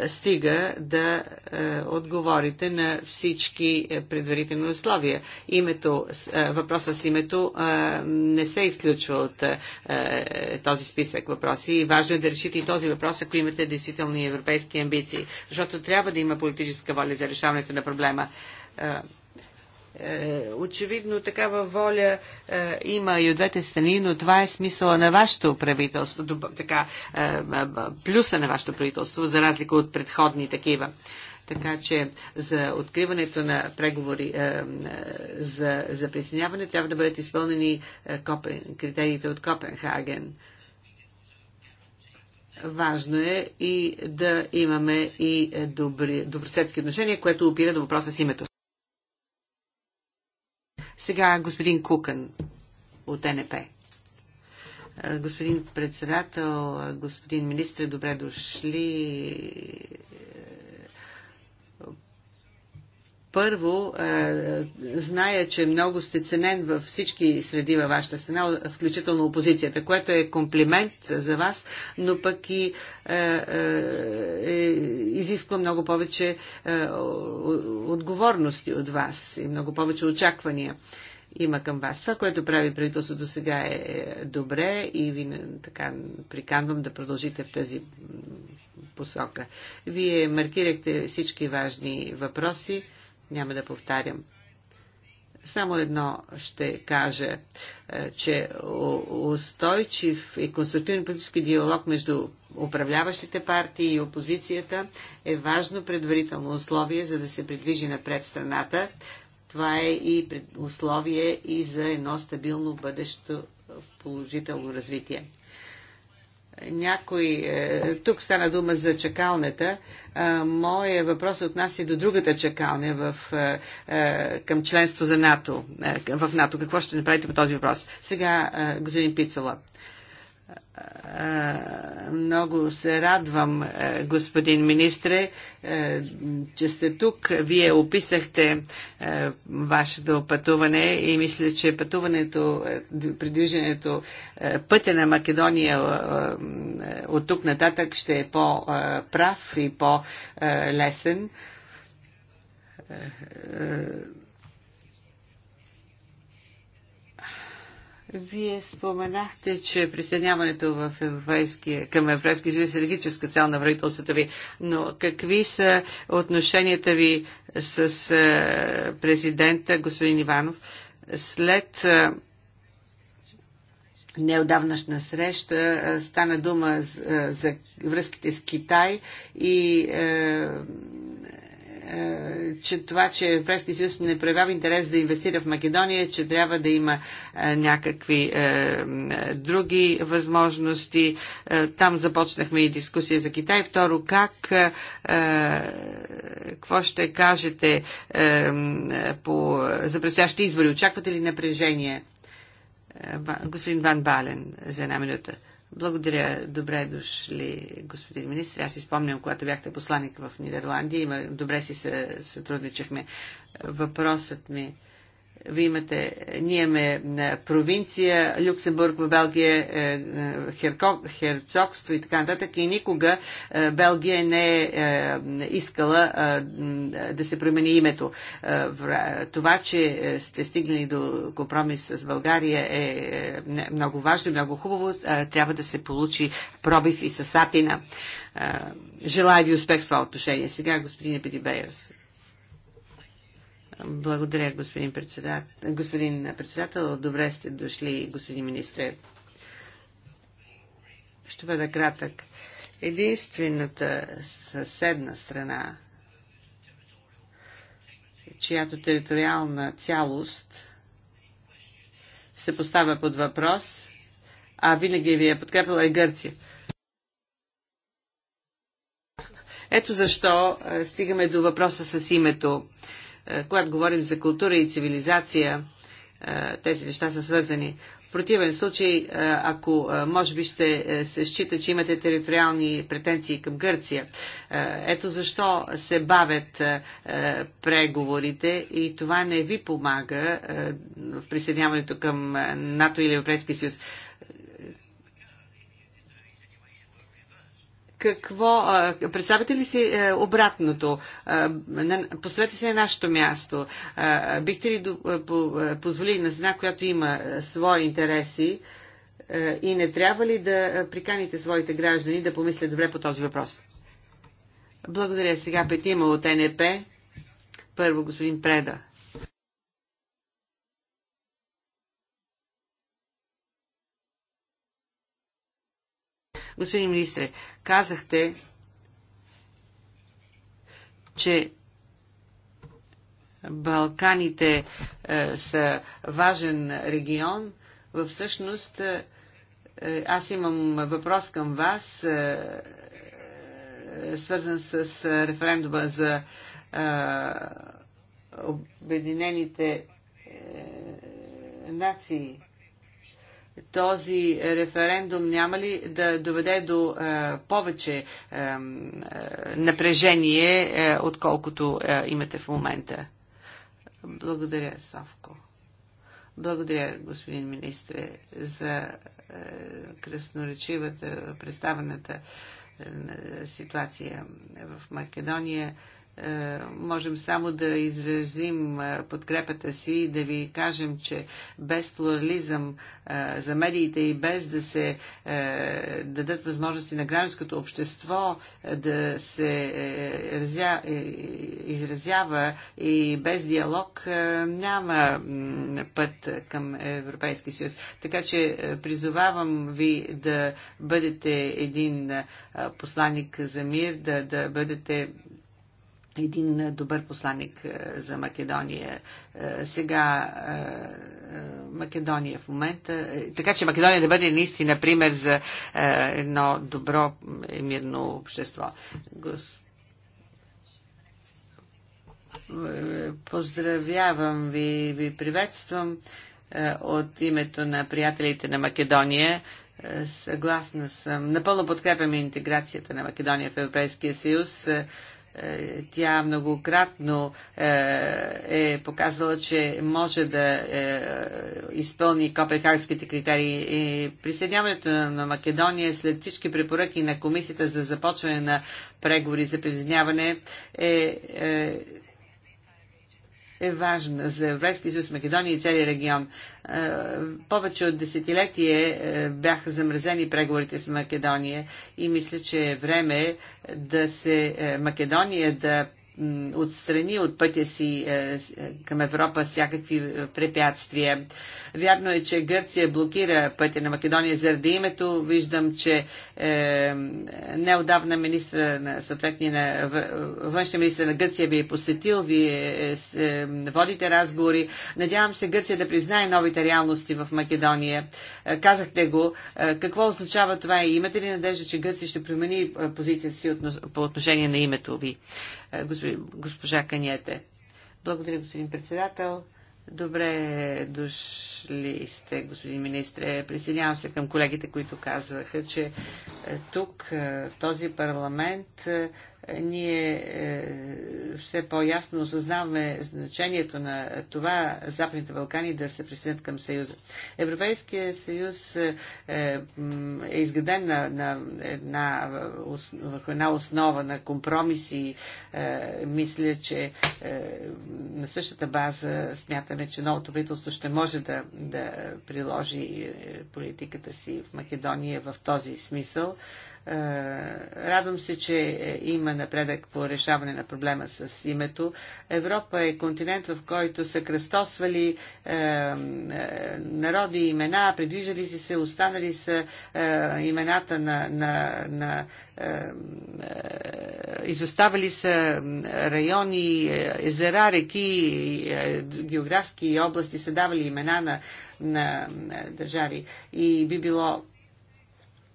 Speaker 5: стига да е, отговорите на всички е, предварителни условия. Името, е, въпросът с името е, не се изключва от е, е, този списък въпроси и важно е да решите и този въпрос, ако имате действителни европейски амбиции, защото трябва да има политическа воля за решаването на проблема. Е, е, очевидно такава воля е, има и от двете страни, но това е смисъла на вашето правителство, така, е, плюса на вашето правителство, за разлика от предходни такива. Така че за откриването на преговори е, за, за присъединяване трябва да бъдат изпълнени Копен, критериите от Копенхаген. Важно е и да имаме и добри, добросетски отношения, което опира до въпроса с името. Сега господин Кукън от НП. Господин председател, господин министр, добре дошли първо, е, зная, че много сте ценен във всички среди във вашата страна, включително опозицията, което е комплимент за вас, но пък и е, е, е изисква много повече е, отговорности от вас и много повече очаквания има към вас. Това, което прави правителството сега е, е добре и ви така приканвам да продължите в тази посока. Вие маркирахте всички важни въпроси. Няма да повтарям. Само едно ще кажа, е, че устойчив и конструктивен политически диалог между управляващите партии и опозицията е важно предварително условие, за да се придвижи напред страната. Това е и условие и за едно стабилно бъдещо положително развитие някой... Е, тук стана дума за чакалнята. Моя въпрос отнася до другата чакалня в, е, е, към членство за НАТО, в НАТО. Какво ще направите по този въпрос? Сега, господин Пицела много се радвам, е, господин министре, е, че сте тук. Вие описахте е, вашето пътуване и мисля, че пътуването, придвижението, пътя на Македония от тук нататък ще е по-прав и по-лесен Вие споменахте, че присъединяването в европейския, към Европейския съюз е стратегическа цел на правителството ви, но какви са отношенията ви с е, президента господин Иванов след е, неодавнашна среща е, стана дума за връзките с Китай и е, че това, че Европейския съюз не проявява интерес да инвестира в Македония, че трябва да има е, някакви е, други възможности. Там започнахме и дискусия за Китай. Второ, как, какво ще кажете по, за предстоящите избори? Очаквате ли напрежение? Господин Ван Бален, за една минута. Благодаря. Добре дошли, господин министр. Аз си спомням, когато бяхте посланник в Нидерландия. Има, добре си се сътрудничахме. Въпросът ми вие имате, ние имаме е, провинция, Люксембург в Белгия, е, е, Херко, Херцогство и така нататък. И никога Белгия не е искала да се промени името. Това, че сте стигнали до компромис с България е много важно, много хубаво. Трябва да се получи пробив и с Атина. Желая ви успех в това отношение. Сега господин Епидибеев. Благодаря, господин председател. Господин председател, добре сте дошли, господин министре. Ще бъда кратък. Единствената съседна страна, чиято териториална цялост се поставя под въпрос, а винаги ви е подкрепила е Гърция. Ето защо стигаме до въпроса с името. Е, когато говорим за култура и цивилизация, е, тези неща са свързани. В противен случай, е, ако може би ще се счита, че имате териториални претенции към Гърция. Ето защо се бавят преговорите и това не ви помага в присъединяването към НАТО или Европейския съюз. какво, представете ли си е, обратното? Посрете се на нашето място. Бихте ли е, е, позволили на жена, която има свои интереси и не трябва ли да приканите своите граждани да помислят добре по този въпрос? Благодаря сега петима от НП. Първо господин Преда. Господин министре, казахте, че Балканите е, са важен регион. Всъщност, е, аз имам въпрос към вас, е, е, свързан с е, референдума за е, Обединените е, нации този референдум няма ли да доведе до е, повече е, е, напрежение, е, отколкото е, имате в момента? Благодаря, Савко. Благодаря, господин министре, за е, красноречивата представената е, ситуация в Македония. Е, можем само да изразим е, подкрепата си и да ви кажем, че без плурализъм е, за медиите и без да се дадат възможности на гражданското общество да се изразява и без диалог няма път към Европейския съюз. Така че призовавам ви да бъдете един посланник за мир, да, да бъдете един е, добър посланник е, за Македония. Е, сега Македония в момента. Така че Македония да бъде наистина пример за едно добро мирно общество. поздравявам ви, ви приветствам от името на приятелите на Македония. Съгласна съм. Напълно подкрепяме интеграцията на Македония в Европейския съюз. Е, тя многократно е, е показала, че може да е, изпълни копенхагските критерии. Присъединяването на Македония след всички препоръки на Комисията за започване на преговори за присъединяване е е важна за Еврейския съюз, Македония и целият регион. Е, повече от десетилетие е, бяха замразени преговорите с Македония и мисля, че е време да се е, Македония да отстрани от пътя си към Европа всякакви препятствия. Вярно е, че Гърция блокира пътя на Македония заради името. Виждам, че е, неодавна министра на съответни на външния министр на Гърция ви е посетил, вие е, е, водите разговори. Надявам се Гърция да признае новите реалности в Македония. Казахте го. Какво означава това и имате ли надежда, че Гърция ще промени позицията си по отношение на името ви, госпожа Каниете? Благодаря, господин председател. Добре дошли сте, господин министре. Присъединявам се към колегите, които казваха, че е, тук, в е, този парламент, е, ние е, все по-ясно осъзнаваме значението на това Западните Балкани да се присъединят към Съюза. Европейския съюз е, е изграден на, на една, върху една основа на компромиси. Е, мисля, че е, на същата база смятаме, че новото правителство ще може да, да приложи е, политиката си в Македония в този смисъл. Е, е, радвам се, че има напредък по решаване на проблема с името. Европа е континент, в който са кръстосвали е, е народи и имена, предвиждали си се, останали са е, имената на, на, на е, е изоставали са райони, езера, реки, географски области са давали имена на, на държави. И би било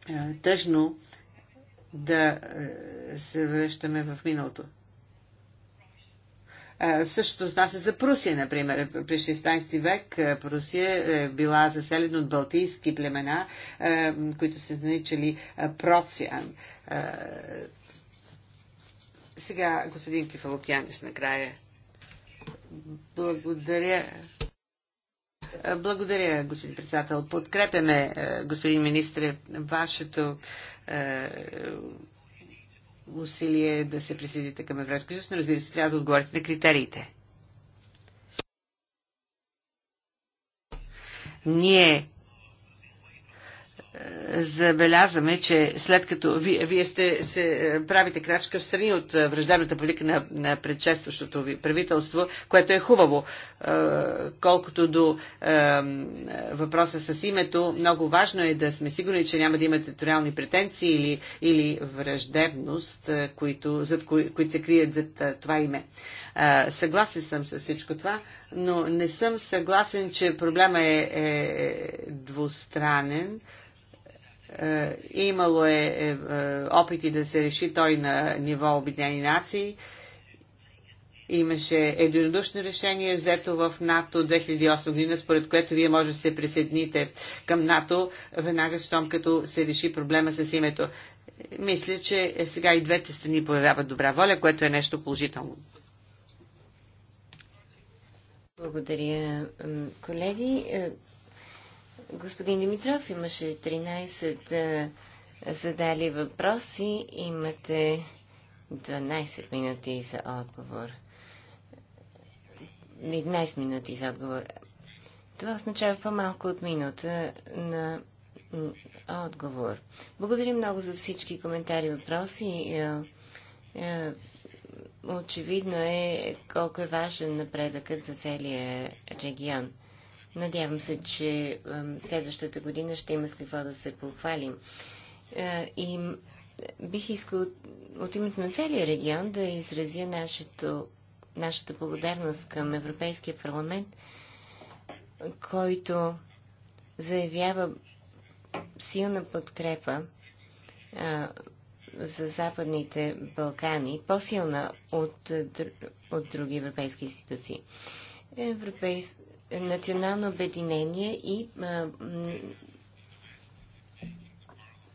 Speaker 5: е, тъжно да е, се връщаме в миналото. Е, същото зна се за Прусия, например. През 16 век Прусия е била заселена от балтийски племена, които се наричали Проциан. Сега господин Кефалокянис накрая. Благодаря. Е, благодаря, господин председател. Подкрепяме, е, господин министре, вашето е, усилие да се присъедините към Европейския съюз, но разбира се, трябва да отговорите на критериите. Ние забелязваме, че след като вие, вие сте, се е, правите крачка в страни от е, враждебната политика на, на предшестващото ви правителство, което е хубаво. Е, колкото до въпроса с името, много важно е да сме сигурни, че няма да има териториални претенции или, или враждебност, които, зад кои, които се крият зад това име. Съгласен съм с всичко това, но не съм съгласен, че проблема е, е двустранен е, имало е, е, е опити да се реши той на ниво Обединени нации. Имаше единодушно решение, взето в НАТО 2008 година, според което вие може да се присъедините към НАТО веднага, щом като се реши проблема с името. Мисля, че сега и двете страни появяват добра воля, което е нещо положително.
Speaker 2: Благодаря, колеги. Господин Димитров, имаше 13 задали въпроси. Имате 12 минути за отговор. 11 минути за отговор. Това означава по-малко от минута на отговор. Благодаря много за всички коментари, и въпроси. Е, е, очевидно е колко е важен напредъкът за целия регион. Надявам се, че следващата година ще има с какво да се похвалим. И бих искал от, името на целия регион да изразя нашето, нашата благодарност към Европейския парламент, който заявява силна подкрепа за Западните Балкани, по-силна от, от други европейски институции. Европейс национално обединение и а,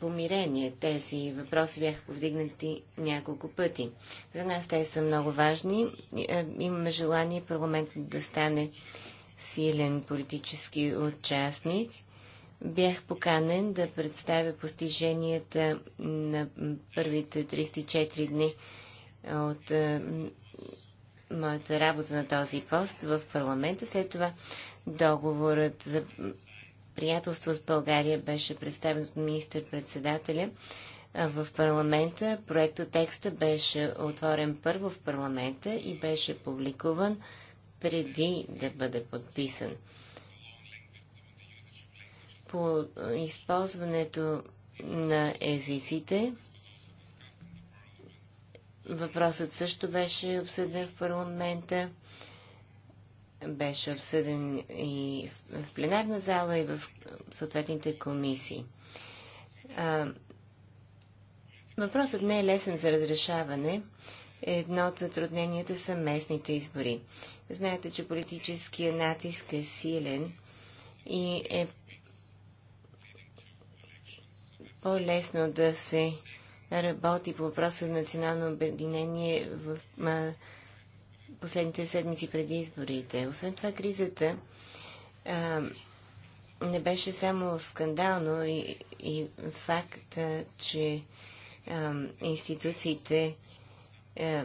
Speaker 2: помирение. Тези въпроси бяха повдигнати няколко пъти. За нас те са много важни. Имаме желание парламентът да стане силен политически участник. Бях поканен да представя постиженията на първите 34 дни от моята работа на този пост в парламента. След това договорът за приятелство с България беше представен от министър-председателя в парламента. Проектът текста беше отворен първо в парламента и беше публикуван преди да бъде подписан. По използването на езиците, Въпросът също беше обсъден в парламента, беше обсъден и в пленарна зала, и в съответните комисии. А, въпросът не е лесен за разрешаване. Едно от затрудненията са местните избори. Знаете, че политическия натиск е силен и е по-лесно да се работи по въпроса за национално обединение в ма, последните седмици преди изборите. Освен това, кризата а, не беше само скандално и, и факта, че а, институциите а,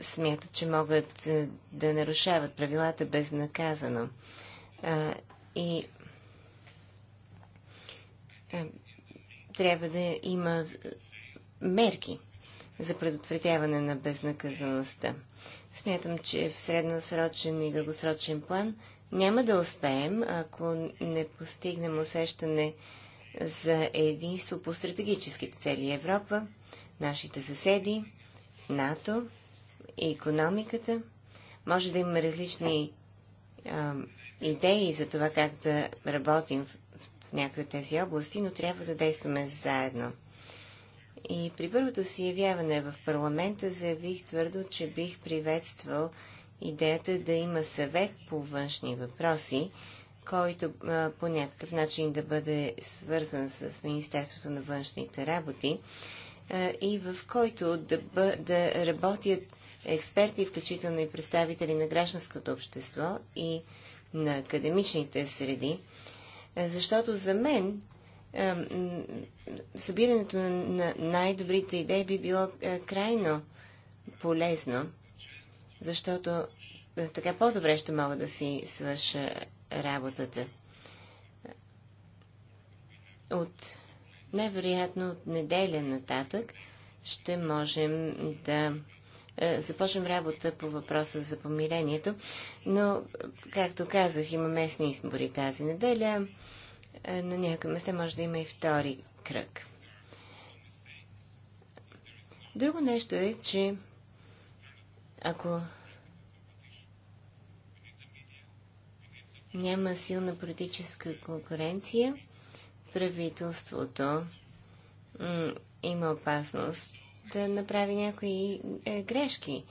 Speaker 2: смятат, че могат да нарушават правилата безнаказано. А, и а, трябва да има мерки за предотвратяване на безнаказаността. Смятам, че в средносрочен и дългосрочен план няма да успеем, ако не постигнем усещане за единство по стратегическите цели Европа, нашите съседи, НАТО и економиката. Може да имаме различни а, идеи за това как да работим в, в някои от тези области, но трябва да действаме заедно. И при първото си явяване в парламента заявих твърдо, че бих приветствал идеята да има съвет по външни въпроси, който а, по някакъв начин да бъде свързан с Министерството на външните работи а, и в който да, бъ, да работят експерти, включително и представители на гражданското общество и на академичните среди, защото за мен събирането на най-добрите идеи би било е, крайно полезно, защото е, така по-добре ще мога да си свърша работата. От най-вероятно от неделя нататък ще можем да е, започнем работа по въпроса за помирението, но, както казах, има местни избори тази неделя. Е, на някои места може да има и втори кръг. Друго нещо е, че ако няма силна политическа конкуренция, правителството има опасност да направи някои е, грешки.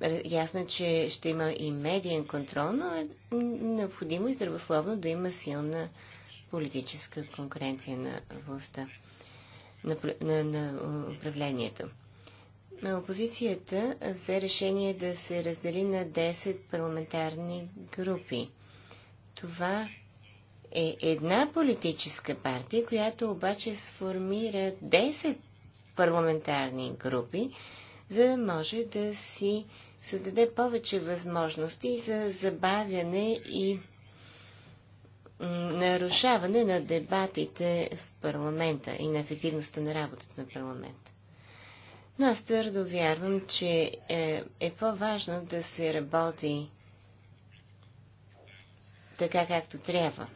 Speaker 2: Е, ясно е, че ще има и медиен контрол, но е необходимо и здравословно да има силна политическа конкуренция на властта, на, на, на е, управлението. Опозицията взе решение да се раздели на 10 парламентарни групи. Това е една политическа партия, която обаче сформира 10 парламентарни групи, за да може да си създаде повече възможности за забавяне и нарушаване на дебатите в парламента и на ефективността на работата на парламента. Но аз твърдо вярвам, че е, е по-важно да се работи така както трябва,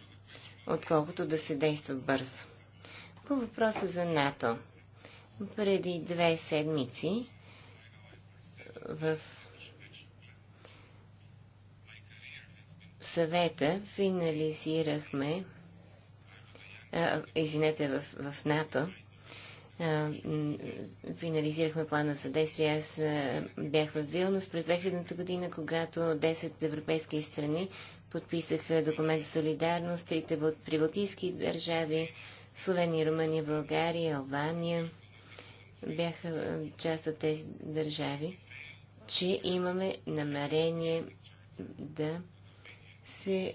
Speaker 2: отколкото да се действа бързо. По въпроса за НАТО. Преди две седмици в съвета финализирахме, а, извинете, в, в НАТО, а, финализирахме плана за действие. Аз а, бях в Вилнус през 2000 година, когато 10 европейски страни подписаха документ за солидарност, трите прибалтийски държави, Словения, Румъния, България, Албания бяха част от тези държави че имаме намерение да се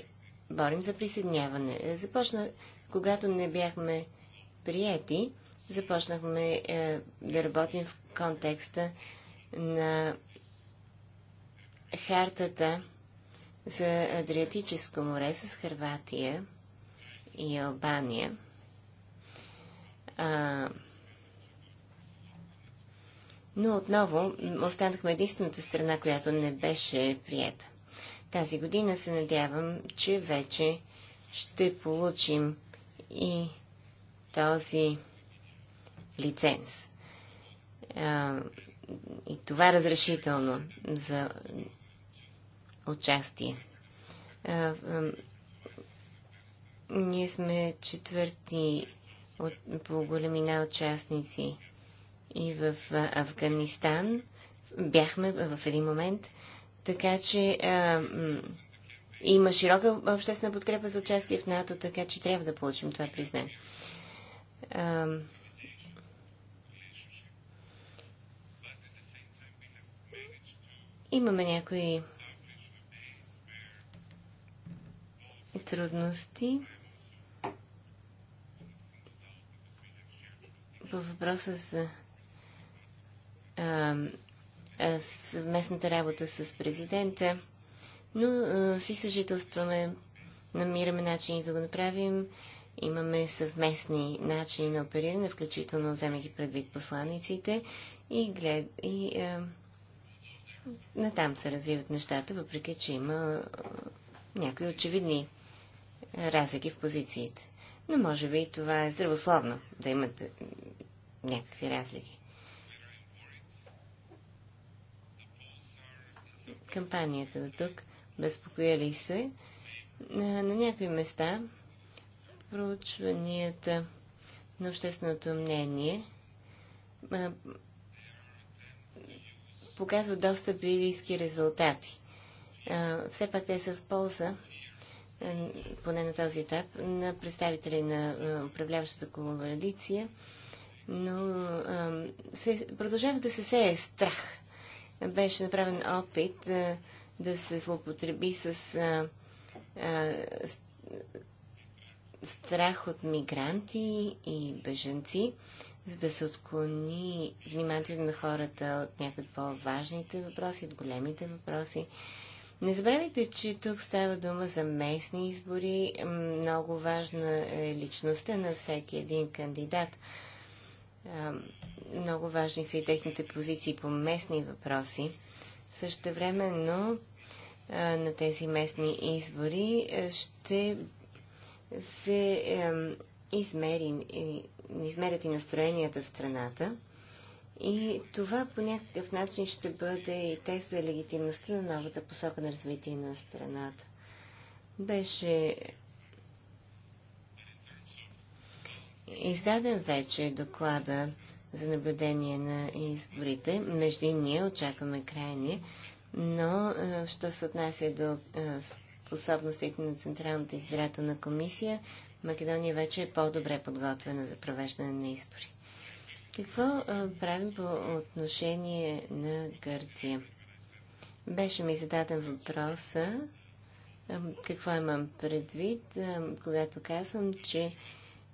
Speaker 2: борим за присъединяване. Започна, когато не бяхме приети, започнахме е, да работим в контекста на хартата за Адриатическо море с Харватия и Албания. А, но отново останахме единствената страна, която не беше приета. Тази година се надявам, че вече ще получим и този лиценз. и това разрешително за участие. ние сме четвърти от, по големина участници и в Афганистан бяхме в един момент. Така че а, има широка обществена подкрепа за участие в НАТО, така че трябва да получим това признание. имаме някои трудности по въпроса за съвместната работа с президента, но а, си съжителстваме, намираме начини да го направим. Имаме съвместни начини на опериране, включително вземайки предвид посланиците и, глед, и а, натам се развиват нещата, въпреки че има а, някои очевидни разлики в позициите. Но може би това е здравословно, да имат някакви разлики. кампанията до тук. Безпокоили се. На, на някои места проучванията на общественото мнение а, показват доста близки резултати. А, все пак те са в полза, а, поне на този етап, на представители на а, управляващата коалиция, но а, се, продължава да се сее страх беше направен опит да се злоупотреби с а, а, страх от мигранти и беженци, за да се отклони вниманието на хората от някои по-важните въпроси, от големите въпроси. Не забравяйте, че тук става дума за местни избори. Много важна е личността на всеки един кандидат. Много важни са и техните позиции по местни въпроси. Също времено на тези местни избори ще се измери, измерят и настроенията в страната. И това по някакъв начин ще бъде и тест за легитимността на новата посока на развитие на страната. Беше издаден вече доклада за наблюдение на изборите. Между ние очакваме крайни, но що се отнася до способностите на Централната избирателна комисия, Македония вече е по-добре подготвена за провеждане на избори. Какво правим по отношение на Гърция? Беше ми зададен въпроса какво имам предвид, когато казвам, че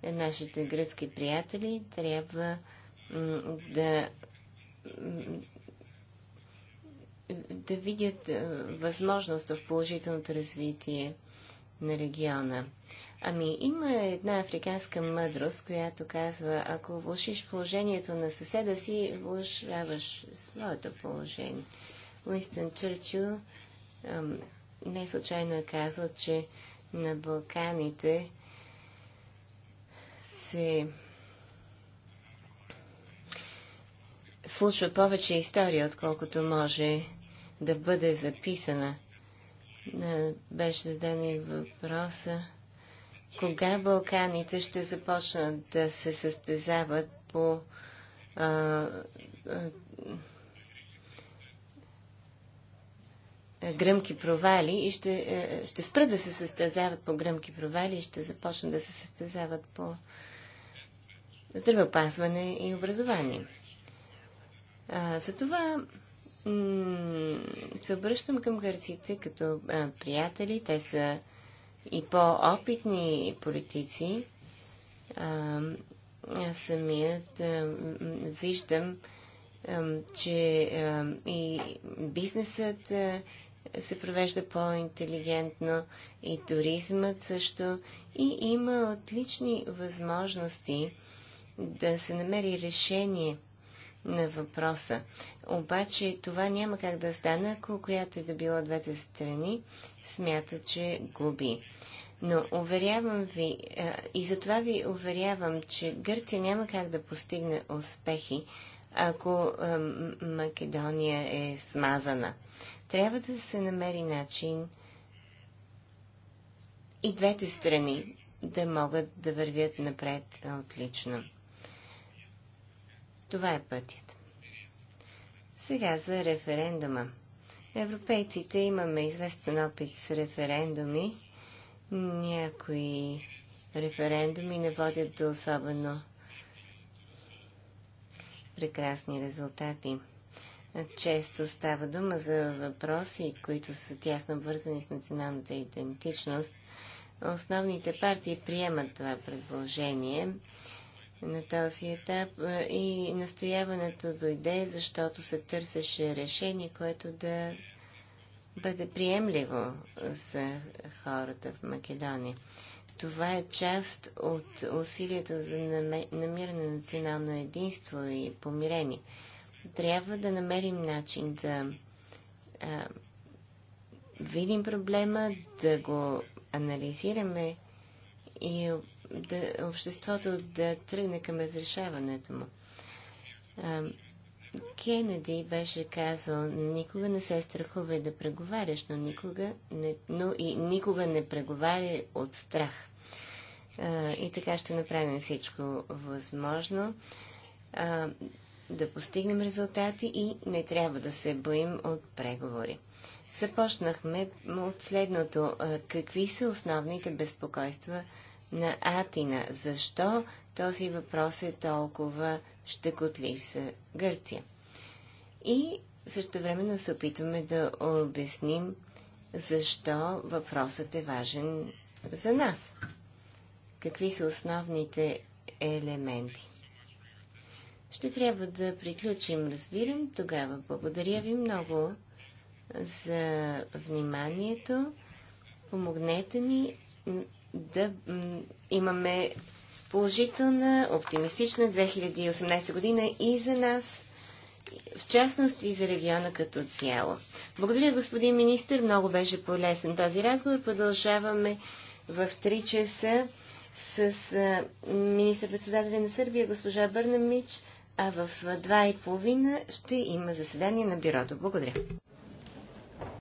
Speaker 2: нашите гръцки приятели трябва да да видят е, възможност в положителното развитие на региона. Ами, има една африканска мъдрост, която казва, ако влушиш положението на съседа си, влушаваш своето положение. Уинстън Чърчил ам, не случайно е казал, че на Балканите се случва повече история, отколкото може да бъде записана. Беше зададен и въпроса кога Балканите ще започнат да се състезават по а, а, гръмки провали и ще, е, ще спрат да се състезават по гръмки провали и ще започнат да се състезават по здравеопазване и образование. А, затова се обръщам към гърците като а, приятели. Те са и по-опитни политици. А, аз самият а, виждам, а, че а, и бизнесът а, се провежда по-интелигентно, и туризмът също, и има отлични възможности да се намери решение на въпроса. Обаче това няма как да стане, ако която и да била двете страни смята, че губи. Но уверявам ви, и затова ви уверявам, че Гърция няма как да постигне успехи, ако Македония е смазана. Трябва да се намери начин и двете страни да могат да вървят напред отлично. Това е пътят. Сега за референдума. Европейците имаме известен опит с референдуми. Някои референдуми не водят до особено прекрасни резултати. Често става дума за въпроси, които са тясно вързани с националната идентичност. Основните партии приемат това предложение на този етап и настояването дойде, защото се търсеше решение, което да бъде приемливо за хората в Македония. Това е част от усилието за намиране на национално единство и помирение. Трябва да намерим начин да а, видим проблема, да го анализираме и да, обществото да тръгне към разрешаването му. А, Кенеди беше казал, никога не се страхувай да преговаряш, но, никога не, но и никога не преговаряй от страх. А, и така ще направим всичко възможно а, да постигнем резултати и не трябва да се боим от преговори. Започнахме от следното. Какви са основните безпокойства на Атина. Защо този въпрос е толкова щекотлив за Гърция? И също времено се опитваме да обясним защо въпросът е важен за нас. Какви са основните елементи? Ще трябва да приключим, разбирам. Тогава благодаря ви много за вниманието. Помогнете ни да имаме положителна, оптимистична 2018 година и за нас, в частност и за региона като цяло. Благодаря, господин министр. Много беше полезен този разговор. Продължаваме в 3 часа с министър-председателя на Сърбия, госпожа Бърнамич,
Speaker 1: а в 2.30 ще има заседание на бюрото. Благодаря.